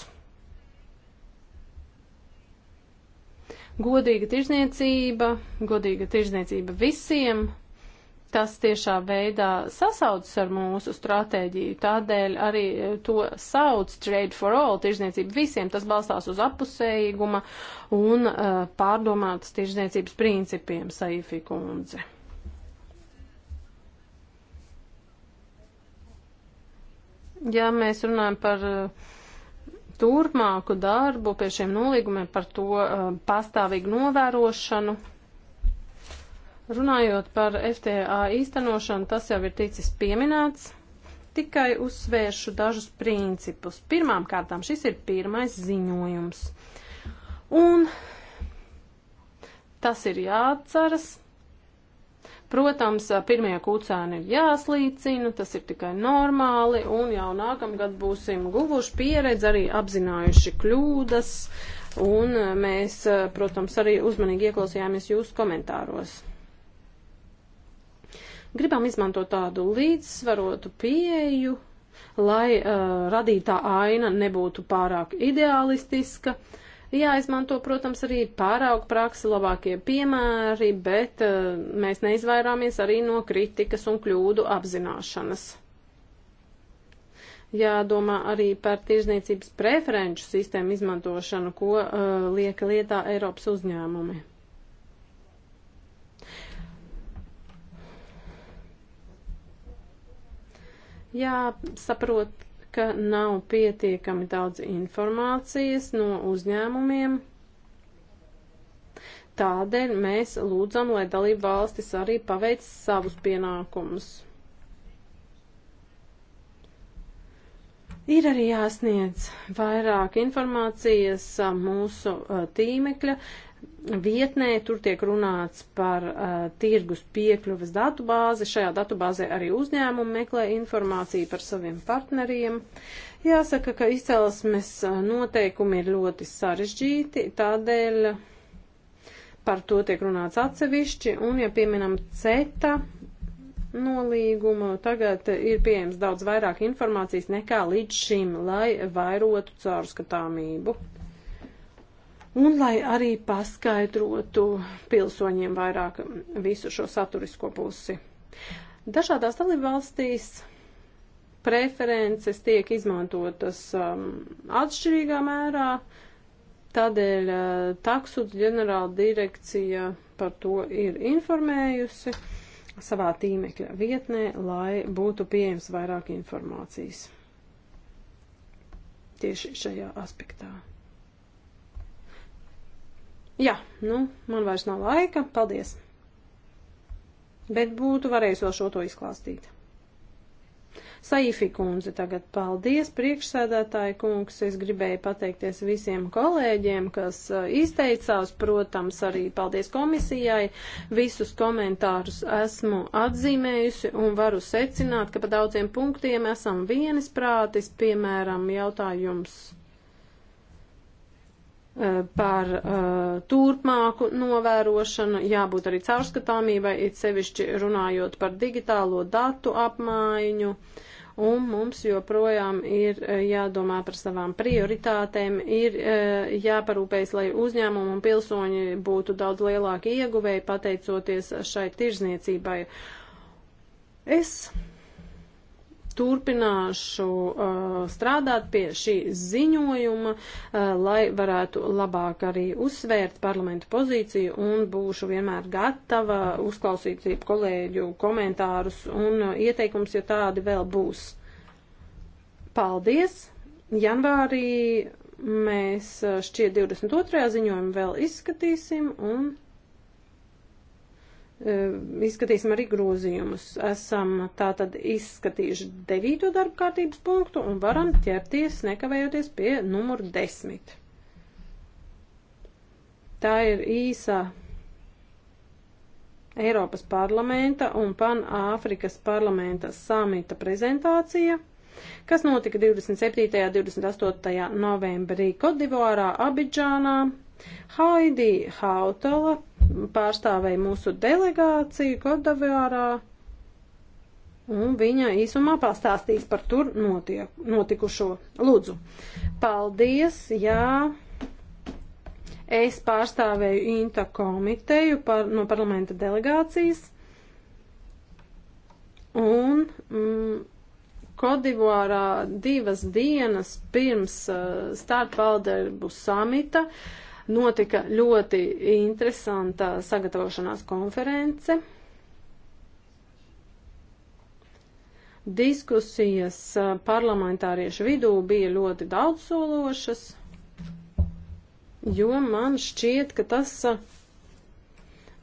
Godīga tirzniecība, godīga tirzniecība visiem, tas tiešā veidā sasaucas ar mūsu stratēģiju. Tādēļ arī e, to sauc trade for all, tirzniecība visiem. Tas balstās uz apusējīguma un uh, pārdomātas tirzniecības principiem, Saifī kundze. Ja mēs runājam par uh, turpmāku darbu pie šiem nolīgumiem, par to uh, pastāvīgu novērošanu, Runājot par FTA īstenošanu, tas jau ir ticis pieminēts, tikai uzsvēršu dažus principus. Pirmām kārtām šis ir pirmais ziņojums. Un tas ir jāatceras. Protams, pirmie kūcēni ir jāslīcina, tas ir tikai normāli, un jau nākamgad būsim guvuši pieredzi, arī apzinājuši kļūdas, un mēs, protams, arī uzmanīgi ieklausījāmies jūsu komentāros. Gribam izmantot tādu līdzsvarotu pieeju, lai uh, radītā aina nebūtu pārāk ideālistiska. Jāizmanto, protams, arī pārāk praksi labākie piemēri, bet uh, mēs neizvairāmies arī no kritikas un kļūdu apzināšanas. Jādomā arī par tirzniecības preferenču sistēmu izmantošanu, ko uh, lieka lietā Eiropas uzņēmumi. jāsaprot, ka nav pietiekami daudz informācijas no uzņēmumiem. Tādēļ mēs lūdzam, lai dalību valstis arī paveic savus pienākumus. Ir arī jāsniedz vairāk informācijas mūsu tīmekļa vietnē, tur tiek runāts par uh, tirgus piekļuvas datubāzi. Šajā datubāzē arī uzņēmumi meklē informāciju par saviem partneriem. Jāsaka, ka izcelsmes uh, noteikumi ir ļoti sarežģīti, tādēļ par to tiek runāts atsevišķi, un ja pieminam CETA nolīgumu, tagad ir pieejams daudz vairāk informācijas nekā līdz šim, lai vairotu caurskatāmību un lai arī paskaidrotu pilsoņiem vairāk visu šo saturisko pusi. Dažādās dalībvalstīs preferences tiek izmantotas um, atšķirīgā mērā, tādēļ uh, taksu ģenerāla direkcija par to ir informējusi savā tīmekļa vietnē, lai būtu pieejams vairāk informācijas tieši šajā aspektā. Jā, nu, man vairs nav laika, paldies. Bet būtu varējis vēl šo to izklāstīt. Saifī kundze tagad paldies, priekšsēdētāji kungs, es gribēju pateikties visiem kolēģiem, kas uh, izteicās, protams, arī paldies komisijai, visus komentārus esmu atzīmējusi un varu secināt, ka pa daudziem punktiem esam vienisprātis, piemēram, jautājums par uh, turpmāku novērošanu, jābūt arī caurskatāmībai, it sevišķi runājot par digitālo datu apmaiņu, un mums joprojām ir uh, jādomā par savām prioritātēm, ir uh, jāparūpējas, lai uzņēmumu un pilsoņi būtu daudz lielāki ieguvēji pateicoties šai tirzniecībai. Es turpināšu uh, strādāt pie šī ziņojuma, uh, lai varētu labāk arī uzsvērt parlamentu pozīciju un būšu vienmēr gatava uzklausīt kolēģu komentārus un uh, ieteikums, ja tādi vēl būs. Paldies! Janvārī mēs uh, šķiet 22. ziņojumu vēl izskatīsim un Ehm, izskatīsim arī grozījumus. Esam tātad izskatījuši devīto darba kārtības punktu un varam ķerties nekavējoties pie numuru desmit. Tā ir īsā Eiropas parlamenta un Pan-Āfrikas parlamenta samita prezentācija, kas notika 27. un 28. novembrī Kodivārā, Abidžānā, Haidī Hautala pārstāvēja mūsu delegāciju Kodavjārā, un viņa īsumā pastāstīs par tur notiek, notikušo. Lūdzu, paldies, jā. Es pārstāvēju INTA komiteju par, no parlamenta delegācijas, un mm, Kodivārā divas dienas pirms uh, starpvaldību samita uh, Notika ļoti interesanta sagatavošanās konference. Diskusijas uh, parlamentāriešu vidū bija ļoti daudzsološas, jo man šķiet, ka tas uh,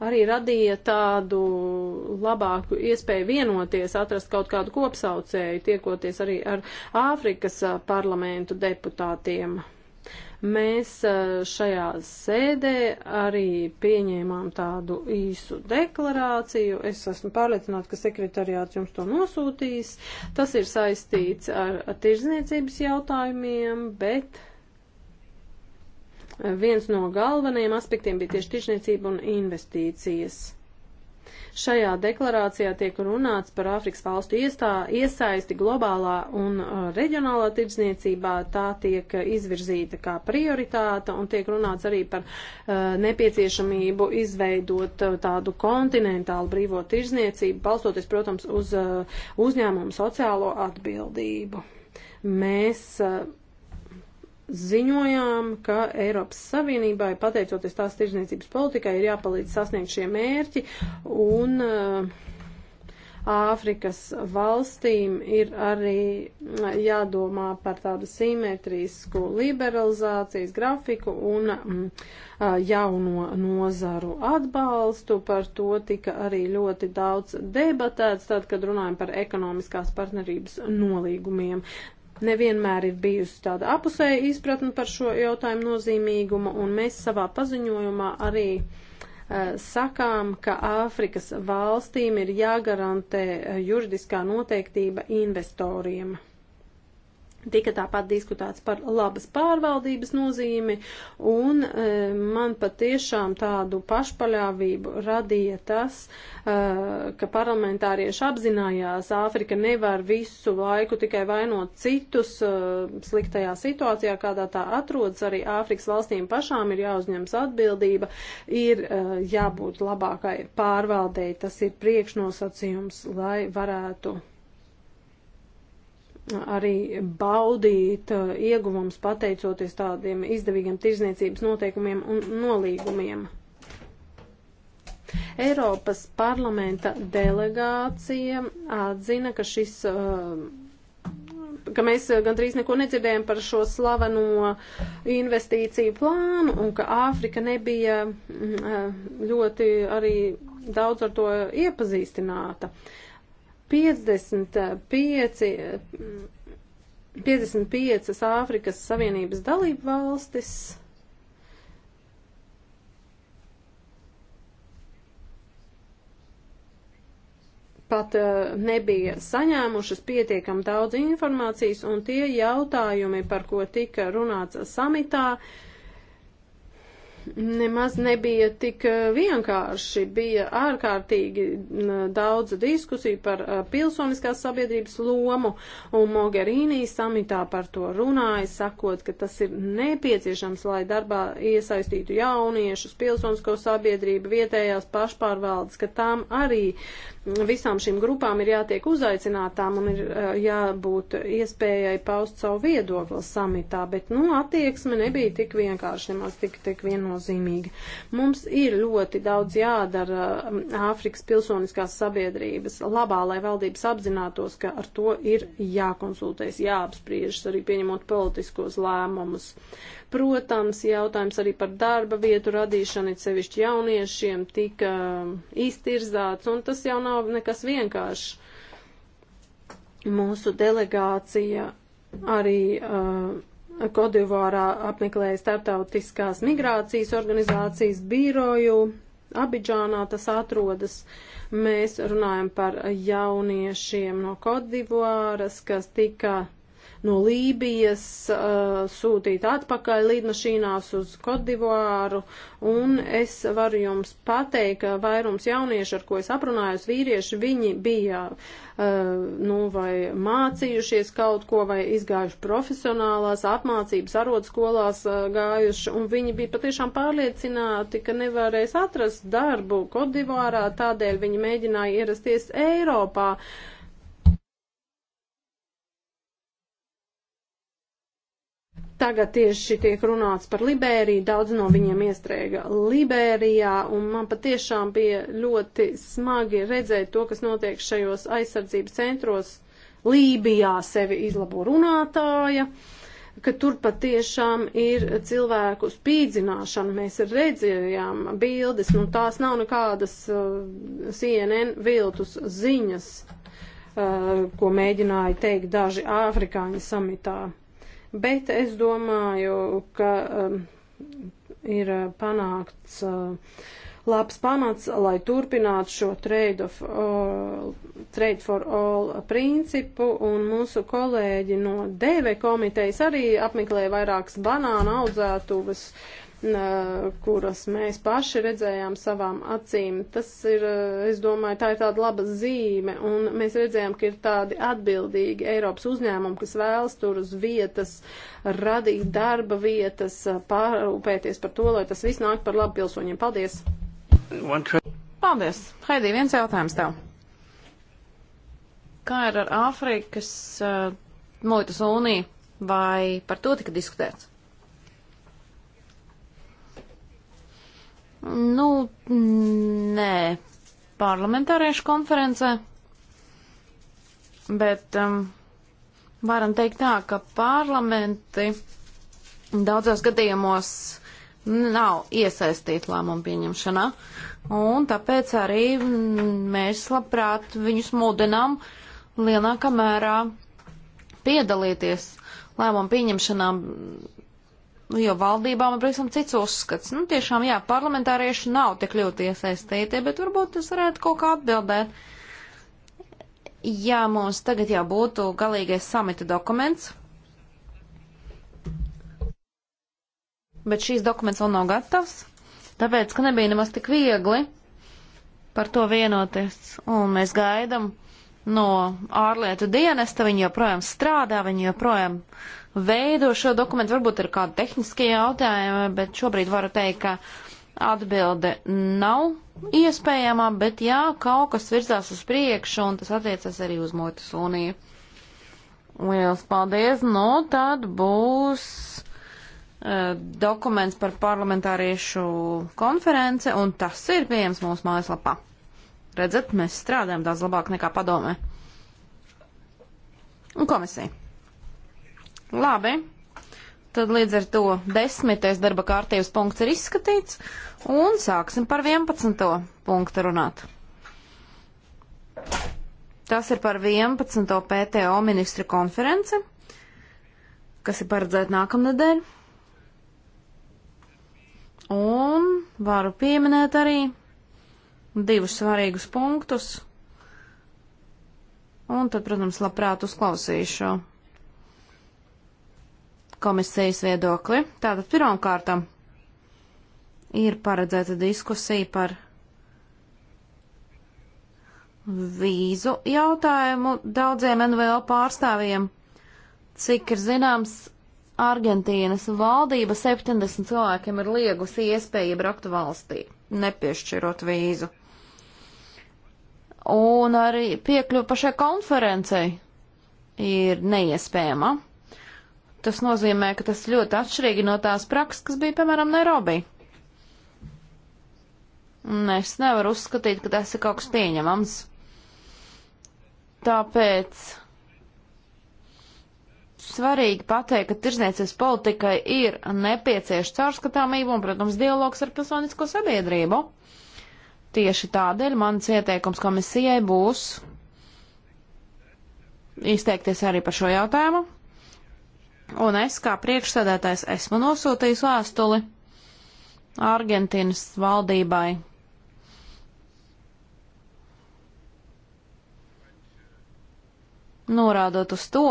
arī radīja tādu labāku iespēju vienoties, atrast kaut kādu kopsaucēju, tiekoties arī ar Āfrikas uh, parlamentu deputātiem. Mēs šajā sēdē arī pieņēmām tādu īsu deklarāciju. Es esmu pārliecināta, ka sekretariāts jums to nosūtīs. Tas ir saistīts ar tirzniecības jautājumiem, bet viens no galvenajiem aspektiem bija tieši tirzniecība un investīcijas. Šajā deklarācijā tiek runāts par Āfrikas valstu iestā, iesaisti globālā un uh, reģionālā tirdzniecībā. Tā tiek izvirzīta kā prioritāte un tiek runāts arī par uh, nepieciešamību izveidot uh, tādu kontinentālu brīvo tirdzniecību, balstoties, protams, uz uh, uzņēmumu sociālo atbildību. Mēs uh, ziņojām, ka Eiropas Savienībai, pateicoties tās tirzniecības politikai, ir jāpalīdz sasniegt šie mērķi un uh, Āfrikas valstīm ir arī eh, jādomā par tādu simetrisku liberalizācijas grafiku un mm, eh, jauno nozaru atbalstu. Par to tika arī ļoti daudz debatēts, tad, kad runājam par ekonomiskās partnerības nolīgumiem nevienmēr ir bijusi tāda apusēja izpratne par šo jautājumu nozīmīgumu, un mēs savā paziņojumā arī uh, sakām, ka Āfrikas valstīm ir jāgarantē eh, juridiskā noteiktība investoriem. Tika tāpat diskutēts par labas pārvaldības nozīmi, un e, man patiešām tādu pašpaļāvību radīja tas, e, ka parlamentārieši apzinājās, Āfrika nevar visu laiku tikai vainot citus e, sliktajā situācijā, kādā tā atrodas. Arī Āfrikas valstīm pašām ir jāuzņems atbildība, ir e, jābūt labākai pārvaldei. Tas ir priekšnosacījums, lai varētu arī baudīt uh, ieguvums pateicoties tādiem izdevīgiem tirzniecības noteikumiem un nolīgumiem. Eiropas parlamenta delegācija atzina, ka šis, uh, ka mēs gandrīz neko nedzirdējam par šo slaveno investīciju plānu un ka Āfrika nebija uh, ļoti arī daudz ar to iepazīstināta. Uh, 55, 55 Āfrikas Savienības dalību valstis. pat eh, nebija saņēmušas pietiekam daudz informācijas, un tie jautājumi, par ko tika runāts samitā, uh, nemaz nebija tik eh, vienkārši. Bija ārkārtīgi daudz diskusiju par eh, pilsoniskās sabiedrības lomu, un Mogherīnī samitā par to runāja, sakot, ka tas ir nepieciešams, lai darbā iesaistītu jauniešus, pilsonisko sabiedrību, vietējās pašpārvaldes, ka tām arī visām šīm grupām ir jātiek uzaicinātām un ir eh, jābūt iespējai paust savu viedokli samitā, bet, nu, attieksme nebija tik vienkārši, nemaz tik, tik viennozīmīga. Mums ir ļoti daudz jādara mm, Āfrikas pilsoniskās sabiedrības labā, lai valdības apzinātos, ka ar to ir jākonsultējas, jāapspriežas arī pieņemot politiskos lēmumus. Protams, jautājums arī par darba vietu radīšanu, it sevišķi jauniešiem, tika mm, iztirzāts, un tas jau nav nav nekas vienkāršs. Mūsu delegācija arī uh, Kodivārā apmeklēja starptautiskās migrācijas organizācijas biroju. Abidžānā tas atrodas. Mēs runājam par jauniešiem no Kodivāras, kas tika no Lībijas uh, sūtīt atpakaļ līdmašīnās uz Kodivuāru, un es varu jums pateikt, ka vairums jauniešu, ar ko es aprunājos, vīrieši, viņi bija, uh, nu, vai mācījušies kaut ko, vai izgājuši profesionālās apmācības arotskolās uh, gājuši, un viņi bija patiešām pārliecināti, ka nevarēs atrast darbu Kodivuārā, tādēļ viņi mēģināja ierasties Eiropā. Uh, Tagad tieši tiek runāts par Libēriju, daudz no viņiem iestrēga Libērijā, un man patiešām bija ļoti smagi redzēt to, kas notiek šajos aizsardzības centros. Lībijā sevi izlabo runātāja, ka tur patiešām ir cilvēku spīdzināšana. Mēs redzējām bildes, nu tās nav nekādas uh, CNN viltus ziņas, uh, ko mēģināja teikt daži Āfrikāņu samitā bet es domāju, ka um, ir panākts uh, labs pamats, lai turpinātu šo trade, of all, trade for all principu, un mūsu kolēģi no DV komitejas arī apmeklēja vairākas banāna audzētuvas. Uh, kuras mēs paši redzējām savām acīm. Tas ir, eh, es domāju, tā ir tāda laba zīme, un mēs redzējām, ka ir tādi atbildīgi Eiropas uzņēmumi, kas vēlas tur uz vietas radīt darba vietas, eh, pārūpēties par to, lai tas viss nāk par labu pilsoņiem. Paldies! Paldies! Haidī, viens jautājums tev. Kā ir ar Āfrikas uh, muitas uniju? Vai par to tika diskutēts? Nu, nē, parlamentāriešu konferencē, bet um, varam teikt tā, ka parlamenti daudzos gadījumos nav iesaistīti lēmumu pieņemšanā, un tāpēc arī mēs labprāt viņus mudinām lielākā mērā piedalīties lēmumu pieņemšanā Nu, jo valdībām ir pavisam cits uzskats. Nu, tiešām, jā, parlamentārieši nav tik ļoti iesaistīti, bet varbūt es varētu kaut kā atbildēt. Ja mums tagad jau būtu galīgais samita dokuments, bet šīs dokuments vēl nav gatavs, tāpēc, ka nebija nemaz tik viegli par to vienoties, un mēs gaidam no ārlietu dienesta, viņi joprojām strādā, viņi joprojām veido šo dokumentu. Varbūt ir kādi tehniskie jautājumi, bet šobrīd varu teikt, ka atbilde nav iespējama, bet jā, kaut kas virzās uz priekšu, un tas attiecas arī uz Motas uniju. Lielas paldies! Nu, tad būs uh, dokuments par parlamentāriešu konference, un tas ir pieejams mūsu mājaslapā. Redzat, mēs strādājam daudz labāk nekā padomē. Un komisija. Labi. Tad līdz ar to desmitais darba kārtības punkts ir izskatīts, un sāksim par 11. punktu runāt. Tas ir par 11. PTO ministru konferenci, kas ir paredzēta nākamnedēļ. Un varu pieminēt arī, divus svarīgus punktus, un tad, protams, labprāt uzklausīšu komisijas viedokli. Tātad pirmkārtam ir paredzēta diskusija par vīzu jautājumu daudziem NVO pārstāvjiem. Cik ir zināms, Argentīnas valdība 70 cilvēkiem ir liegusi iespēju braukt valstī, nepiešķirot vīzu un arī piekļuva pašai konferencei ir neiespējama. Tas nozīmē, ka tas ļoti atšķirīgi no tās prakses, kas bija, piemēram, Nairobi. Un es nevaru uzskatīt, ka tas ir kaut kas pieņemams. Tāpēc svarīgi pateikt, ka tirzniecības politikai ir nepieciešama caurskatāmība un, protams, dialogs ar pilsonisko sabiedrību. Tieši tādēļ mans ieteikums komisijai būs izteikties arī par šo jautājumu. Un es, kā priekšsēdētājs, esmu nosūtījis vēstuli Argentīnas valdībai. Norādot uz to,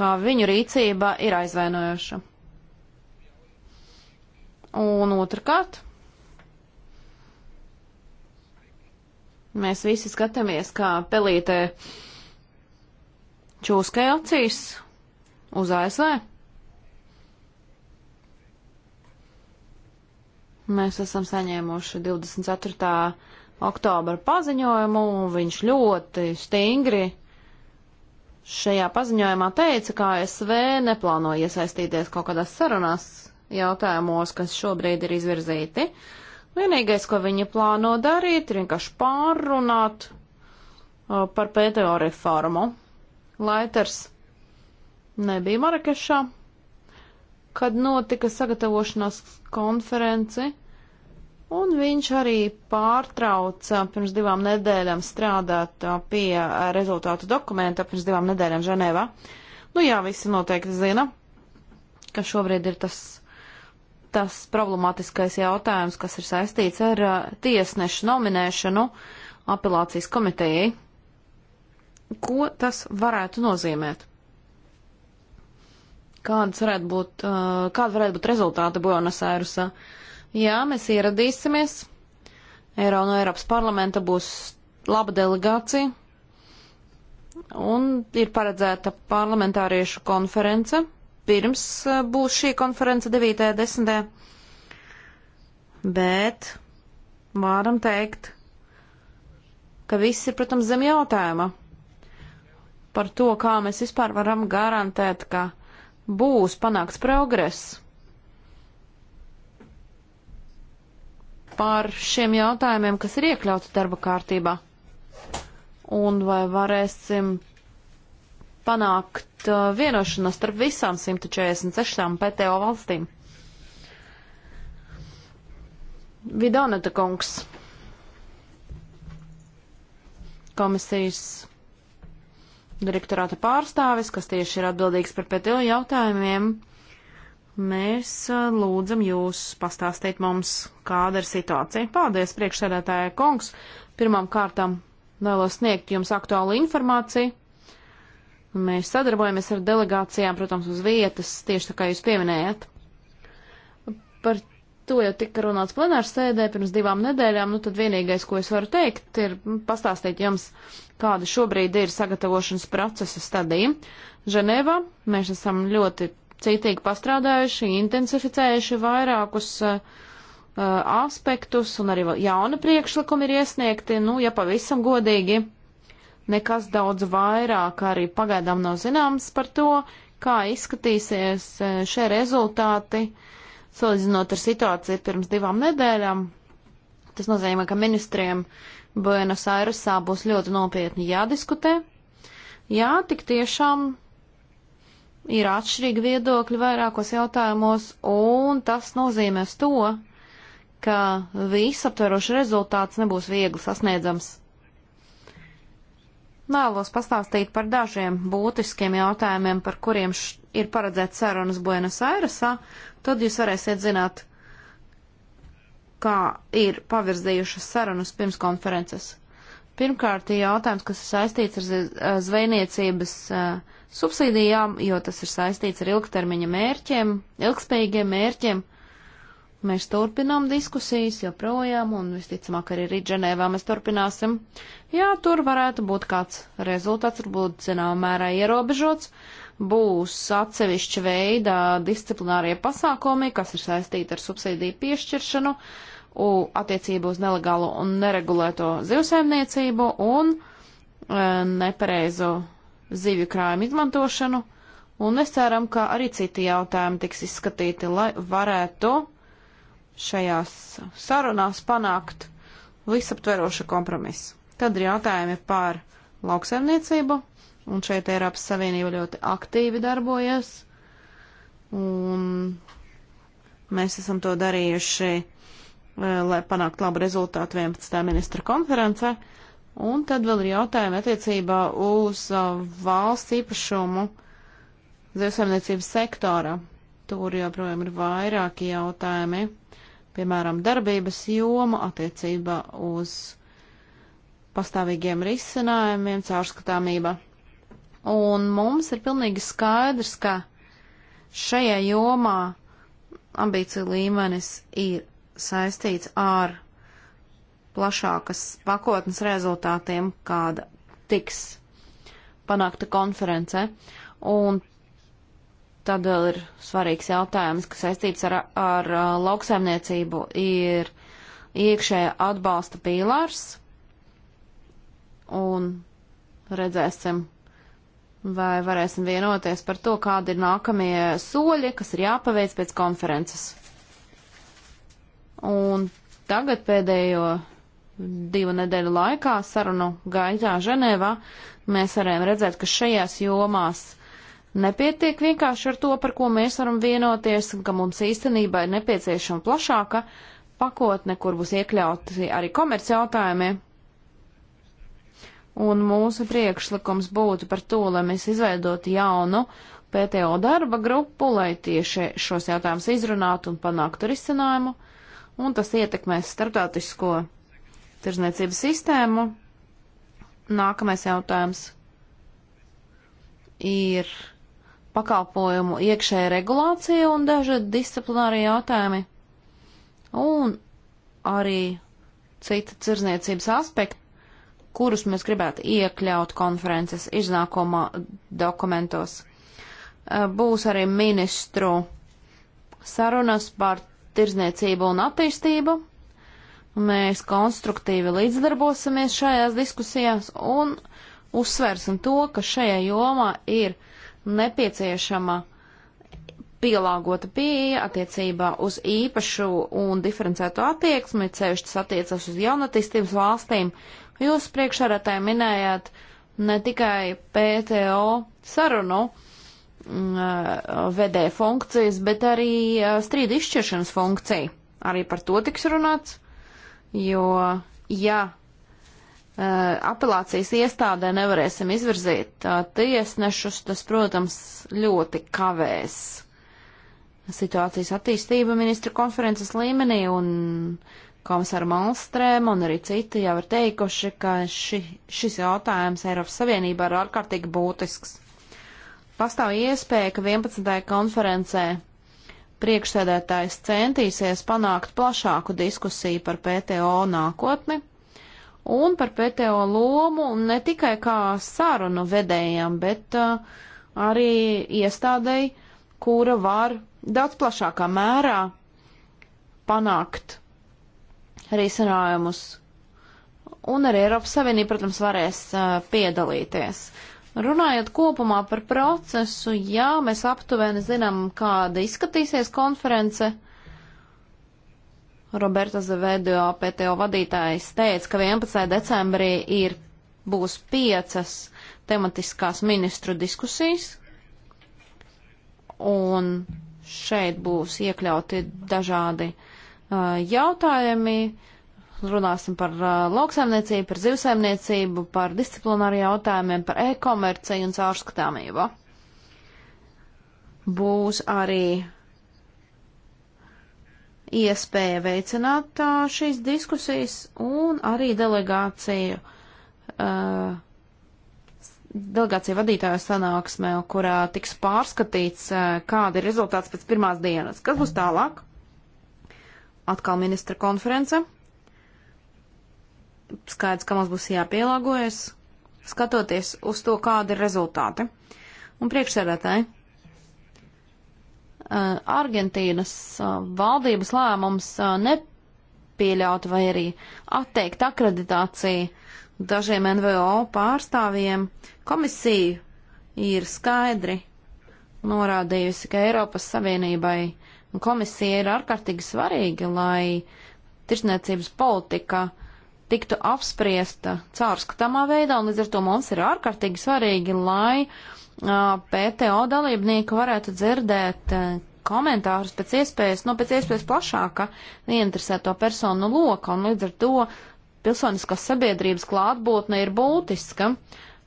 ka viņu rīcība ir aizvainojoša. Un otrkārt. Mēs visi skatāmies, kā pelītē čūskai acīs uz ASV. Mēs esam saņēmuši 24. oktobra paziņojumu, un viņš ļoti stingri šajā paziņojumā teica, ka ASV neplāno iesaistīties kaut kādās sarunās jautājumos, kas šobrīd ir izvirzīti. Uh, Vienīgais, ko viņi plāno darīt, ir vienkārši pārrunāt uh, par PTO reformu. Laiters nebija Marakešā, kad notika sagatavošanās konferenci, un viņš arī pārtrauca pirms divām nedēļām strādāt pie rezultātu dokumenta pirms divām nedēļām Ženēvā. Nu jā, visi noteikti zina, ka šobrīd ir tas tas problemātiskais jautājums, kas ir saistīts ar uh, tiesnešu nominēšanu apelācijas komitejai. Ko tas varētu nozīmēt? Kādas varētu būt, uh, kāda varētu būt rezultāta Buenos Airesā? Jā, mēs ieradīsimies. Eiro no Eiropas parlamenta būs laba delegācija. Un ir paredzēta parlamentāriešu konference pirms eh, būs šī konference 9.10. Bet varam teikt, ka viss ir, protams, zem jautājuma par to, kā mēs vispār varam garantēt, ka būs panāks progress par šiem jautājumiem, kas ir iekļauti darba kārtībā. Un vai varēsim panākt uh, vienošanos starp visām 146 PTO valstīm. Vidoneta kungs, komisijas direktorāta pārstāvis, kas tieši ir atbildīgs par PTO jautājumiem, mēs uh, lūdzam jūs pastāstīt mums, kāda ir situācija. Paldies, priekšsēdētāja kungs! Pirmām kārtām vēlos sniegt jums aktuālu informāciju Mēs sadarbojamies ar delegācijām, protams, uz vietas, tieši tā kā jūs pieminējat. Par to jau tika runāts plenārs sēdē pirms divām nedēļām, nu tad vienīgais, ko es varu teikt, ir pastāstīt jums, kāda šobrīd ir sagatavošanas procesa stadija. Ženēvā mēs esam ļoti cītīgi pastrādājuši, intensificējuši vairākus uh, aspektus un arī jauni priekšlikumi ir iesniegti, nu, ja pavisam godīgi nekas daudz vairāk arī pagaidām nav zināms par to, kā izskatīsies e, šie rezultāti, salīdzinot ar situāciju pirms divām nedēļām. Tas nozīmē, ka ministriem Buenos Airesā būs ļoti nopietni jādiskutē. Jā, tik tiešām ir atšķirīgi viedokļi vairākos jautājumos, un tas nozīmēs to, ka visaptverošs rezultāts nebūs viegli sasniedzams. Vēlos pastāstīt par dažiem būtiskiem jautājumiem, par kuriem ir paredzēts sarunas Buenos Airesā, tad jūs varēsiet zināt, kā ir pavirzījušas sarunas pirms konferences. Pirmkārt, ir jautājums, kas ir saistīts ar zvejniecības eh, subsīdijām, jo tas ir saistīts ar ilgtermiņa mērķiem, ilgspējīgiem mērķiem. Uh, Mēs turpinām diskusijas joprojām, un visticamāk arī Rīdženēvā mēs turpināsim. Jā, tur varētu būt kāds rezultāts, varbūt zināmā mērā ierobežots. Būs atsevišķa veida disciplinārie pasākumi, kas ir saistīti ar subsīdiju piešķiršanu, attiecību uz nelegālo un neregulēto zivsēmniecību un e, nepareizo zivju krājumu izmantošanu. Un mēs ceram, ka arī citi jautājumi tiks izskatīti, lai varētu šajās sarunās panākt visaptverošu kompromisu. Tad ir jautājumi par lauksaimniecību, un šeit Eiropas Savienība ļoti aktīvi darbojas, un mēs esam to darījuši, eh, lai panāktu labu rezultātu 11. ministra konferencē, un tad vēl ir jautājumi attiecībā uz eh, valsts īpašumu zivsaimniecības sektora. Tur joprojām ir vairāki jautājumi piemēram, darbības joma attiecībā uz pastāvīgiem risinājumiem, caurskatāmība. Un mums ir pilnīgi skaidrs, ka šajā jomā ambīciju līmenis ir saistīts ar plašākas pakotnes rezultātiem, kāda tiks panākta konference. Un Tad vēl ir svarīgs jautājums, kas saistīts ar, ar, ar uh, lauksaimniecību, ir iekšējā atbalsta pīlārs. Un redzēsim, vai varēsim vienoties par to, kādi ir nākamie soļi, kas ir jāpaveic pēc konferences. Un tagad pēdējo divu nedēļu laikā sarunu gaitā Ženēvā mēs varējām redzēt, ka šajās jomās Nepietiek vienkārši ar to, par ko mēs varam vienoties, un ka mums īstenībā ir nepieciešama plašāka pakotne, kur būs iekļauti arī komerci jautājumi. Un mūsu priekšlikums būtu par to, lai mēs izveidotu jaunu PTO darba grupu, lai tieši šos jautājumus izrunātu un panāktu risinājumu, un tas ietekmēs starptautisko tirzniecības sistēmu. Nākamais jautājums ir pakalpojumu iekšēja regulācija un daži disciplinārie jautājumi. Un arī cita cirzniecības aspekti, kurus mēs gribētu iekļaut konferences iznākuma dokumentos. Eh, būs arī ministru sarunas par tirzniecību un attīstību. Mēs konstruktīvi līdzdarbosimies šajās diskusijās un uzsversim to, ka šajā jomā ir nepieciešama pielāgota pieeja attiecībā uz īpašu un diferencēto attieksmi, cevišķi tas attiecas uz jaunatistības valstīm. Jūs priekšārētāji minējāt ne tikai PTO sarunu mm, eh, vedē funkcijas, bet arī eh, strīdu izšķiršanas funkciju. Arī par to tiks runāts, jo, ja Eh, apelācijas iestādē nevarēsim izvirzīt eh, tiesnešus, tas, protams, ļoti kavēs situācijas attīstību ministru konferences līmenī, un komisāra Malstrēma un arī citi jau ir teikuši, ka ši, šis jautājums Eiropas Savienībā ir ārkārtīgi būtisks. Pastāv iespēja, ka 11. konferencē priekšsēdētājs centīsies panākt plašāku diskusiju par PTO nākotni un par PTO lomu ne tikai kā sarunu vedējām, bet uh, arī iestādēji, kura var daudz plašākā mērā panākt risinājumus. Un arī Eiropas Savienība, protams, varēs uh, piedalīties. Runājot kopumā par procesu, jā, mēs aptuveni zinām, kāda izskatīsies konference. Uh, Roberta Zavedo, PTO vadītājs, teica, ka 11. decembrī ir būs piecas tematiskās ministru diskusijas, un šeit būs iekļauti dažādi uh, jautājumi. Runāsim par uh, lauksaimniecību, par zivsaimniecību, par disciplināru jautājumiem, par e-komerciju un caurskatāmību. Būs arī iespēja veicināt šīs diskusijas un arī delegāciju, delegāciju vadītāju sanāksmē, kurā tiks pārskatīts, kāda ir rezultāts pēc pirmās dienas. Kas būs tālāk? Atkal ministra konference. Skaidrs, ka mums būs jāpielāgojas, skatoties uz to, kāda ir rezultāti. Un priekšsēdētāji Eh, Argentīnas eh, valdības lēmums eh, nepieļaut vai arī atteikt akreditāciju dažiem NVO pārstāvjiem, komisija ir skaidri norādījusi, ka Eiropas Savienībai komisija ir ārkārtīgi svarīga, lai tirsniecības politika tiktu apspriesta caurskatāmā veidā, un līdz ar to mums ir ārkārtīgi svarīgi, lai uh, PTO dalībnieki varētu dzirdēt komentārus pēc iespējas, no nu, pēc iespējas plašāka ieinteresēto personu loka, un līdz ar to pilsoniskās sabiedrības klātbūtne ir būtiska.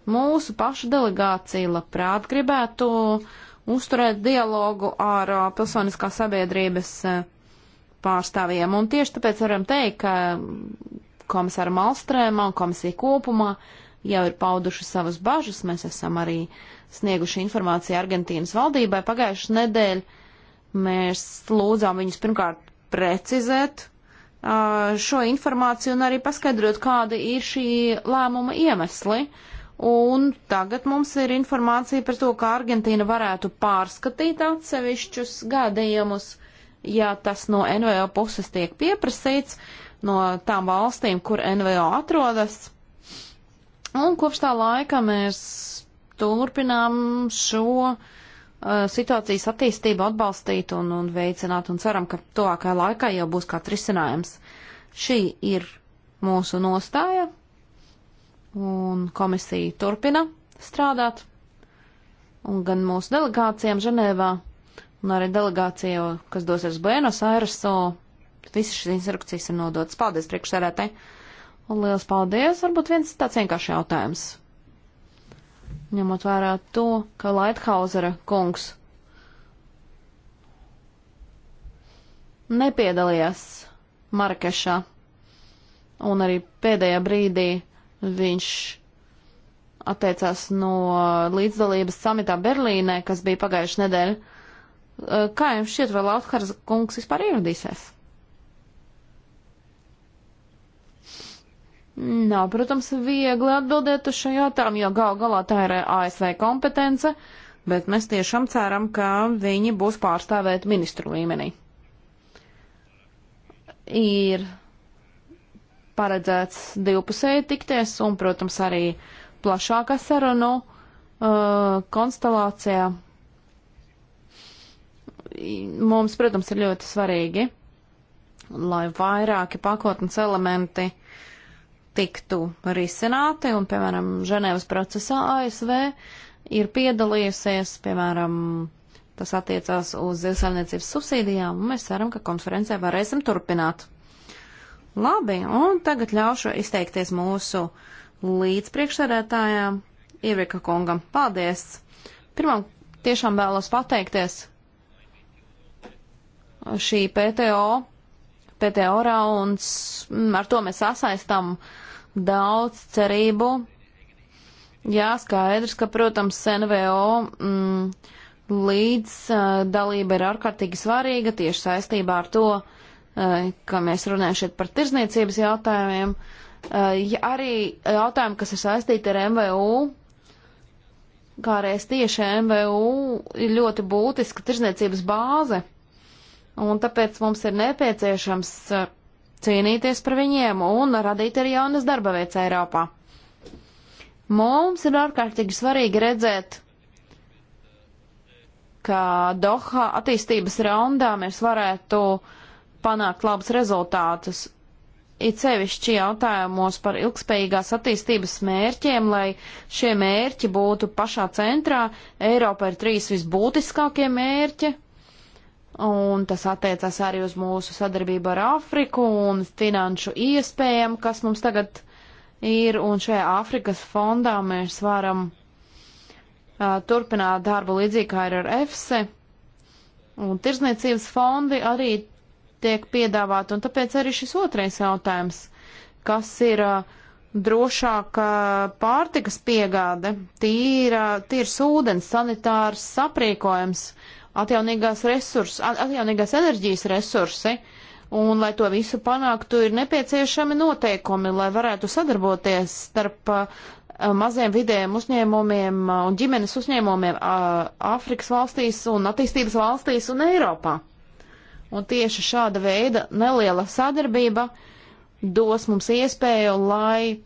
Mūsu paša delegācija labprāt gribētu uzturēt dialogu ar pilsoniskās sabiedrības pārstāvjiem, un tieši tāpēc varam teikt, ka komisāra Malstrēma un komisija kopumā jau ir pauduši savas bažas, mēs esam arī uh, snieguši informāciju Argentīnas valdībai. Pagājušajā nedēļā mēs lūdzām viņus pirmkārt precizēt šo informāciju un arī paskaidrot, kāda ir šī lēmuma iemesli. Un tagad mums ir informācija par to, ka Argentīna varētu pārskatīt atsevišķus gadījumus, ja tas no NVO puses tiek pieprasīts, no tām valstīm, kur NVO atrodas. Un kopš tā laika mēs turpinām šo uh, situācijas attīstību atbalstīt un, un veicināt, un ceram, ka tuvākajā laikā jau būs kāds risinājums. Šī ir mūsu nostāja, un komisija turpina strādāt, un gan mūsu delegācijām Ženēvā, un arī delegācija, kas dosies Buenos Aireso, visas šīs instrukcijas ir nodotas. Paldies priekšsēdētāji! Un liels paldies! Varbūt viens tāds vienkāršs jautājums ņemot vērā to, ka Laithauzera kungs nepiedalījās Marakešā, un arī pēdējā brīdī viņš atteicās no līdzdalības samitā Berlīnē, kas bija pagājuši nedēļa. Kā jums šķiet, vai Lautharas kungs vispār ieradīsies? Nav, protams, viegli atbildēt uz šo jautājumu, jo gal galā tā ir ASV kompetence, bet mēs tiešām ceram, ka viņi būs pārstāvēti ministru līmenī. Ir paredzēts divpusēji tikties un, protams, arī plašākā sarunu uh, konstelācijā. Mums, protams, ir ļoti svarīgi, lai vairāki pakotnes elementi tiktu risināti, un, piemēram, Ženēvas procesā ASV ir piedalījusies, piemēram, tas attiecās uz zivsaimniecības subsīdijām, un mēs ceram, ka konferencē varēsim turpināt. Labi, un tagad ļaušu izteikties mūsu līdzpriekšsēdētājām Ievrika kungam. Paldies! Pirmam tiešām vēlos pateikties šī PTO pēdējā orā, un mm, ar to mēs sasaistām daudz cerību. Jā, skaidrs, ka, protams, NVO mm, līdz uh, dalība ir ārkārtīgi svarīga tieši saistībā ar to, uh, ka mēs runājam šeit par tirzniecības jautājumiem. Uh, ja arī jautājumi, kas ir saistīti ar MVU, kā arī tieši MVU ir ļoti būtiska tirzniecības bāze un tāpēc mums ir nepieciešams uh, cīnīties par viņiem un radīt arī jaunas darba vietas Eiropā. Mums ir ārkārtīgi svarīgi redzēt, ka Doha attīstības raundā mēs varētu panākt labus rezultātus. It sevišķi jautājumos par ilgspējīgās attīstības mērķiem, lai šie mērķi būtu pašā centrā. Eiropa ir trīs visbūtiskākie mērķi un tas attiecās arī uz mūsu sadarbību ar Āfriku un finanšu iespējām, kas mums tagad ir, un šajā Āfrikas fondā mēs varam uh, turpināt darbu līdzīgi kā ir ar EFSE, un tirzniecības fondi arī tiek piedāvāti, un tāpēc arī šis otrais jautājums, kas ir uh, drošāka pārtikas piegāde, tīra, tīrs ūdens, sanitārs saprīkojums atjaunīgās resursi, atjaunīgās enerģijas resursi, un lai to visu panāktu, ir nepieciešami noteikumi, lai varētu sadarboties starp uh, maziem vidējiem uzņēmumiem uh, un ģimenes uzņēmumiem uh, Āfrikas valstīs un attīstības valstīs un Eiropā. Un tieši šāda veida neliela sadarbība dos mums iespēju, lai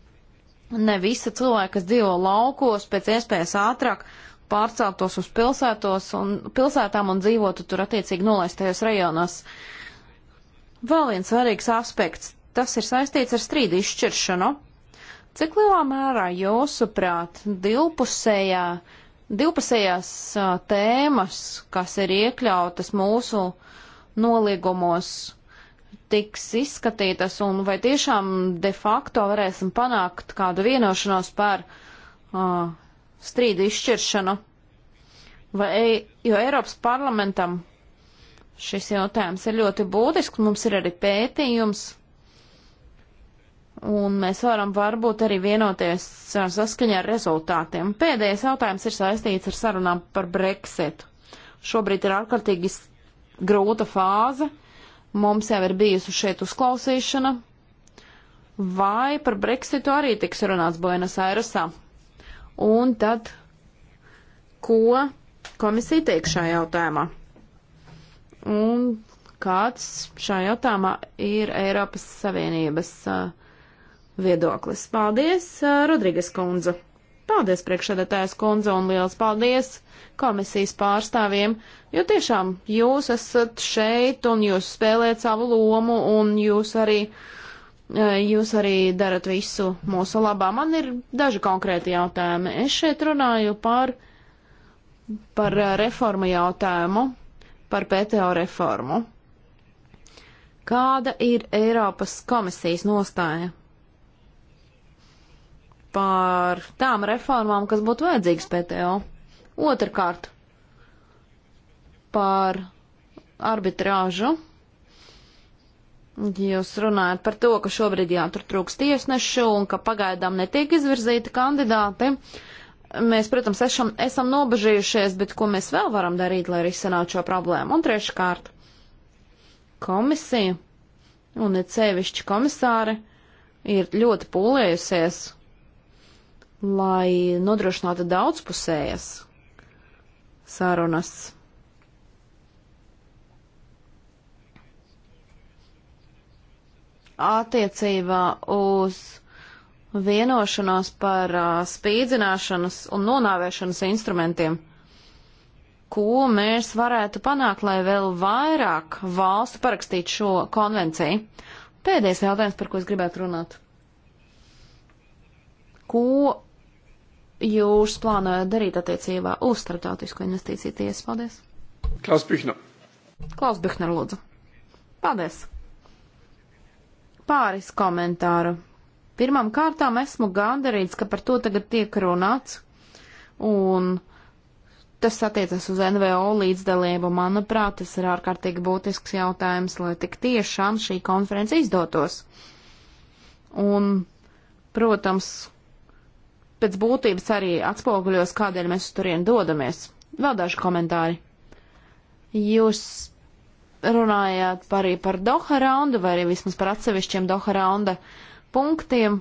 ne visa cilvēka, kas dzīvo laukos, pēc iespējas ātrāk uh, pārceltos uz pilsētos un pilsētām un dzīvotu tur attiecīgi nolaistajos rajonos. Vēl viens svarīgs aspekts - tas ir saistīts ar strīdu izšķiršanu. Cik lielā mērā jūsuprāt divpusējā, divpusējās tēmas, kas ir iekļautas mūsu noliegumos, tiks izskatītas un vai tiešām de facto varēsim panākt kādu vienošanos par uh, strīdu izšķiršanu, vai, jo Eiropas parlamentam šis jautājums ir ļoti būtisks, mums ir arī pētījums, un mēs varam varbūt arī vienoties ar saskaņā ar rezultātiem. Pēdējais jautājums ir saistīts ar sarunām par Brexitu. Šobrīd ir ārkārtīgi grūta fāze. Mums jau ir bijusi šeit uzklausīšana, vai par Brexitu arī tiks runāts Buenos Airesā un tad, ko komisija teiks šajā jautājumā. Un kāds šajā jautājumā ir Eiropas Savienības uh, viedoklis. Paldies, uh, Rodrīgas kundze! Paldies, priekšsēdētājas kundze, un liels paldies komisijas pārstāvjiem, jo tiešām jūs esat šeit, un jūs spēlējat savu lomu, un jūs arī uh, Jūs arī darat visu mūsu labā. Man ir daži konkrēti jautājumi. Es šeit runāju par, par reformu jautājumu, par PTO reformu. Kāda ir Eiropas komisijas nostāja par tām reformām, kas būtu vajadzīgas PTO? Otrkārt, par arbitrāžu Jūs runājat par to, ka šobrīd jā, tur trūks tiesnešu un ka pagaidām netiek izvirzīti kandidāti. Mēs, protams, esam, esam nobežījušies, bet ko mēs vēl varam darīt, lai risinātu šo problēmu? Un treškārt, komisija un cevišķi komisāri ir ļoti pūlējusies, lai nodrošinātu daudzpusējas sarunas attiecībā uz vienošanos par uh, spīdzināšanas un nonāvēšanas instrumentiem. Ko mēs varētu panākt, lai vēl vairāk valstu parakstītu šo konvenciju? Pēdējais jautājums, par ko es gribētu runāt. Ko jūs plānojat darīt attiecībā uz starptautisko investīciju tiesu? Paldies! Klaus Bihner. Klaus Bihner, lūdzu. Paldies! pāris komentāru. Pirmām kārtām esmu gandarīts, ka par to tagad tiek runāts, un tas attiecas uz NVO līdzdalību. Manuprāt, tas ir ārkārtīgi būtisks jautājums, lai tik tiešām šī konference izdotos. Un, protams, pēc būtības arī atspoguļos, kādēļ mēs turien dodamies. Vēl daži komentāri. Jūs runājāt arī par Doha raundu, vai arī vismaz par atsevišķiem Doha raunda punktiem.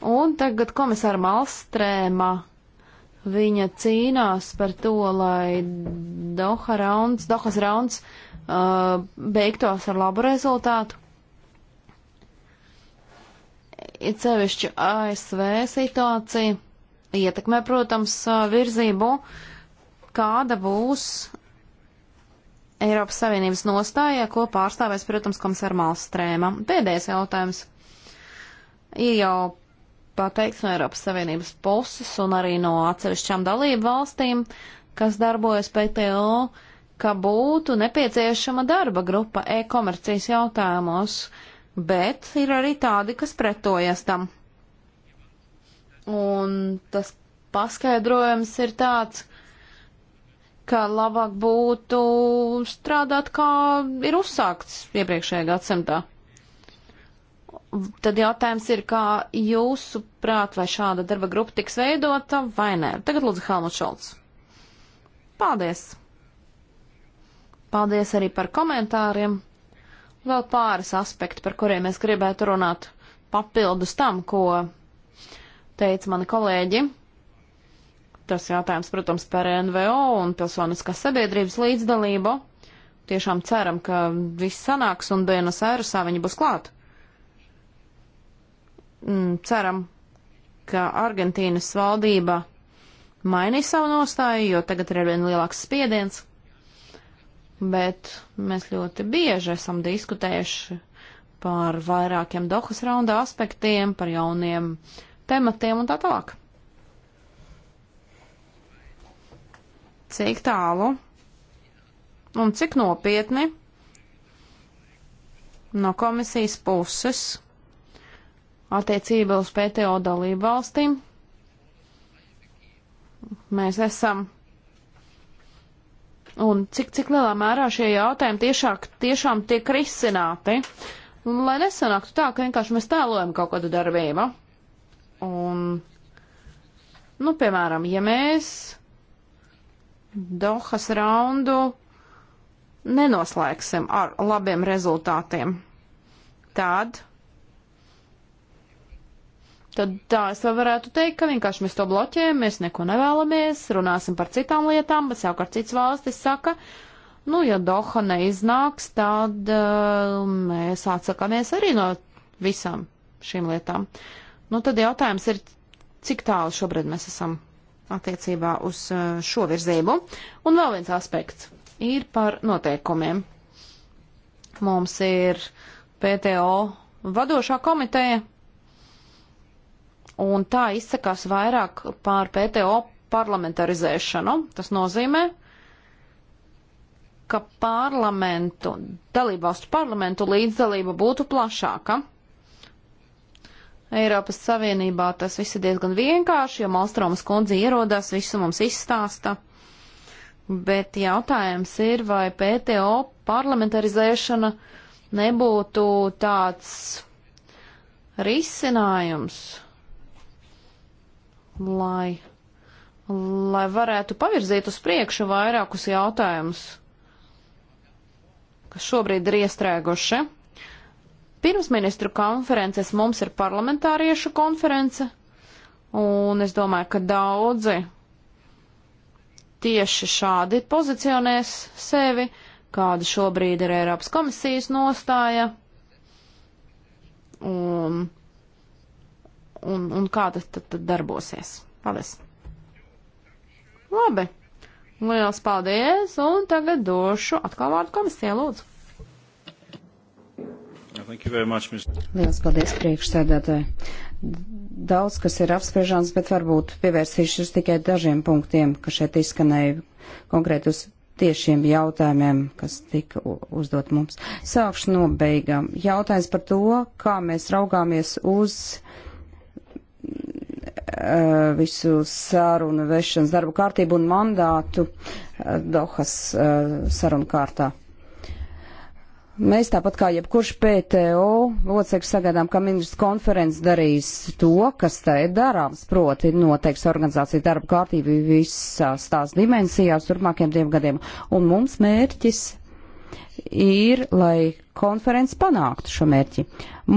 Un tagad komisāra Malstrēma, viņa cīnās par to, lai Doha rauns, Dohas rauns uh, beigtos ar labu rezultātu. Ir sevišķi ASV situācija, ietekmē, protams, uh, virzību, kāda būs Eiropas Savienības nostājā, ko pārstāvēs, protams, komisāra Malstrēma. Pēdējais jautājums ir jau pateikts no Eiropas Savienības puses un arī no atsevišķām dalību valstīm, kas darbojas PTO, ka būtu nepieciešama darba grupa e-komercijas jautājumos, bet ir arī tādi, kas pretojas tam. Un tas paskaidrojums ir tāds, ka labāk būtu strādāt, kā ir uzsākts iepriekšējā gadsimtā. Tad jautājums ir, kā jūsu prāt, vai šāda darba grupa tiks veidota vai nē. Tagad lūdzu Helmut Šolts. Paldies! Paldies arī par komentāriem. Vēl pāris aspekti, par kuriem es gribētu runāt papildus tam, ko teica mani kolēģi. Tas jautājums, protams, par NVO un pilsoniskās sabiedrības līdzdalību. Tiešām ceram, ka viss sanāks un Dienas ērusā viņi būs klāt. Mm, ceram, ka Argentīnas valdība mainīs savu nostāju, jo tagad ir arvien lielāks spiediens. Bet mēs ļoti bieži esam diskutējuši par vairākiem Dohas raunda aspektiem, par jauniem tematiem un tā tālāk. cik tālu un cik nopietni no komisijas puses attiecībā uz PTO dalību valstīm mēs esam. Un cik, cik lielā mērā šie jautājumi tiešāk, tiešām tiek risināti. Un, lai nesanāktu tā, ka vienkārši mēs tēlojam kaut kādu darbību. Un, nu, piemēram, ja mēs Dohas raundu nenoslēgsim ar labiem rezultātiem. Tad, tad tā es vēl varētu teikt, ka vienkārši mēs to bloķējam, mēs neko nevēlamies, runāsim par citām lietām, bet savukārt cits valstis saka, nu, ja Doha neiznāks, tad uh, mēs atsakāmies arī no visām šīm lietām. Nu, tad jautājums ir, cik tālu šobrīd mēs esam attiecībā uz uh, šo virzību. Un vēl viens aspekts ir par noteikumiem. Mums ir PTO vadošā komiteja, un tā izsakās vairāk par PTO parlamentarizēšanu. Tas nozīmē, ka parlamentu, dalībvalstu parlamentu līdzdalība būtu plašāka. Eiropas Savienībā tas viss ir diezgan vienkārši, jo Malstromas kundze ierodas, visu mums izstāsta. Bet jautājums ir, vai PTO parlamentarizēšana nebūtu tāds risinājums, lai, lai varētu pavirzīt uz priekšu vairākus jautājumus, kas šobrīd ir iestrēguši. Pirms ministru konferences mums ir parlamentāriešu konference, un es domāju, ka daudzi tieši šādi pozicionēs sevi, kāda šobrīd ir Eiropas komisijas nostāja, un, un, un kā tas tad, tad darbosies. Paldies! Labi! Liels paldies, un tagad došu atkal vārdu komisijai, lūdzu. Much, Lielas paldies priekšsēdētāji. Daudz, kas ir apspriežams, bet varbūt pievērsīšos tikai dažiem punktiem, kas šeit izskanēja konkrēti uz tiešiem jautājumiem, kas tika uzdot mums. Sākšu no beigām. Jautājums par to, kā mēs raugāmies uz uh, visu sarunu vešanas darbu kārtību un mandātu uh, Dohas uh, sarunu kārtā. Mēs tāpat kā jebkurš PTO locekļs sagaidām, ka ministrs konferences darīs to, kas tā ir darāms, proti noteiks organizāciju darba kārtību visās tās dimensijās turpmākiem diviem gadiem. Un mums mērķis ir, lai konferences panāktu šo mērķi.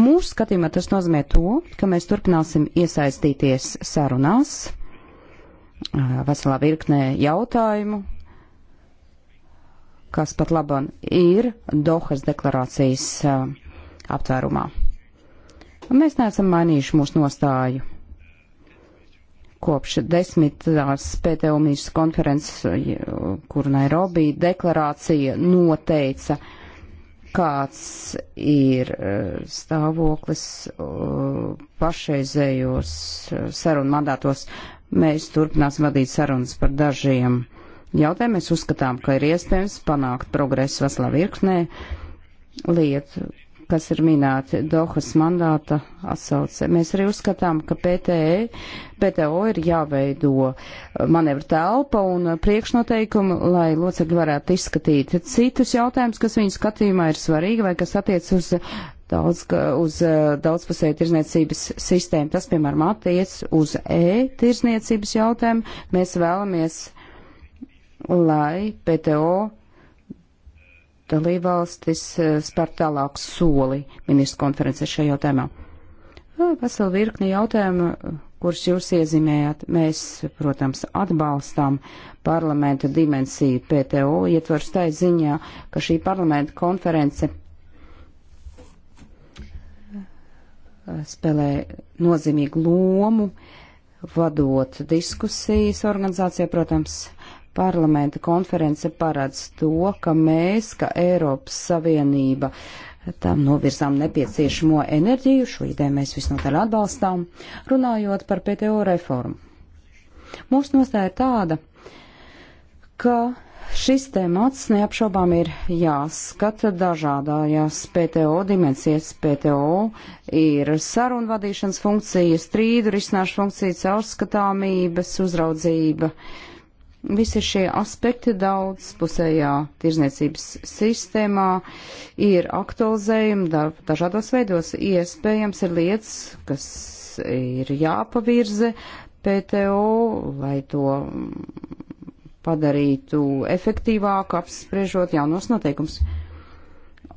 Mūsu skatījumā tas nozīmē to, ka mēs turpināsim iesaistīties sarunās veselā virknē jautājumu, kas pat labam ir Dohas deklarācijas uh, aptvērumā. Mēs neesam mainījuši mūsu nostāju kopš desmitās PTO mīras konferences, kur Nairobi deklarācija noteica, kāds ir uh, stāvoklis uh, pašreizējos sarunu mandātos. Mēs turpināsim vadīt sarunas par dažiem uh, jautājumu mēs uzskatām, ka ir iespējams panākt progresu veselā virknē lietu, kas ir minēti Dohas mandāta atsauce. Mēs arī uzskatām, ka PTE, PTO ir jāveido manevru telpa un priekšnoteikumu, lai locekļi varētu izskatīt citus jautājumus, kas viņu skatījumā ir svarīgi vai kas attiec uz daudz, uz uh, daudzpusēju tirzniecības sistēmu. Tas, piemēram, attiec uz e-tirzniecības jautājumu. Mēs vēlamies lai PTO dalībvalstis eh, spēr tālāk soli ministru konferences šajā jautājumā. Veseli virkni jautājumu, kurus jūs iezīmējāt, mēs, protams, atbalstām parlamenta dimensiju PTO ietvars tai ziņā, ka šī parlamenta konference eh, spēlē nozīmīgu lomu, vadot diskusijas organizācijā, protams, uh, parlamenta konference parāds to, ka mēs, ka Eiropas Savienība tam novirzām nepieciešamo enerģiju, šo ideju mēs visnotaļ atbalstām, runājot par PTO reformu. Mūsu nostāja ir tāda, ka šis temats neapšaubām ir jāskata dažādājās PTO dimensijas. PTO ir sarunvadīšanas funkcija, strīdu risināšanas funkcija, caurskatāmības, uzraudzība. Uh, Visi šie aspekti daudzpusējā tirzniecības sistēmā ir aktualizējumi dažādos veidos. Iespējams, ir lietas, kas ir jāpavirze PTO, lai to padarītu efektīvāku, apspriežot jaunos noteikumus.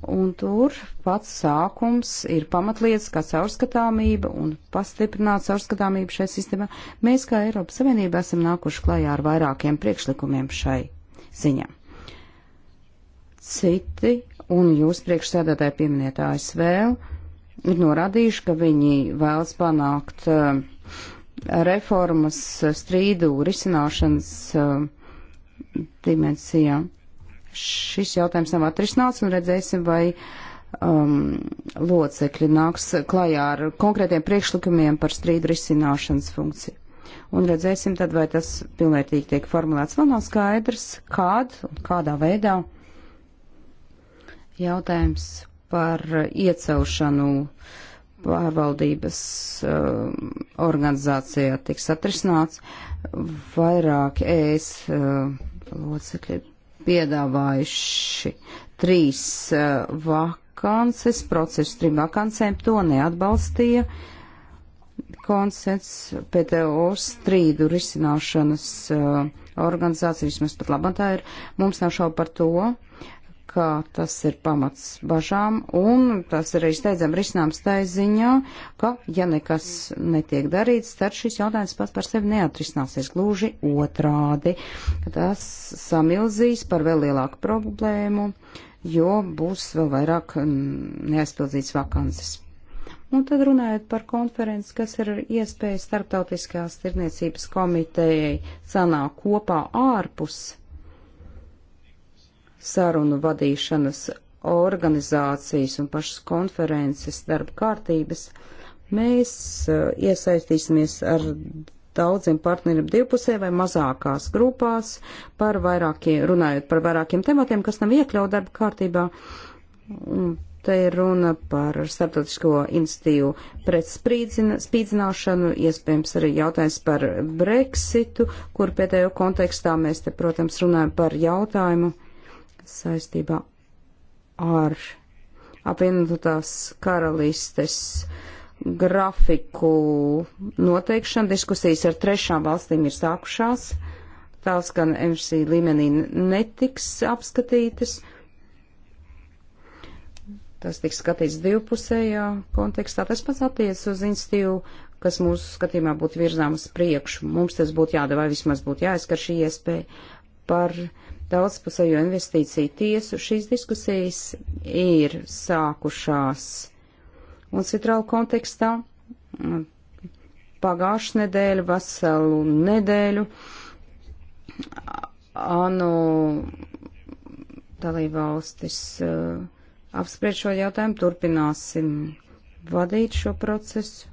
Un tur pats sākums ir pamatlietas kā caurskatāmība un pastiprināta caurskatāmība šai sistēmā. Mēs kā Eiropas Savienība esam nākuši klajā ar vairākiem priekšlikumiem šai ziņā. Citi, un jūs priekšsēdētāji pieminiet ASV, ir norādījuši, ka viņi vēlas panākt uh, reformas eh, strīdu risināšanas uh, eh, dimensijām šis jautājums nav atrisināts un redzēsim, vai um, locekļi nāks klajā ar konkrētiem priekšlikumiem par strīdu risināšanas funkciju. Un redzēsim tad, vai tas pilnvērtīgi tiek formulēts. Vēl nav skaidrs, kād un kādā veidā jautājums par iecelšanu pārvaldības uh, organizācijā tiks atrisināts. Vairāk es uh, locekļi piedāvājuši trīs uh, vakances, procesu trim vakancēm, to neatbalstīja konsens PTO strīdu risināšanas uh, organizācija, vismaz pat labāk tā ir. Mums nav šaubu par to, ka tas ir pamats bažām, un tas ir arī steidzam risināms tā ziņā, ka, ja nekas netiek darīts, tad šis jautājums pats par sevi neatrisināsies gluži otrādi. Tas samilzīs par vēl lielāku problēmu, jo būs vēl vairāk neaizpildīts vakances. Un tad runājot par konferenci, kas ir iespēja starptautiskās tirniecības komitejai sanāk kopā ārpus sarunu vadīšanas organizācijas un pašas konferences darba kārtības, mēs eh, iesaistīsimies ar daudziem partneriem divpusē vai mazākās grupās, par vairākie, runājot par vairākiem tematiem, kas nav iekļaut darba kārtībā. Un te ir runa par starptautisko institīvu pret spīdzināšanu, iespējams arī jautājums par Brexitu, kur pēdējo kontekstā mēs te, protams, runājam par jautājumu saistībā ar apvienotās karalistes grafiku noteikšanu. Diskusijas ar trešām valstīm ir sākušās. Tās gan MC līmenī netiks apskatītas. Tas tiks skatīts divpusējā kontekstā. Tas pats attiec uz institīvu, kas mūsu skatījumā būtu virzāmas priekšu. Mums tas būtu jādevā, vismaz būtu jāizskar šī iespēja par daudzpusējo investīciju tiesu. Šīs diskusijas ir sākušās un citrālu kontekstā mm, pagājušu nedēļu, veselu nedēļu. Anu dalībvalstis uh, apspriež šo jautājumu, turpināsim vadīt šo procesu.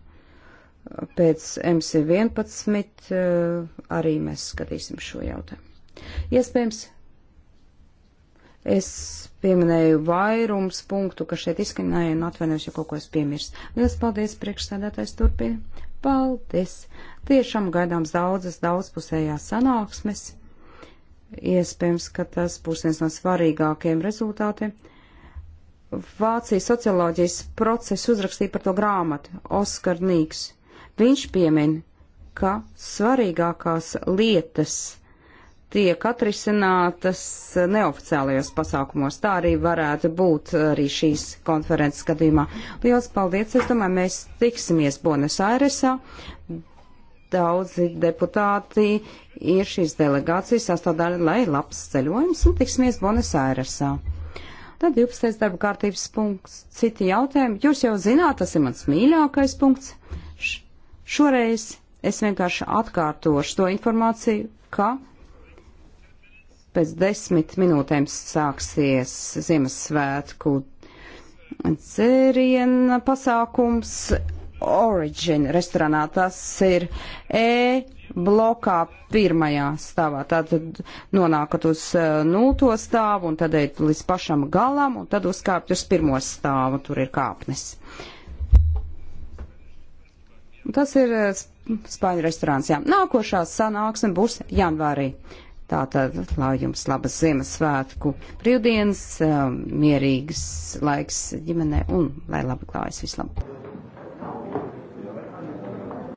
Pēc MC11 uh, eh, arī mēs skatīsim šo jautājumu. Iespējams, es pieminēju vairums punktu, kas šeit izskanēja, un atvainojos, ja kaut ko es piemirstu. Lielas paldies, priekšsēdētājs turpina. Paldies! Tiešām gaidāms daudzas daudzpusējās sanāksmes. Iespējams, ka tas būs viens no svarīgākajiem rezultātiem. Vācijas socioloģijas procesu uzrakstīja par to grāmatu Oskar Nīks. Viņš piemin, ka svarīgākās lietas tiek atrisinātas neoficiālajos pasākumos. Tā arī varētu būt arī šīs konferences gadījumā. Lielas paldies! Es domāju, mēs tiksimies Bonas Airesā. Daudzi deputāti ir šīs delegācijas sastāvdaļa, lai labs ceļojums un tiksimies Bonas Airesā. Tad 12. darba kārtības punkts, citi jautājumi. Jūs jau zināt, tas ir mans mīļākais punkts. Šoreiz es vienkārši atkārtošu to informāciju, ka Pēc desmit minūtēm sāksies Ziemassvētku dzēriena pasākums Origin restorānā. Tas ir E blokā pirmajā stāvā. Tātad nonākat uz e, nulto stāvu un tad ejat līdz pašam galam un tad uzkāpt uz pirmo stāvu. Tur ir kāpnes. Tas ir e, spāņu restorāns, jā. Nākošā sanāksme būs janvārī. Tātad, lai jums labas Ziemassvētku brīvdienas, um, mierīgs laiks ģimenē un lai labi klājas vislabāk.